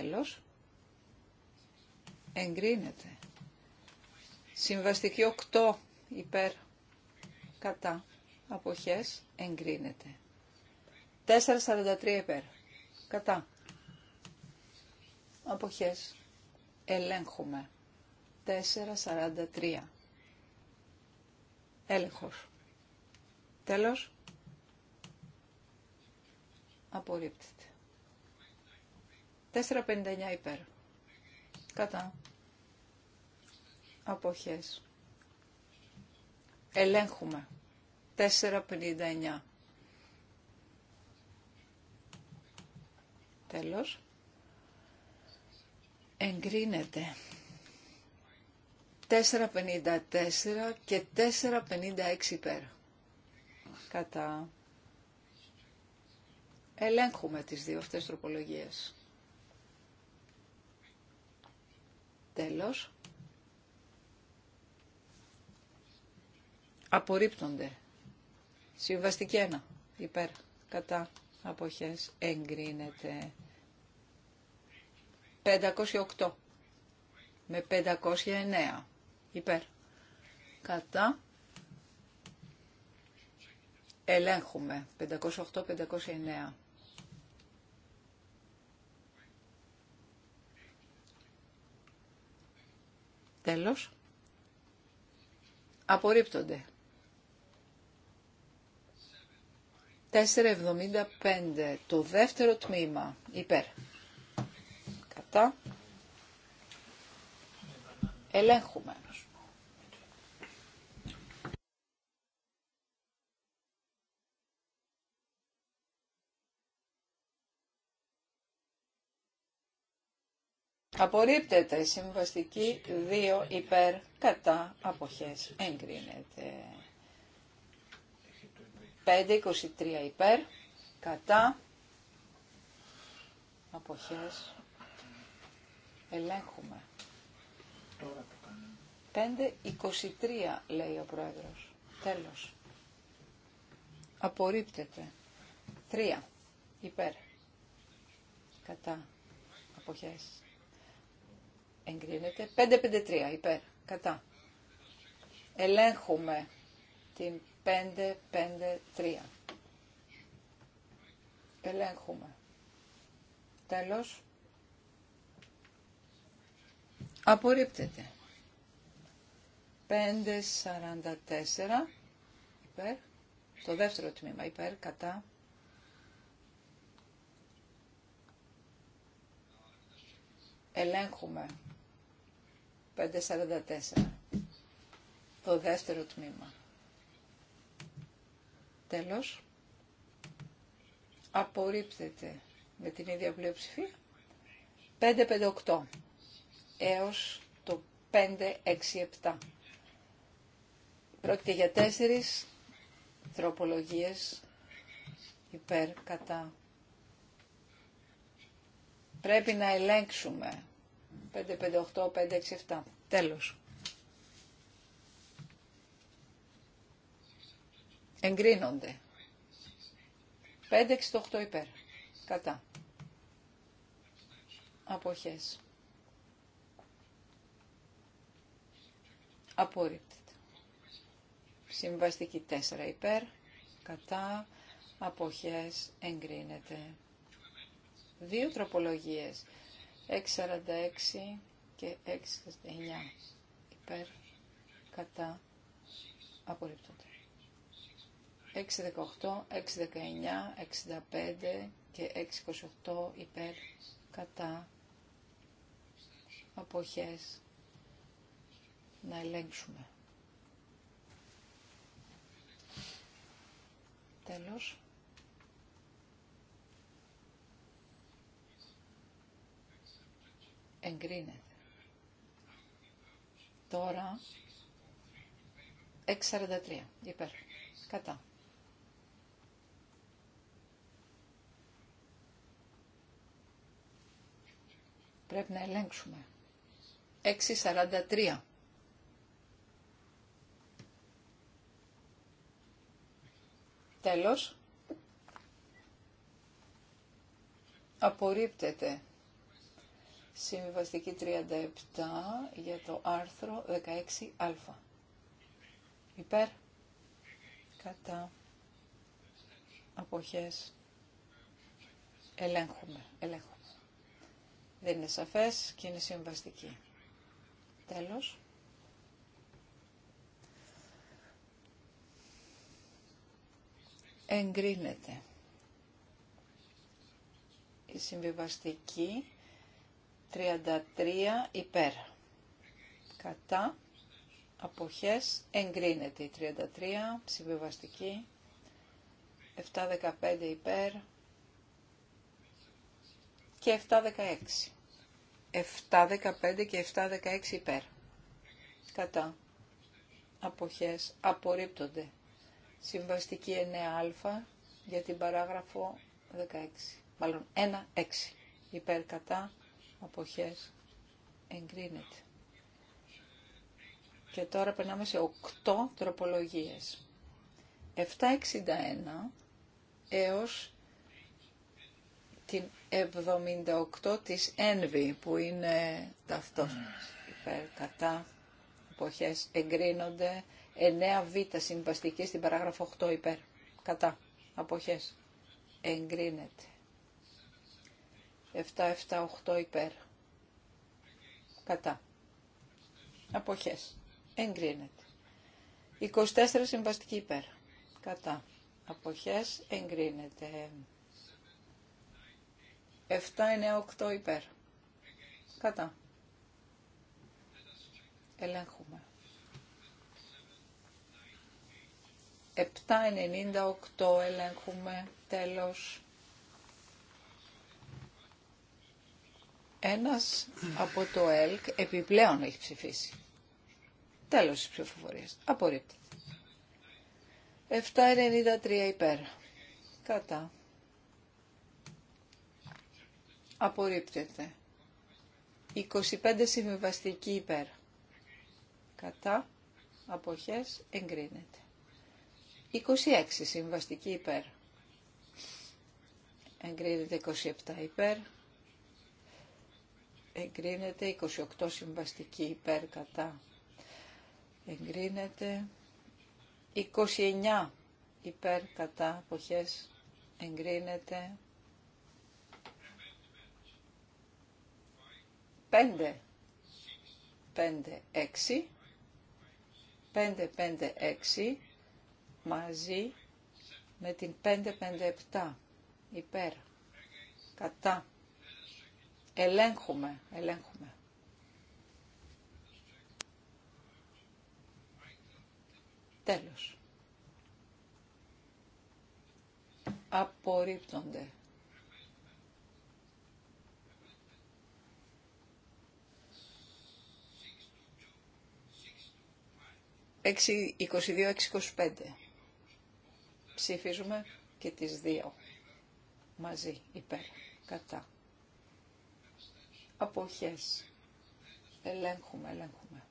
Τέλος. Εγκρίνεται. Συμβαστική 8 υπέρ κατά αποχές εγκρίνεται. 4.43 υπέρ κατά αποχές ελέγχουμε. 4.43 έλεγχος. Τέλος απορρίπτεται. 4,59 υπέρ. Κατά. Αποχές. Ελέγχουμε. 4,59. Τέλος. Εγκρίνεται. 4,54 και 4,56 υπέρ. Κατά. Ελέγχουμε τις δύο αυτές τροπολογίες. Τέλος. Απορρίπτονται. Συμβαστική 1. Υπέρ. Κατά. Αποχές. Εγκρίνεται. 508. Με 509. Υπέρ. Κατά. Ελέγχουμε. 508-509. Τέλος. Απορρίπτονται. 4.75 το δεύτερο τμήμα υπέρ. Κατά. Ελέγχουμε. Απορρίπτεται συμβαστική 2 υπέρ κατά αποχές. Εγκρίνεται. 5-23 υπέρ κατά αποχές. Ελέγχουμε. 5-23 λέει ο πρόεδρος. Τέλος. Απορρίπτεται. 3 υπέρ κατά αποχές Εγκρίνεται. 5-5-3 υπέρ. Κατά. Ελέγχουμε την 5-5-3. Ελέγχουμε. Τέλος. Απορρίπτεται. 5-44 υπέρ. Το δεύτερο τμήμα υπέρ. Κατά. Ελέγχουμε 544. Το δεύτερο τμήμα. Τέλος. Απορρίπτεται με την ίδια πλειοψηφία. 558 έως το 567. Πρόκειται για τέσσερις τροπολογίες υπέρ κατά. Πρέπει να ελέγξουμε 5-5-8-5-6-7. Τέλος. Εγκρίνονται. 5-6-8 υπέρ. Κατά. Αποχές. Απορρίπτεται. Συμβαστική 4 υπέρ. Κατά. Αποχές. Εγκρίνεται. Δύο τροπολογίες. 6.46 και 6.49 υπέρ κατά απορρίπτονται. 6.18, 6.19, 65 και 6.28 υπέρ κατά αποχές να ελέγξουμε. Τέλος. εγκρίνεται. Τώρα 6.43 υπέρ. Κατά. Πρέπει να ελέγξουμε. 6.43. Τέλος. Απορρίπτεται. Συμβιβαστική 37 για το άρθρο 16α. Υπέρ. Κατά. Αποχές. Ελέγχουμε. Ελέγχουμε. Δεν είναι σαφές και είναι συμβαστική. Τέλος. Εγκρίνεται. Η συμβιβαστική 33 υπέρ. Κατά αποχές εγκρίνεται η 33 συμβιβαστική. 7-15 υπέρ και 7-16. 7-15 και 7-16 υπέρ. Κατά. Αποχές απορρίπτονται. Συμβαστική 9α για την παράγραφο 16. Μάλλον 1-6. Υπέρ κατά αποχές εγκρίνεται. Και τώρα περνάμε σε 8 τροπολογίες. 761 έως την 78 της ένβη που ειναι ταυτόχρονα ταυτόσιμες υπέρ κατά εποχές εγκρίνονται 9β συμβαστική στην παράγραφο 8 υπέρ κατά αποχές εγκρίνεται 7-7-8 υπέρ. Κατά. Αποχές. Εγκρίνεται. 24 συμβαστική υπέρ. Κατά. Αποχές. Εγκρίνεται. 7-9-8 υπέρ. Κατά. Ελέγχουμε. 7-98 ελέγχουμε. Τέλος. Ένας από το ΕΛΚ επιπλέον έχει ψηφίσει. Τέλος της ψηφοφορίας. Απορρίπτεται. 7.93 υπέρ. Κατά. Απορρίπτεται. 25 συμβιβαστική υπέρ. Κατά. Αποχές εγκρίνεται. 26 συμβαστική υπέρ. Εγκρίνεται 27 υπέρ εγκρίνεται 28 συμβαστική υπέρ κατά εγκρίνεται 29 υπέρ κατά αποχές εγκρίνεται 5 5-6 5-5-6 μαζί με την 5-5-7 υπέρ κατά Ελέγχουμε, ελέγχουμε. Τέλος. Απορρίπτονται. Έξι, 22-6-25. Ψηφίζουμε και τις δύο μαζί υπέρ, κατά αποχές. Ελέγχουμε, ελέγχουμε.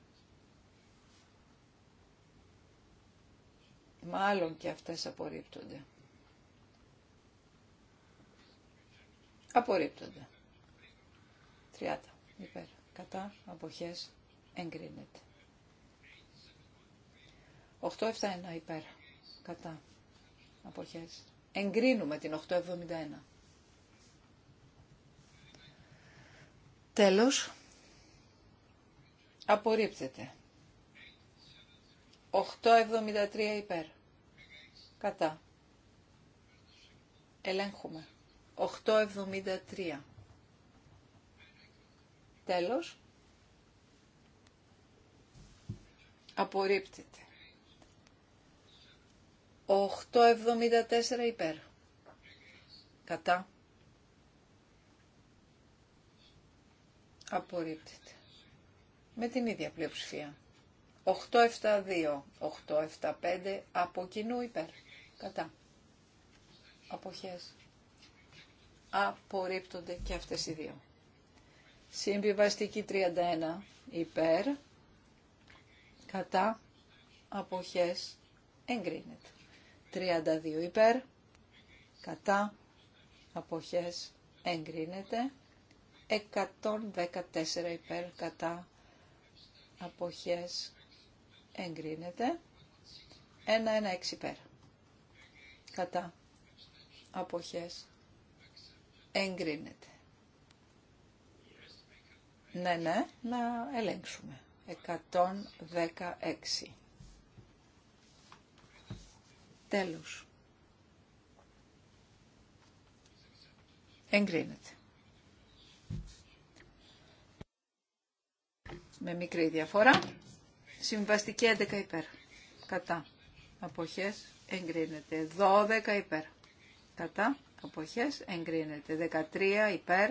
Μάλλον και αυτές απορρίπτονται. Απορρίπτονται. 30. Υπέρ. Κατά. Αποχές. Εγκρίνεται. 871 υπέρ. Κατά. Αποχές. Εγκρίνουμε την 871. Τέλος. Απορρίπτεται. 8.73 υπέρ. Κατά. Ελέγχουμε. 8.73. Τέλος. Απορρίπτεται. 8.74 υπέρ. Κατά. Απορρίπτεται. Με την ίδια πλειοψηφία. 872, 875 από κοινού υπέρ. Κατά. Αποχές. Απορρίπτονται και αυτές οι δύο. Συμβιβαστική 31 υπέρ. Κατά. Αποχές. Εγκρίνεται. 32 υπέρ. Κατά. Αποχές. Εγκρίνεται. 114 υπέρ κατά αποχές εγκρίνεται. 116 υπέρ κατά αποχές εγκρίνεται. Ναι, ναι, να ελέγξουμε. 116. Τέλος. Εγκρίνεται. με μικρή διαφορά. Συμβαστική 11 υπέρ. Κατά. Αποχές εγκρίνεται. 12 υπέρ. Κατά. Αποχές εγκρίνεται. 13 υπέρ.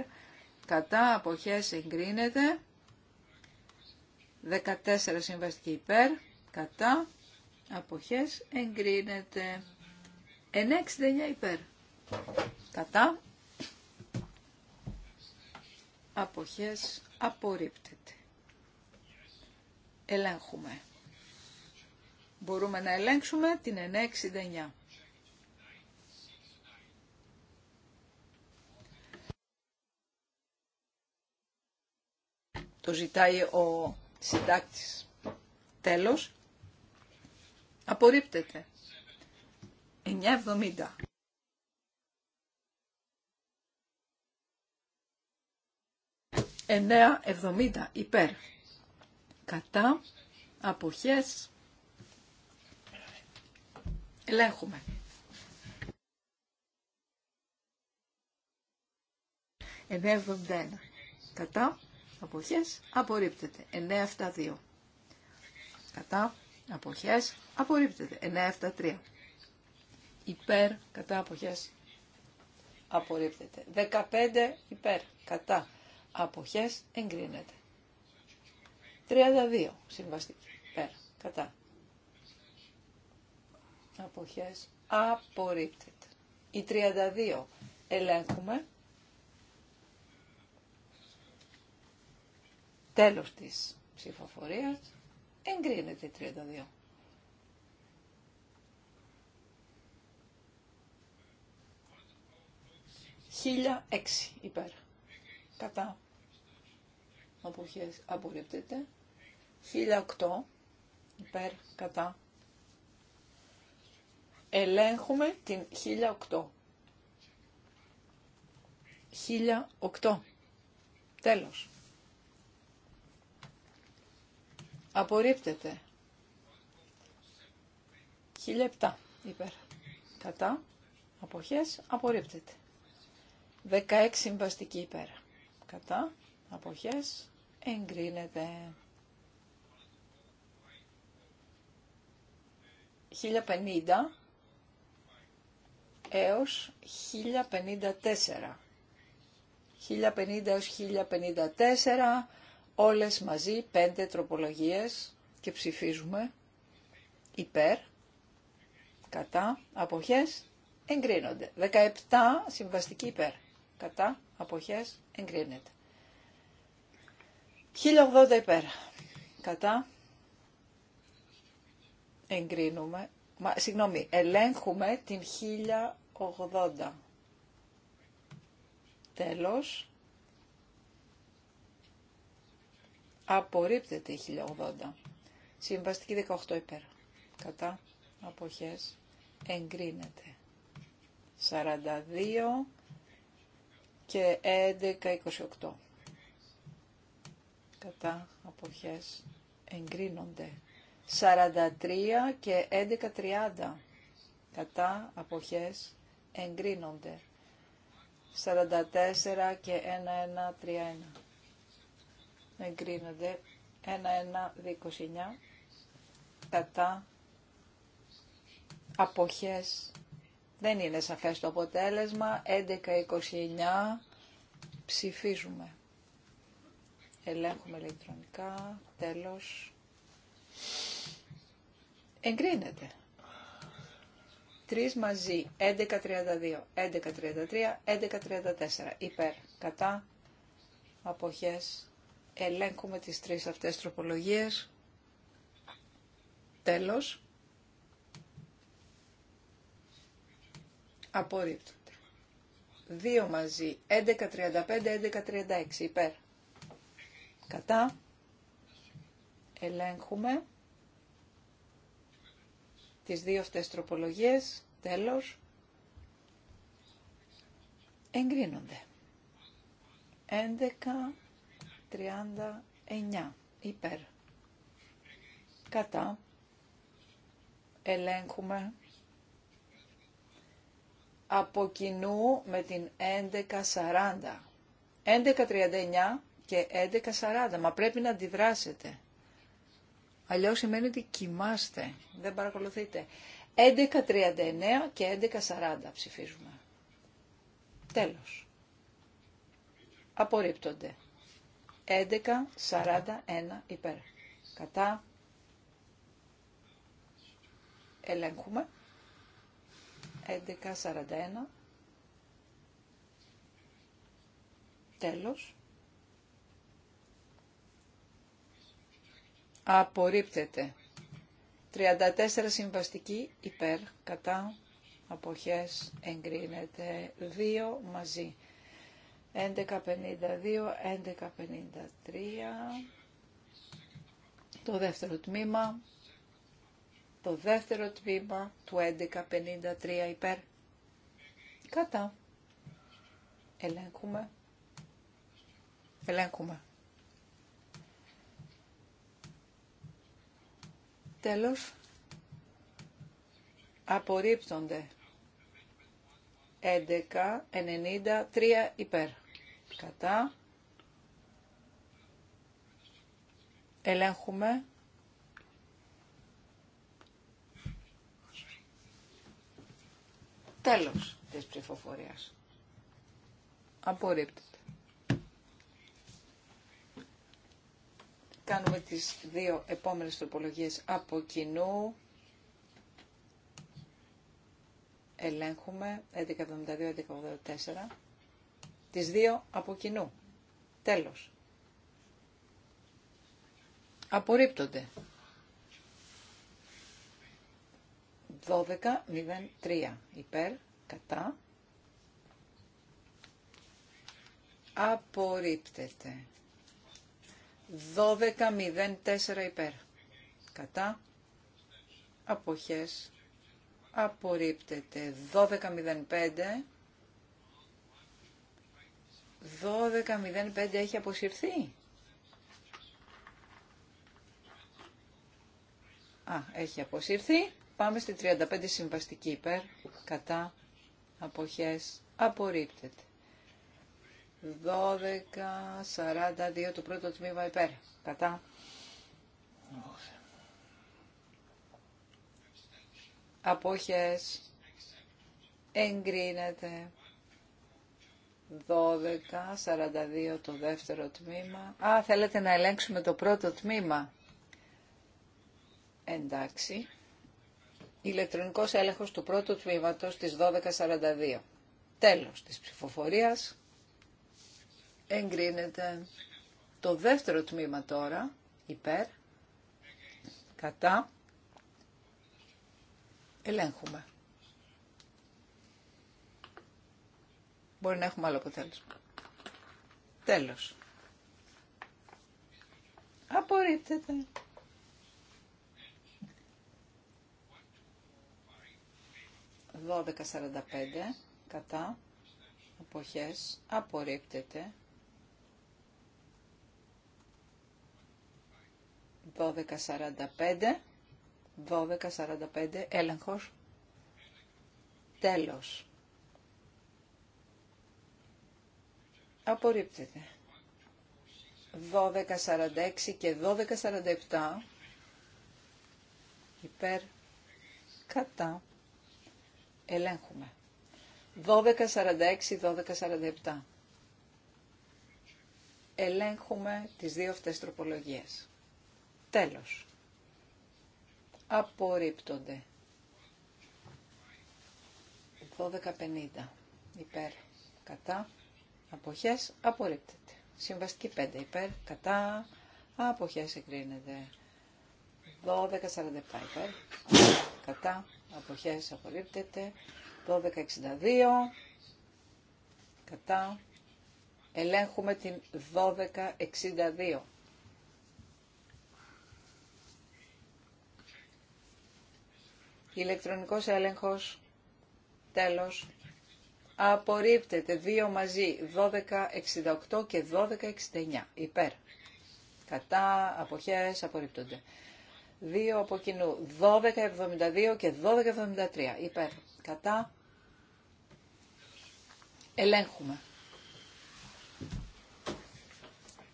Κατά. Αποχές εγκρίνεται. 14 συμβαστική υπέρ. Κατά. Αποχές εγκρίνεται. 6-9 υπέρ. Κατά. Αποχές απορρίπτεται ελέγχουμε. Μπορούμε να ελέγξουμε την 969. Το ζητάει ο συντάκτης. Τέλος. Απορρίπτεται. 970. 9.70 υπέρ κατά, αποχές, ελέγχουμε. 971. Κατά, αποχές, απορρίπτεται. 972. Κατά, αποχές, απορρίπτεται. 973. Υπέρ, κατά, αποχές, απορρίπτεται. 15 υπέρ, κατά, αποχές, εγκρίνεται. 32 συμβαστική. Πέρα. Κατά. Αποχές. Απορρίπτεται. Η 32 ελέγχουμε. Τέλος της ψηφοφορίας. Εγκρίνεται η 32. Χίλια υπέρ. Κατά αποχές απορρίπτεται. 1008 υπέρ κατά. Ελέγχουμε την 1008. 1008. Τέλος. Απορρίπτεται. 1007 υπέρ. Κατά. Αποχές. Απορρίπτεται. 16 συμβαστική υπέρ. Κατά. Αποχές εγκρίνεται. 1050 έως 1054. 1050 έως 1054, όλες μαζί, πέντε τροπολογίες και ψηφίζουμε υπέρ, κατά, αποχές, εγκρίνονται. 17 συμβαστική υπέρ, κατά, αποχές, εγκρίνεται. 1080 υπέρ. Κατά. Εγκρίνουμε. Μα, συγγνώμη, ελέγχουμε την 1080. Τέλος. Απορρίπτεται η 1080. Συμβαστική 18 υπέρ. Κατά. Αποχές. Εγκρίνεται. 42 και 11, 28 κατά αποχές εγκρίνονται. 43 και 11.30 κατά αποχές εγκρίνονται. 44 και 1131 εγκρίνονται. 1129 κατά αποχές δεν είναι σαφές το αποτέλεσμα. 1129 ψηφίζουμε. Ελέγχουμε ηλεκτρονικά. Τέλος. Εγκρίνεται. Τρεις μαζί. 11.32, 11.33, 11.34. Υπέρ. Κατά. Αποχές. Ελέγχουμε τις τρεις αυτές τροπολογίες. Τέλος. Απορρίπτονται. Δύο μαζί. 11.35, 11.36. Υπέρ. Κατά. Ελέγχουμε τις δύο αυτές τροπολογίες. Τέλος. Εγκρίνονται. 11.39 υπέρ. Κατά. Ελέγχουμε από κοινού με την 11.40. 11.39 και 11.40. Μα πρέπει να αντιδράσετε. Αλλιώς σημαίνει ότι κοιμάστε, δεν παρακολουθείτε. 11.39 και 11.40 ψηφίζουμε. Τέλος. Απορρίπτονται. 11.41 υπέρ. Κατά. Ελέγχουμε. 11.41. Τέλος. Απορρίπτεται. 34 συμβαστικοί υπέρ, κατά, αποχές, εγκρίνεται. δύο μαζί. 11.52, 11.53. Το δεύτερο τμήμα. Το δεύτερο τμήμα του 11.53 υπέρ. Κατά. Ελέγχουμε. Ελέγχουμε. Τέλος, απορρίπτονται 11, υπέρ. Κατά. Ελέγχουμε. Τέλος της ψηφοφορίας. Απορρίπτω. Κάνουμε τις δύο επόμενες τροπολογίες από κοινού. Ελέγχουμε 1172-1184. Τις δύο από κοινού. Τέλος. Απορρίπτονται. 12.03 υπέρ, κατά. Απορρίπτεται. 12.04 υπέρ. Κατά. Αποχές. Απορρίπτεται. 12.05. 12.05 έχει αποσυρθεί. Α, έχει αποσυρθεί. Πάμε στη 35 συμβαστική υπέρ. Κατά. Αποχές. Απορρίπτεται. 12.42 το πρώτο τμήμα υπέρ. Κατά. Απόχες. Εγκρίνεται. 12.42 το δεύτερο τμήμα. Α, θέλετε να ελέγξουμε το πρώτο τμήμα. Εντάξει. Ηλεκτρονικός έλεγχος του πρώτου τμήματος της 12.42. Τέλος της ψηφοφορίας εγκρίνεται. Το δεύτερο τμήμα τώρα, υπέρ, κατά, ελέγχουμε. Μπορεί να έχουμε άλλο αποτέλεσμα. Τέλος. Απορρίπτεται. 12.45 κατά αποχές απορρίπτεται 12.45. 12.45. Έλεγχος. Τέλος. Απορρίπτεται. 12.46 και 12.47. Υπέρ. Κατά. Ελέγχουμε. 12.46-12.47. Ελέγχουμε τις δύο αυτές τροπολογίες. Τέλος. Απορρίπτονται. 12.50 υπέρ κατά αποχές απορρίπτεται. Συμβαστική 5 υπέρ κατά αποχές εγκρίνεται. 12.47 υπέρ κατά αποχές απορρίπτεται. 12.62 κατά ελέγχουμε την 12.62. Ηλεκτρονικός έλεγχος. Τέλος. Απορρίπτεται. Δύο μαζί. 1268 και 1269. Υπέρ. Κατά. Αποχές. Απορρίπτονται. Δύο από κοινού. 1272 και 1273. Υπέρ. Κατά. Ελέγχουμε.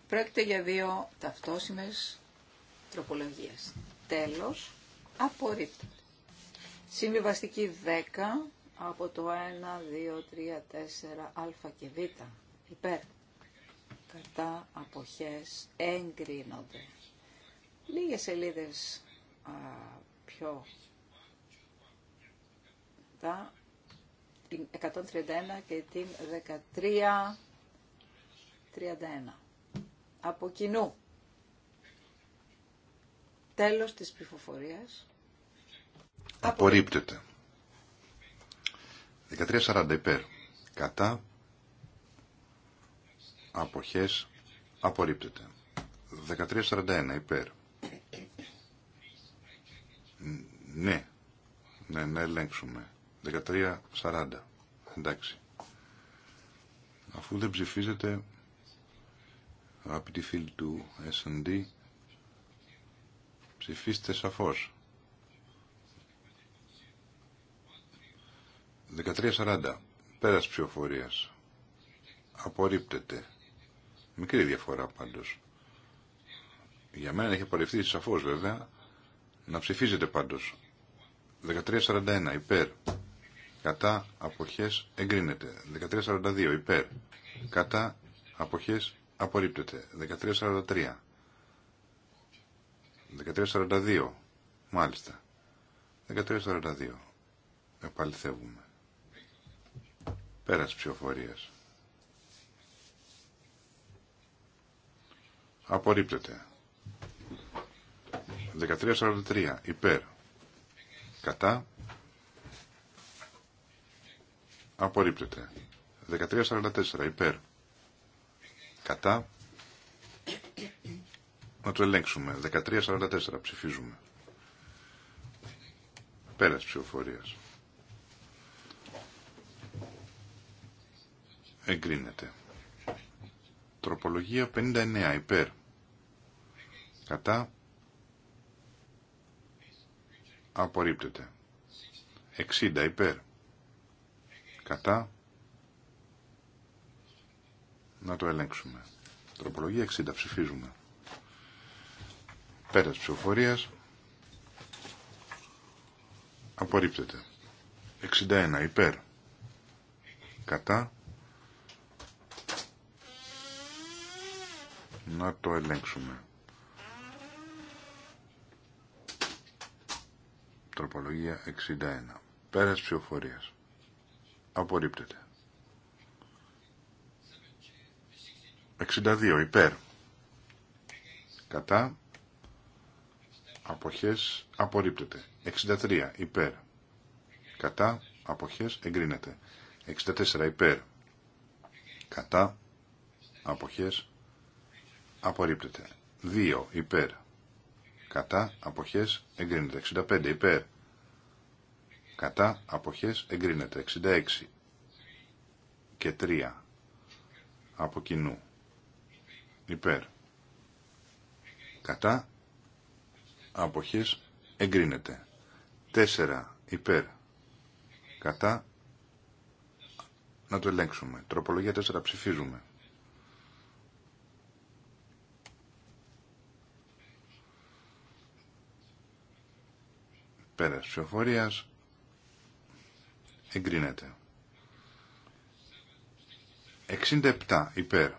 Πρόκειται για δύο ταυτόσιμες τροπολογίες. Τέλος, απορρίπτεται. Συμβιβαστική 10 από το 1, 2, 3, 4, α και β. Υπέρ. Κατά αποχές εγκρίνονται. Λίγες σελίδες α, πιο τα την 131 και την 13 31. Από κοινού. Τέλος της ψηφοφορίας. Απορρίπτεται. 13.40 υπέρ. Κατά. Αποχές. Απορρίπτεται. 13.41 υπέρ. Ναι. Ναι, να ελέγξουμε. 13.40. Εντάξει. Αφού δεν ψηφίζετε, αγαπητοί φίλοι του S&D, ψηφίστε σαφώς. 13.40. Πέρας ψηφοφορίας. Απορρίπτεται. Μικρή διαφορά πάντως. Για μένα έχει απορριφθεί σαφώς βέβαια. Να ψηφίζετε πάντως. 13.41 υπέρ. Κατά αποχές εγκρίνεται. 13.42 υπέρ. Κατά αποχές απορρίπτεται. 13.43. 13.42. Μάλιστα. 13.42. Επαληθεύουμε. Πέρας ψηφοφορίας. Απορρίπτεται. 13.43. Υπέρ. Κατά. Απορρίπτεται. 13.44. Υπέρ. Κατά. Να το ελέγξουμε. 13.44. Ψηφίζουμε. Πέρας ψηφοφορίας. εγκρίνεται. Τροπολογία 59 υπέρ. Κατά. Απορρίπτεται. 60 υπέρ. Κατά. Να το ελέγξουμε. Τροπολογία 60 ψηφίζουμε. Πέρας ψηφοφορίας. Απορρίπτεται. 61 υπέρ. Κατά. να το ελέγξουμε. Τροπολογία 61. Πέρας ψηφοφορίας. Απορρίπτεται. 62. Υπέρ. Κατά. Αποχές. Απορρίπτεται. 63. Υπέρ. Κατά. Αποχές. Εγκρίνεται. 64. Υπέρ. Κατά. Αποχές απορρίπτεται. 2 υπέρ κατά αποχές εγκρίνεται. 65 υπέρ κατά αποχές εγκρίνεται. 66 και 3 από κοινού υπέρ κατά αποχές εγκρίνεται. 4 υπέρ κατά να το ελέγξουμε. Τροπολογία 4 ψηφίζουμε. Πέρας ψηφοφορίας. Εγκρίνεται. 67 υπέρ.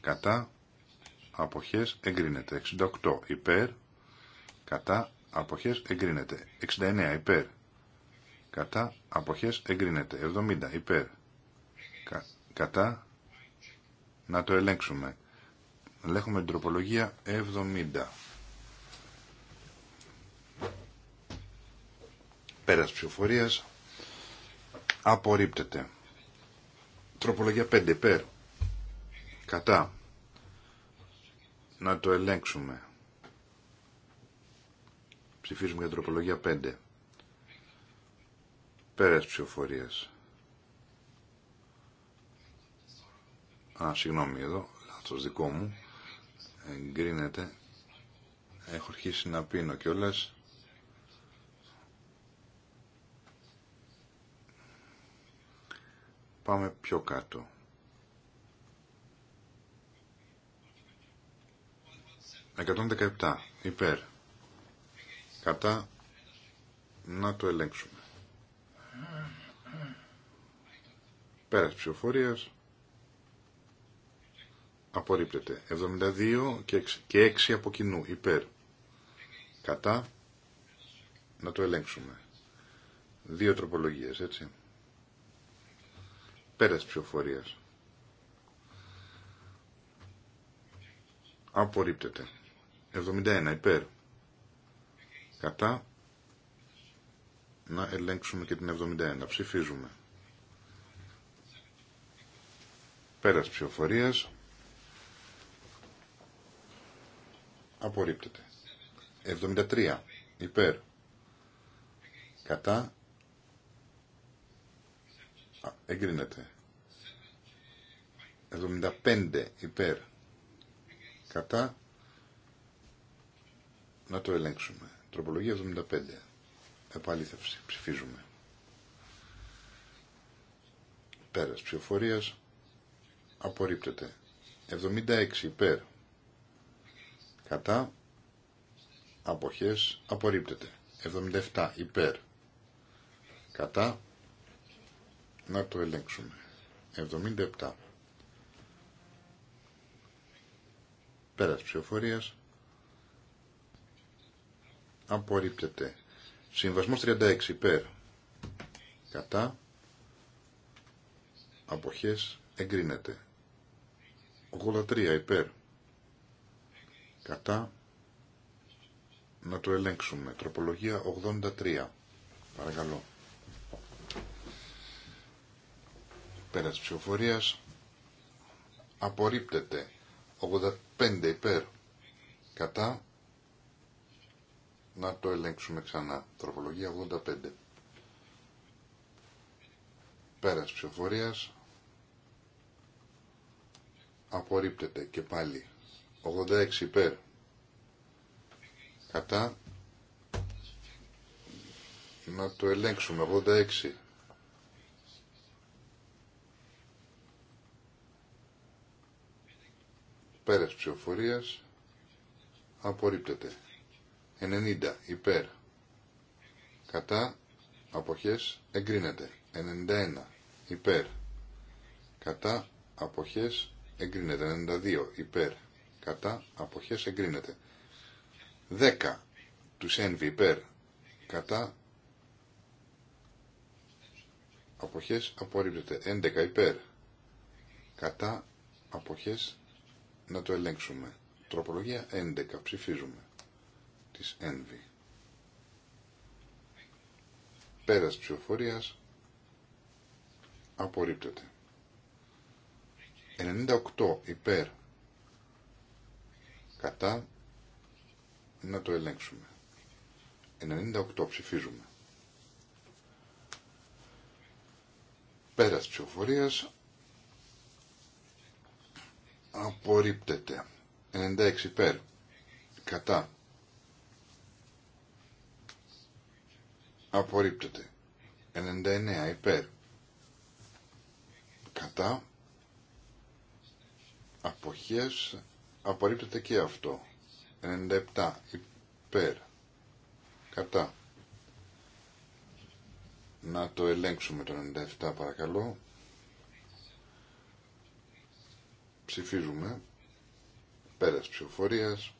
Κατά. Αποχές εγκρίνεται. 68 υπέρ. Κατά. Αποχές εγκρίνεται. 69 υπέρ. Κατά. Αποχές εγκρίνεται. 70 υπέρ. κατά. Να το ελέγξουμε. Ελέγχουμε την τροπολογία 70. Πέρας ψηφοφορίας. Απορρίπτεται. Τροπολογία 5 υπέρ. Κατά. Να το ελέγξουμε. Ψηφίζουμε για τροπολογία 5. Πέρας ψηφοφορίας. Α, συγγνώμη εδώ, λάθος δικό μου. Εγκρίνεται. Έχω αρχίσει να πίνω κιόλας. Πάμε πιο κάτω. «117 υπέρ κατά να το ελέγξουμε». Πέρας ψηφοφορίας απορρίπτεται. 72 και 6 από κοινού υπέρ κατά να το ελέγξουμε. Δύο τροπολογίες έτσι. Πέρας ψηφοφορίας. Απορρίπτεται. 71 υπέρ. Κατά. Να ελέγξουμε και την 71. Ψηφίζουμε. Πέρας ψηφοφορίας. Απορρίπτεται. 73 υπέρ. Κατά. Εγκρίνεται. 75 υπέρ κατά να το ελέγξουμε. Τροπολογία 75. Επαλήθευση. Ψηφίζουμε. Πέρας ψηφοφορίας. Απορρίπτεται. 76 υπέρ. Κατά. Αποχές. Απορρίπτεται. 77 υπέρ. Κατά. Να το ελέγξουμε. 77. Πέρας ψηφοφορίας. Απορρίπτεται. Συμβασμός 36 υπέρ. Κατά. Αποχές εγκρίνεται. 83 υπέρ. Κατά. Να το ελέγξουμε. Τροπολογία 83. Παρακαλώ. Πέρας ψηφοφορίας. Απορρίπτεται. 85 υπέρ κατά να το ελέγξουμε ξανά. Τροπολογία 85. Πέρας ψηφοφορίας. Απορρίπτεται και πάλι. 86 υπέρ. Κατά. Να το ελέγξουμε. 86. Πέρας ψηφοφορίας. Απορρίπτεται. 90 υπέρ. Κατά. Αποχές. Εγκρίνεται. 91 υπέρ. Κατά. Αποχές. Εγκρίνεται. 92 υπέρ. Κατά. Αποχές. Εγκρίνεται. 10 τους ένβη υπέρ. Κατά. Αποχές απορρίπτεται. 11 υπέρ. Κατά. Αποχές να το ελέγξουμε. Τροπολογία 11. Ψηφίζουμε. Της Envy. Πέρας ψηφοφορίας απορρίπτεται. 98 υπέρ κατά να το ελέγξουμε. 98 ψηφίζουμε. Πέρας ψηφοφορίας απορρίπτεται. 96 υπέρ. Κατά. Απορρίπτεται. 99 υπέρ. Κατά. Αποχές. Απορρίπτεται και αυτό. 97 υπέρ. Κατά. Να το ελέγξουμε το 97 παρακαλώ. Ψηφίζουμε. Πέρας ψηφοφορίας.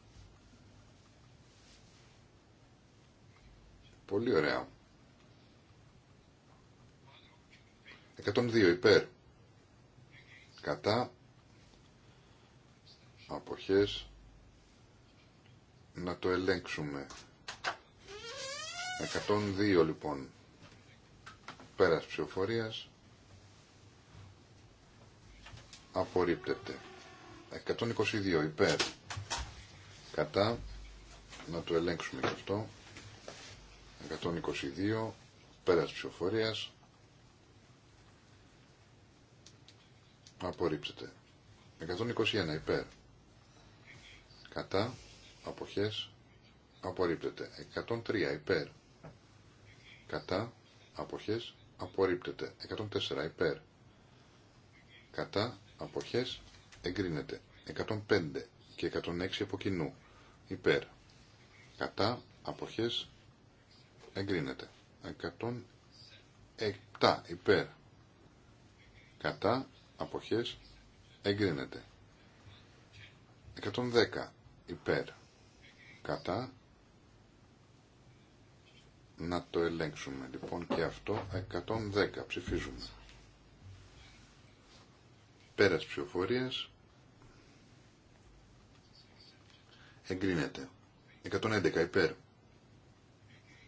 Πολύ ωραία. 102 υπέρ. Κατά. Αποχές. Να το ελέγξουμε. 102 λοιπόν. Πέρας ψηφοφορίας απορρίπτεται. 122 υπέρ κατά να το ελέγξουμε και αυτό 122 πέρας ψηφοφορίας απορρίπτεται 121 υπέρ κατά αποχές απορρίπτεται 103 υπέρ κατά αποχές απορρίπτεται 104 υπέρ κατά αποχές εγκρίνεται 105 και 106 από κοινού υπέρ κατά αποχές εγκρίνεται 107 υπέρ κατά αποχές εγκρίνεται 110 υπέρ κατά να το ελέγξουμε λοιπόν και αυτό 110 ψηφίζουμε Πέρας ψηφοφορίας. Εγκρίνεται. 111 υπέρ.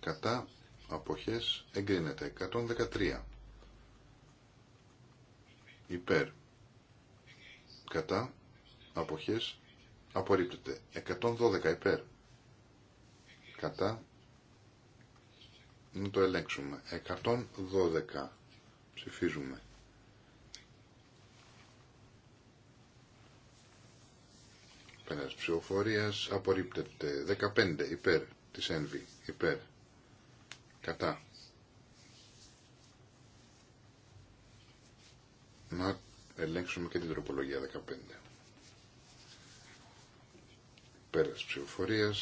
Κατά αποχές εγκρίνεται. 113 υπέρ. Κατά αποχές απορρίπτεται. 112 υπέρ. Κατά να το ελέγξουμε. 112 ψηφίζουμε. πέρα ψηφοφορία απορρίπτεται. 15 υπέρ τη ΕΝΒΗ. Υπέρ. Κατά. Να ελέγξουμε και την τροπολογία 15. Πέρα ψηφοφορία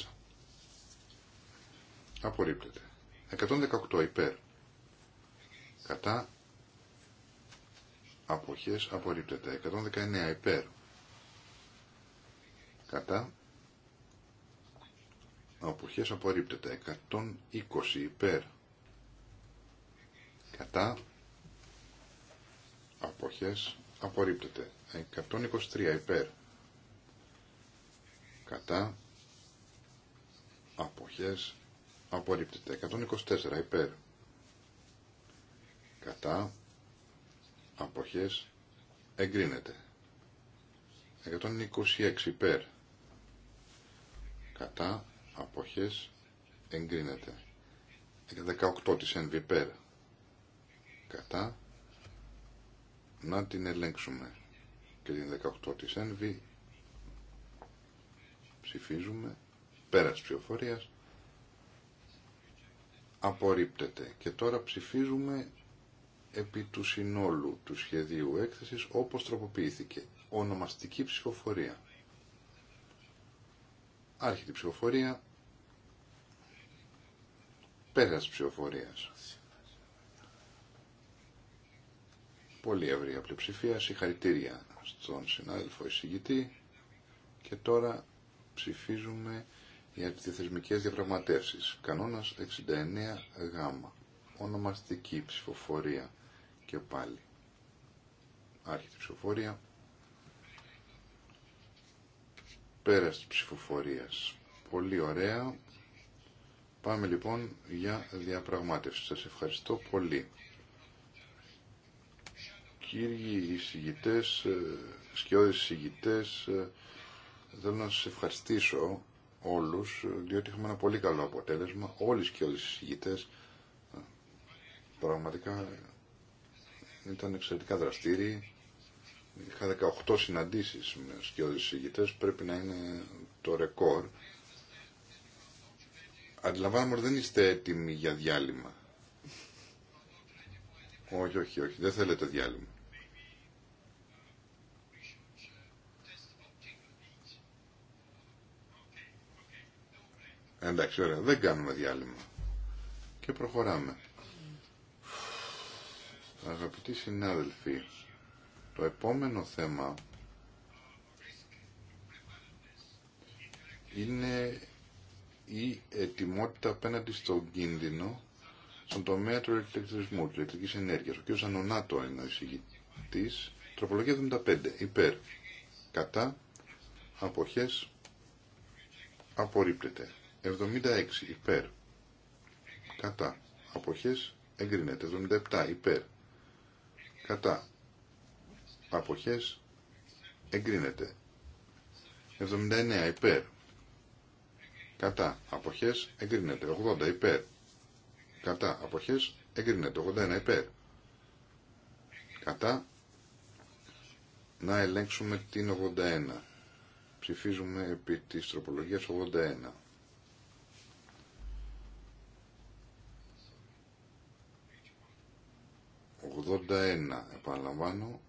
απορρίπτεται. 118 υπέρ. Κατά. Αποχές απορρίπτεται. 119 υπέρ κατά αποχές απορρίπτεται 120 υπέρ κατά αποχές απορρίπτεται 123 υπέρ κατά αποχές απορρίπτεται 124 υπέρ κατά αποχές εγκρίνεται 126 υπέρ κατά αποχές εγκρίνεται 18 της πέρα. κατά να την ελέγξουμε και την 18 της ΕΝΒΙ ψηφίζουμε πέρας ψηφοφορίας απορρίπτεται και τώρα ψηφίζουμε επί του συνόλου του σχεδίου έκθεσης όπως τροποποιήθηκε ονομαστική ψηφοφορία Άρχεται ψηφοφορία. Πέρας ψηφοφορία. Πολύ ευρία πλειοψηφία. Συγχαρητήρια στον συνάδελφο εισηγητή. Και τώρα ψηφίζουμε για τι θεσμικέ διαπραγματεύσει. Κανόνα 69 69Γ. Ονομαστική ψηφοφορία και πάλι. Άρχεται ψηφοφορία. Πέρας της ψηφοφορίας. Πολύ ωραία. Πάμε λοιπόν για διαπραγμάτευση. Σας ευχαριστώ πολύ. Κύριοι εισηγητές, ε, σκιώδες εισηγητές, ε, θέλω να σας ευχαριστήσω όλους, ε, διότι είχαμε ένα πολύ καλό αποτέλεσμα. Όλοι οι όλοι οι πραγματικά ήταν εξαιρετικά δραστήριοι. Είχα 18 συναντήσεις με σκιώδεις συγγητές, πρέπει να είναι το ρεκόρ. Αντιλαμβάνομαι ότι δεν είστε έτοιμοι για διάλειμμα. Όχι, όχι, όχι, δεν θέλετε διάλειμμα. Εντάξει, ωραία, δεν κάνουμε διάλειμμα. Και προχωράμε. Αγαπητοί συνάδελφοι, το επόμενο θέμα είναι η ετοιμότητα απέναντι στον κίνδυνο στον τομέα του ηλεκτρισμού, της ηλεκτρικής ενέργειας. Ο κ. Ανωνάτο είναι ο εισηγητής. Τροπολογία 75. Υπέρ. Κατά. Αποχές. Απορρίπτεται. 76. Υπέρ. Κατά. Αποχές. Εγκρίνεται. 77. Υπέρ. Κατά αποχές εγκρίνεται 79 υπέρ κατά αποχές εγκρίνεται 80 υπέρ κατά αποχές εγκρίνεται 81 υπέρ κατά να ελέγξουμε την 81 ψηφίζουμε επί της τροπολογίας 81 81 επαναλαμβάνω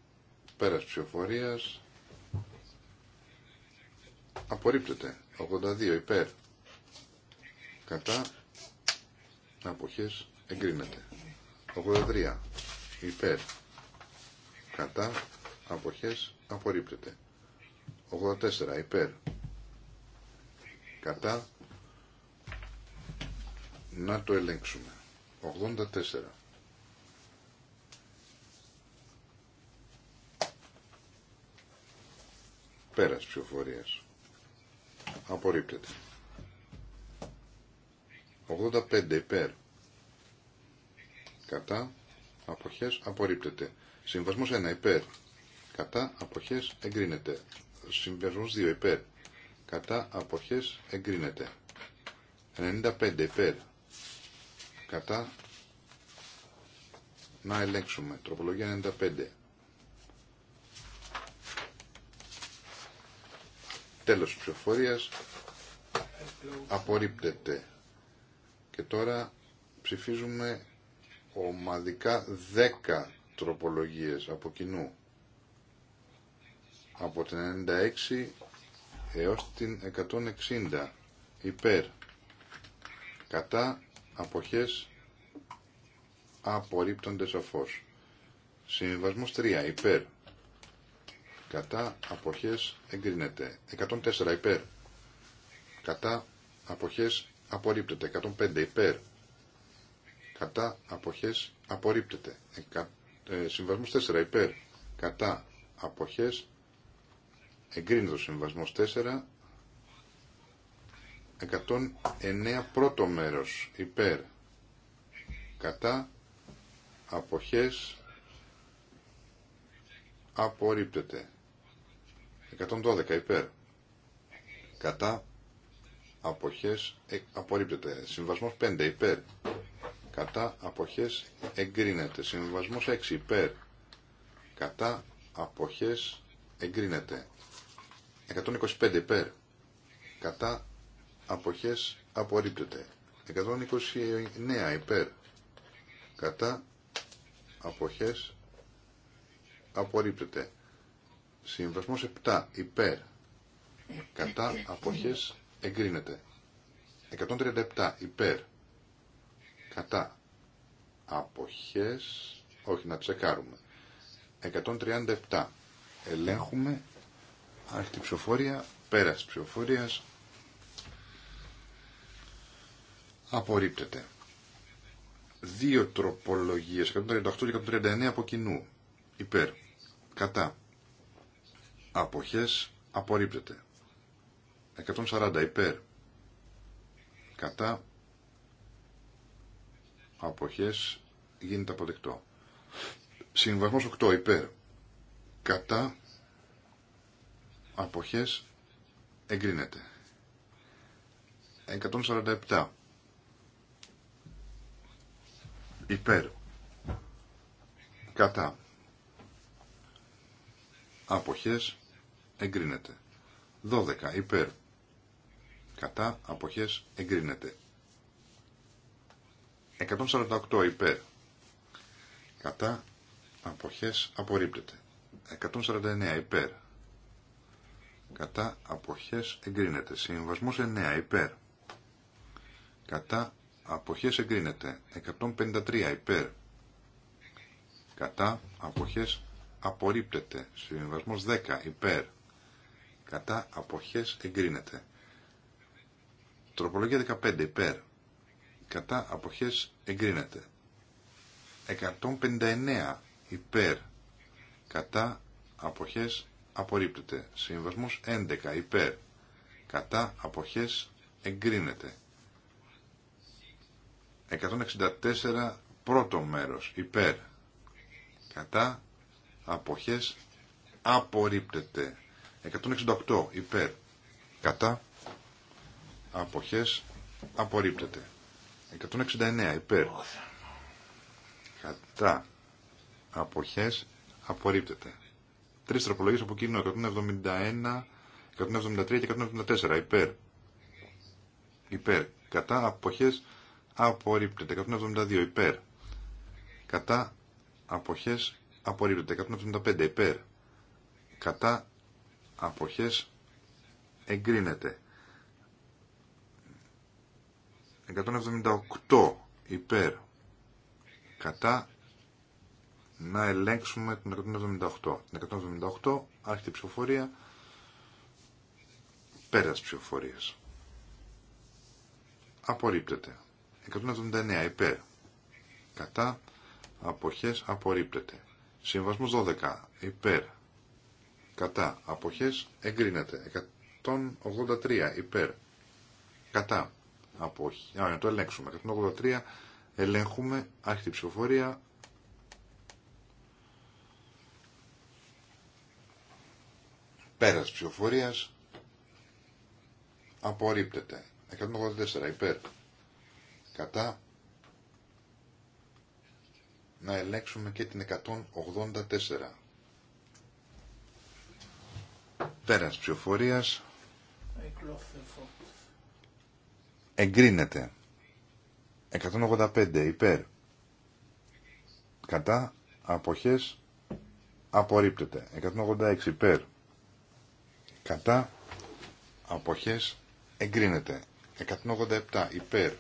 Πέρας ψηφοφορίας. Απορρίπτεται. 82 υπέρ. Κατά. Αποχές. Εγκρίνεται. 83 υπέρ. Κατά. Αποχές. Απορρίπτεται. 84 υπέρ. Κατά. Να το ελέγξουμε. 84. Πέρας ψηφοφορίας. Απορρίπτεται. 85 υπέρ. Κατά. Αποχές. Απορρίπτεται. Συμβασμός 1 υπέρ. Κατά. Αποχές. Εγκρίνεται. Συμβασμός 2 υπέρ. Κατά. Αποχές. Εγκρίνεται. 95 υπέρ. Κατά. Να ελέγξουμε. Τροπολογία 95. Τέλος ψηφοφορίας. Απορρίπτεται. Και τώρα ψηφίζουμε ομαδικά 10 τροπολογίες από κοινού. Από την 96 έως την 160 υπέρ κατά αποχές απορρίπτονται σαφώς. Συμβασμός 3 υπέρ κατά αποχές εγκρίνεται 104 υπέρ κατά αποχές απορρίπτεται 105 υπέρ κατά αποχές απορρίπτεται ε, συμβασμός 4 υπέρ κατά αποχές εγκρίνεται ο συμβασμός 4 109 πρώτο μέρος υπέρ κατά αποχές απορρίπτεται 112 υπέρ. Κατά. Αποχές ε, απορρίπτεται. Συμβασμός 5 υπέρ. Κατά. Αποχές εγκρίνεται. Συμβασμός 6 υπέρ. Κατά. Αποχές εγκρίνεται. 125 υπέρ. Κατά. Αποχές απορρίπτεται. 129 υπέρ. Κατά. Αποχές απορρίπτεται. Συμβασμός 7 υπέρ κατά αποχές εγκρίνεται. 137 υπέρ κατά αποχές όχι να τσεκάρουμε 137 ελέγχουμε άρχιτη ψηφοφορία πέρας ψηφοφορίας απορρίπτεται δύο τροπολογίες 138 και 139 από κοινού υπέρ κατά αποχές απορρίπτεται. 140 υπέρ κατά αποχές γίνεται αποδεκτό. Συμβασμός 8 υπέρ κατά αποχές εγκρίνεται. 147 υπέρ κατά αποχές εγκρίνεται. 12 υπέρ κατά αποχές εγκρίνεται. 148 υπέρ κατά αποχές απορρίπτεται. 149 υπέρ κατά αποχές εγκρίνεται. Συμβασμός 9 υπέρ κατά αποχές εγκρίνεται. 153 υπέρ κατά αποχές απορρίπτεται. Συμβασμός 10 υπέρ κατά αποχές εγκρίνεται. Τροπολογία 15 υπέρ κατά αποχές εγκρίνεται. 159 υπέρ κατά αποχές απορρίπτεται. Συμβασμός 11 υπέρ κατά αποχές εγκρίνεται. 164 πρώτο μέρος υπέρ κατά αποχές απορρίπτεται 168 υπέρ κατά αποχές απορρίπτεται 169 υπέρ κατά αποχές απορρίπτεται τρεις τροπολογίες από κοινό 171 173 και 174 υπέρ υπέρ κατά αποχές απορρίπτεται 172 υπέρ κατά αποχές απορρίπτεται 175 υπέρ κατά αποχές εγκρίνεται 178 υπέρ κατά να ελέγξουμε την 178 την 178 άρχεται ψηφοφορία πέρας ψηφοφορίας απορρίπτεται 179 υπέρ κατά αποχές απορρίπτεται συμβασμός 12 υπέρ κατά αποχές εγκρίνεται 183 υπέρ κατά αποχές α, να το ελέγξουμε 183 ελέγχουμε άρχιτη ψηφοφορία πέρας ψηφοφορίας απορρίπτεται 184 υπέρ κατά να ελέγξουμε και την 184 Πέρας ψηφοφορίας. Εγκρίνεται. 185 υπέρ. Κατά αποχές απορρίπτεται. 186 υπέρ. Κατά αποχές εγκρίνεται. 187 υπέρ.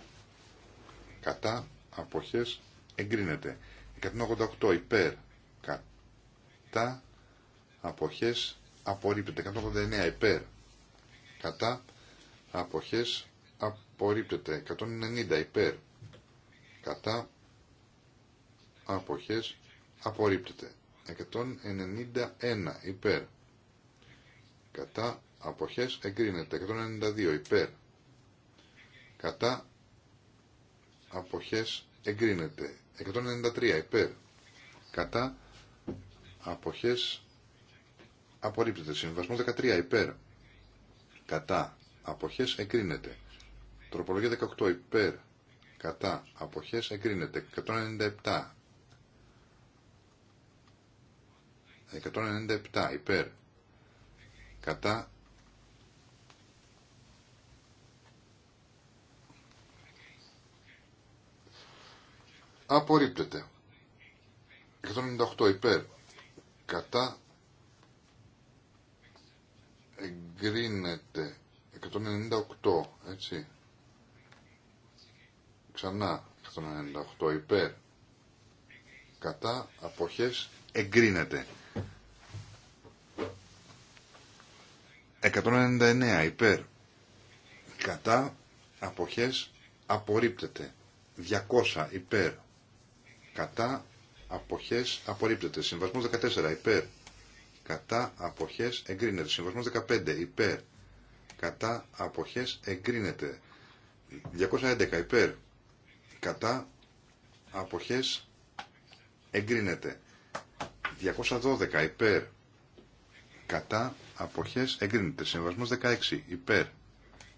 Κατά αποχές εγκρίνεται. 188 υπέρ. Κατά αποχές απορρίπτεται 189 υπέρ κατά αποχές απορρίπτεται 190 υπέρ κατά αποχές απορρίπτεται 191 υπέρ κατά αποχές εγκρίνεται 192 υπέρ κατά αποχές εγκρίνεται 193 υπέρ κατά αποχές απορρίπτεται. Συμβασμό 13 υπέρ κατά αποχές εγκρίνεται. Τροπολογία 18 υπέρ κατά αποχές εγκρίνεται. 197 197 υπέρ κατά απορρίπτεται 198 υπέρ κατά εγκρίνεται 198 έτσι ξανά 198 υπέρ κατά αποχές εγκρίνεται 199 υπέρ κατά αποχές απορρίπτεται 200 υπέρ κατά αποχές απορρίπτεται συμβασμός 14 υπέρ κατά αποχές εγκρίνεται. Συμβασμός 15 υπέρ κατά αποχές εγκρίνεται. 211 υπέρ κατά αποχές εγκρίνεται. 212 υπέρ κατά αποχές εγκρίνεται. Συμβασμός 16 υπέρ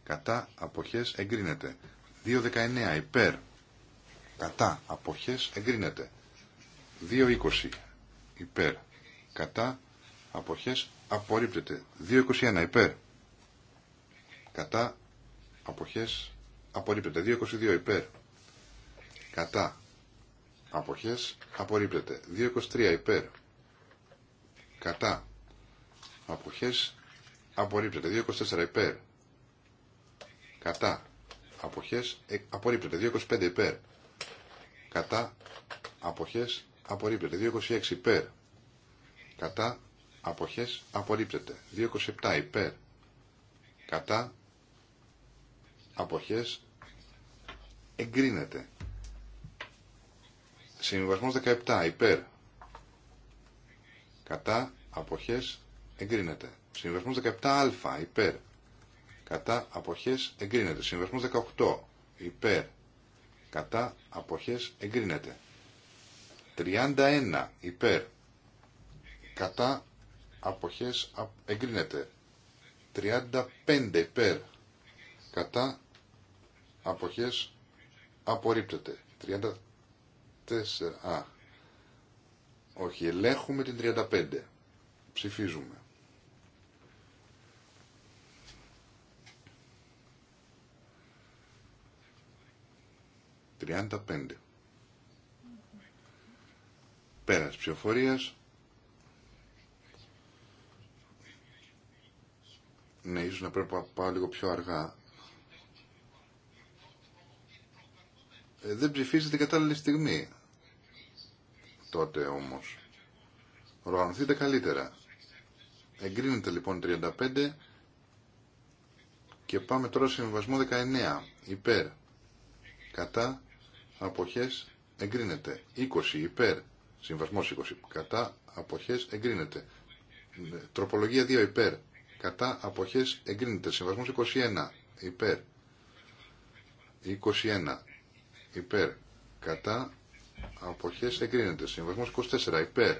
κατά αποχές εγκρίνεται. 219 υπέρ κατά αποχές εγκρίνεται. 220 υπέρ κατά αποχές απορρίπτεται. 2.21 υπέρ κατά αποχές απορρίπτεται. 2.22 υπέρ κατά αποχές απορρίπτεται. 2.23 υπέρ κατά αποχές απορρίπτεται. 2.24 ε, υπέρ κατά αποχές απορρίπτεται. 2.25 υπέρ κατά αποχές απορρίπτεται. 2.26 υπέρ κατά αποχές απορρίπτεται. 2.27 υπέρ κατά αποχές εγκρίνεται. Συμβιβασμός 17 υπέρ κατά αποχές εγκρίνεται. Συμβιβασμός 17α υπέρ κατά αποχές εγκρίνεται. Συμβιβασμός 18 υπέρ κατά αποχές εγκρίνεται. 31 υπέρ κατά αποχές εγκρίνεται. 35 υπέρ κατά αποχές απορρίπτεται. 34 α. Όχι, ελέγχουμε την 35. Ψηφίζουμε. 35 πέντε. Πέρας ψηφοφορίας Ναι, ίσως να πρέπει να πάω λίγο πιο αργά. Ε, δεν την κατάλληλη στιγμή. Τότε όμως. Οργανωθείτε καλύτερα. Εγκρίνεται λοιπόν 35 και πάμε τώρα σε συμβασμό 19. Υπέρ. Κατά. Αποχές. Εγκρίνεται. 20. Υπέρ. Συμβασμός 20. Κατά. Αποχές. Εγκρίνεται. Τροπολογία 2. Υπέρ κατά αποχές εγκρίνεται. Συμβασμός 21 υπέρ. 21 υπέρ. Κατά αποχές εγκρίνεται. Συμβασμός 24 υπέρ.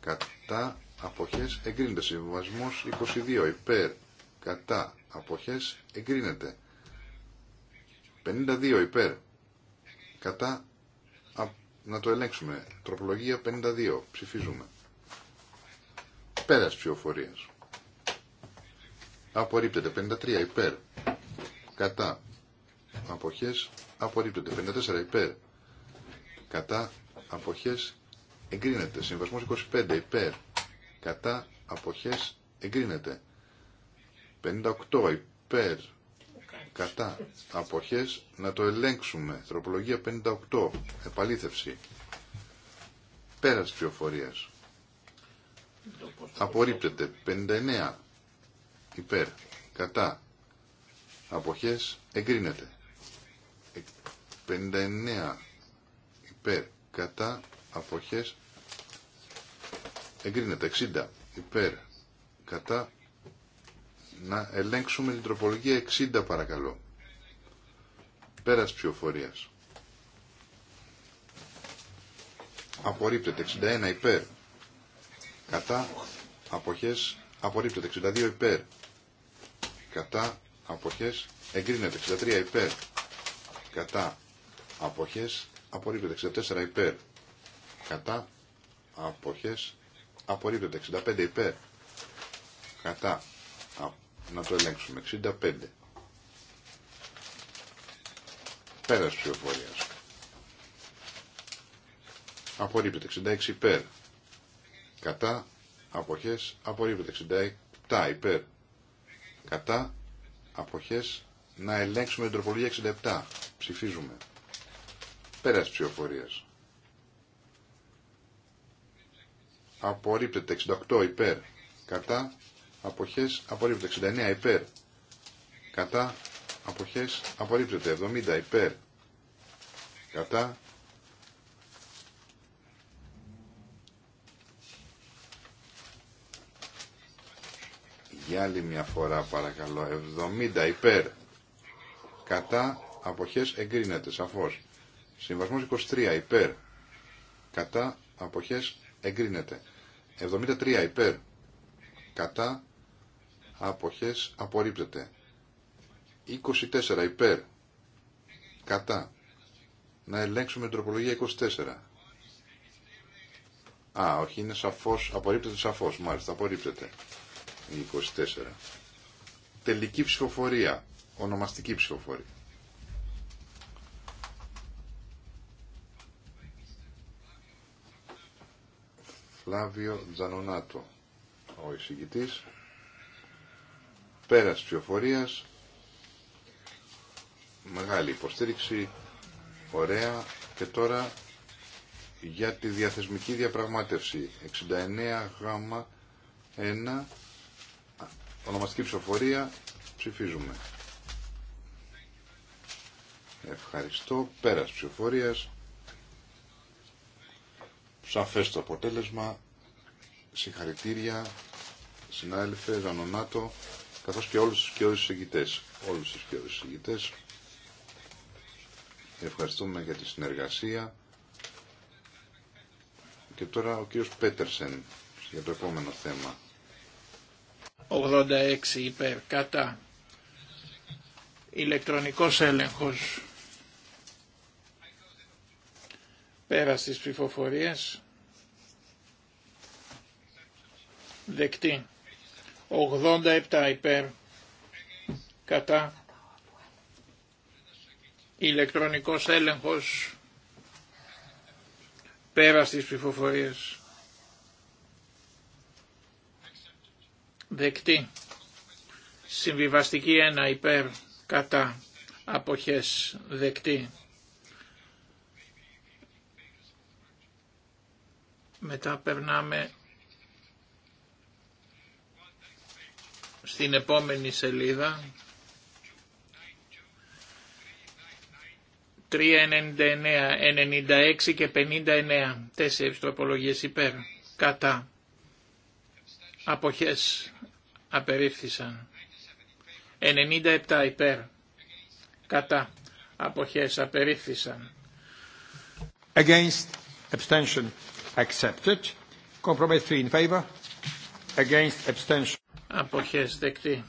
Κατά αποχές εγκρίνεται. Συμβασμός 22 υπέρ. Κατά αποχές εγκρίνεται. 52 υπέρ. Κατά να το ελέγξουμε. Τροπολογία 52. Ψηφίζουμε. Πέρας ψηφοφορίας απορρίπτεται. 53 υπέρ. Κατά. Αποχές απορρίπτεται. 54 υπέρ. Κατά. Αποχές εγκρίνεται. Συμβασμός 25 υπέρ. Κατά. Αποχές εγκρίνεται. 58 υπέρ. Κατά. Αποχές να το ελέγξουμε. Τροπολογία 58. Επαλήθευση. Πέρας ψηφοφορίας. Απορρίπτεται. 59 υπέρ, κατά, αποχές, εγκρίνεται. 59 υπέρ, κατά, αποχές, εγκρίνεται. 60 υπέρ, κατά, να ελέγξουμε την τροπολογία 60 παρακαλώ. Πέρας ψηφοφορίας. Απορρίπτεται 61 υπέρ. Κατά αποχές απορρίπτεται 62 υπέρ κατά αποχές εγκρίνεται 63 υπέρ κατά αποχές απορρίπτεται 64 υπέρ κατά αποχές απορρίπτεται 65 υπέρ κατά να το ελέγξουμε 65 πέρας ψηφοφορίας απορρίπτεται 66 υπέρ κατά αποχές απορρίπτεται 67 υπέρ κατά αποχές να ελέγξουμε την τροπολογία 67. Ψηφίζουμε. Πέρας ψηφοφορίας. Απορρίπτεται 68 υπέρ. Κατά αποχές απορρίπτεται 69 υπέρ. Κατά αποχές απορρίπτεται 70 υπέρ. Κατά Για άλλη μια φορά παρακαλώ. 70 υπέρ. Κατά αποχές εγκρίνεται σαφώς. Συμβασμός 23 υπέρ. Κατά αποχές εγκρίνεται. 73 υπέρ. Κατά αποχές απορρίπτεται. 24 υπέρ. Κατά. Να ελέγξουμε την τροπολογία 24. Α, όχι, είναι σαφώς, απορρίπτεται σαφώς, μάλιστα, απορρίπτεται. 24. Τελική ψηφοφορία. Ονομαστική ψηφοφορία. Φλάβιο Τζανονάτο, ο εισηγητής, πέρας ψηφοφορίας, μεγάλη υποστήριξη, ωραία, και τώρα για τη διαθεσμική διαπραγμάτευση, 69 γάμα 1 Ονομαστική ψηφοφορία. Ψηφίζουμε. Ευχαριστώ. Πέρας ψηφοφορίας. Σαφές το αποτέλεσμα. Συγχαρητήρια, συνάδελφε, Ζανονάτο, καθώς και όλους τους κοιόδους συγκητές. Όλους τους κοιόδους συγκητές. Ευχαριστούμε για τη συνεργασία. Και τώρα ο κύριος Πέτερσεν για το επόμενο θέμα. 86 υπέρ κατά ηλεκτρονικός έλεγχος πέρα στις ψηφοφορίες δεκτή 87 υπέρ κατά ηλεκτρονικός έλεγχος πέρα στις ψηφοφορίες δεκτή. Συμβιβαστική 1 υπέρ κατά αποχές δεκτή. Μετά περνάμε στην επόμενη σελίδα. 3,99, 96 και 59. Τέσσερις τροπολογίες υπέρ. Κατά. Αποχές απερίφθησαν. 97 υπέρ. Κατά. Αποχές απερίφθησαν. Against. Abstention. Accepted. Compromise 3 in favor. Against. Abstention. Αποχές δεκτή.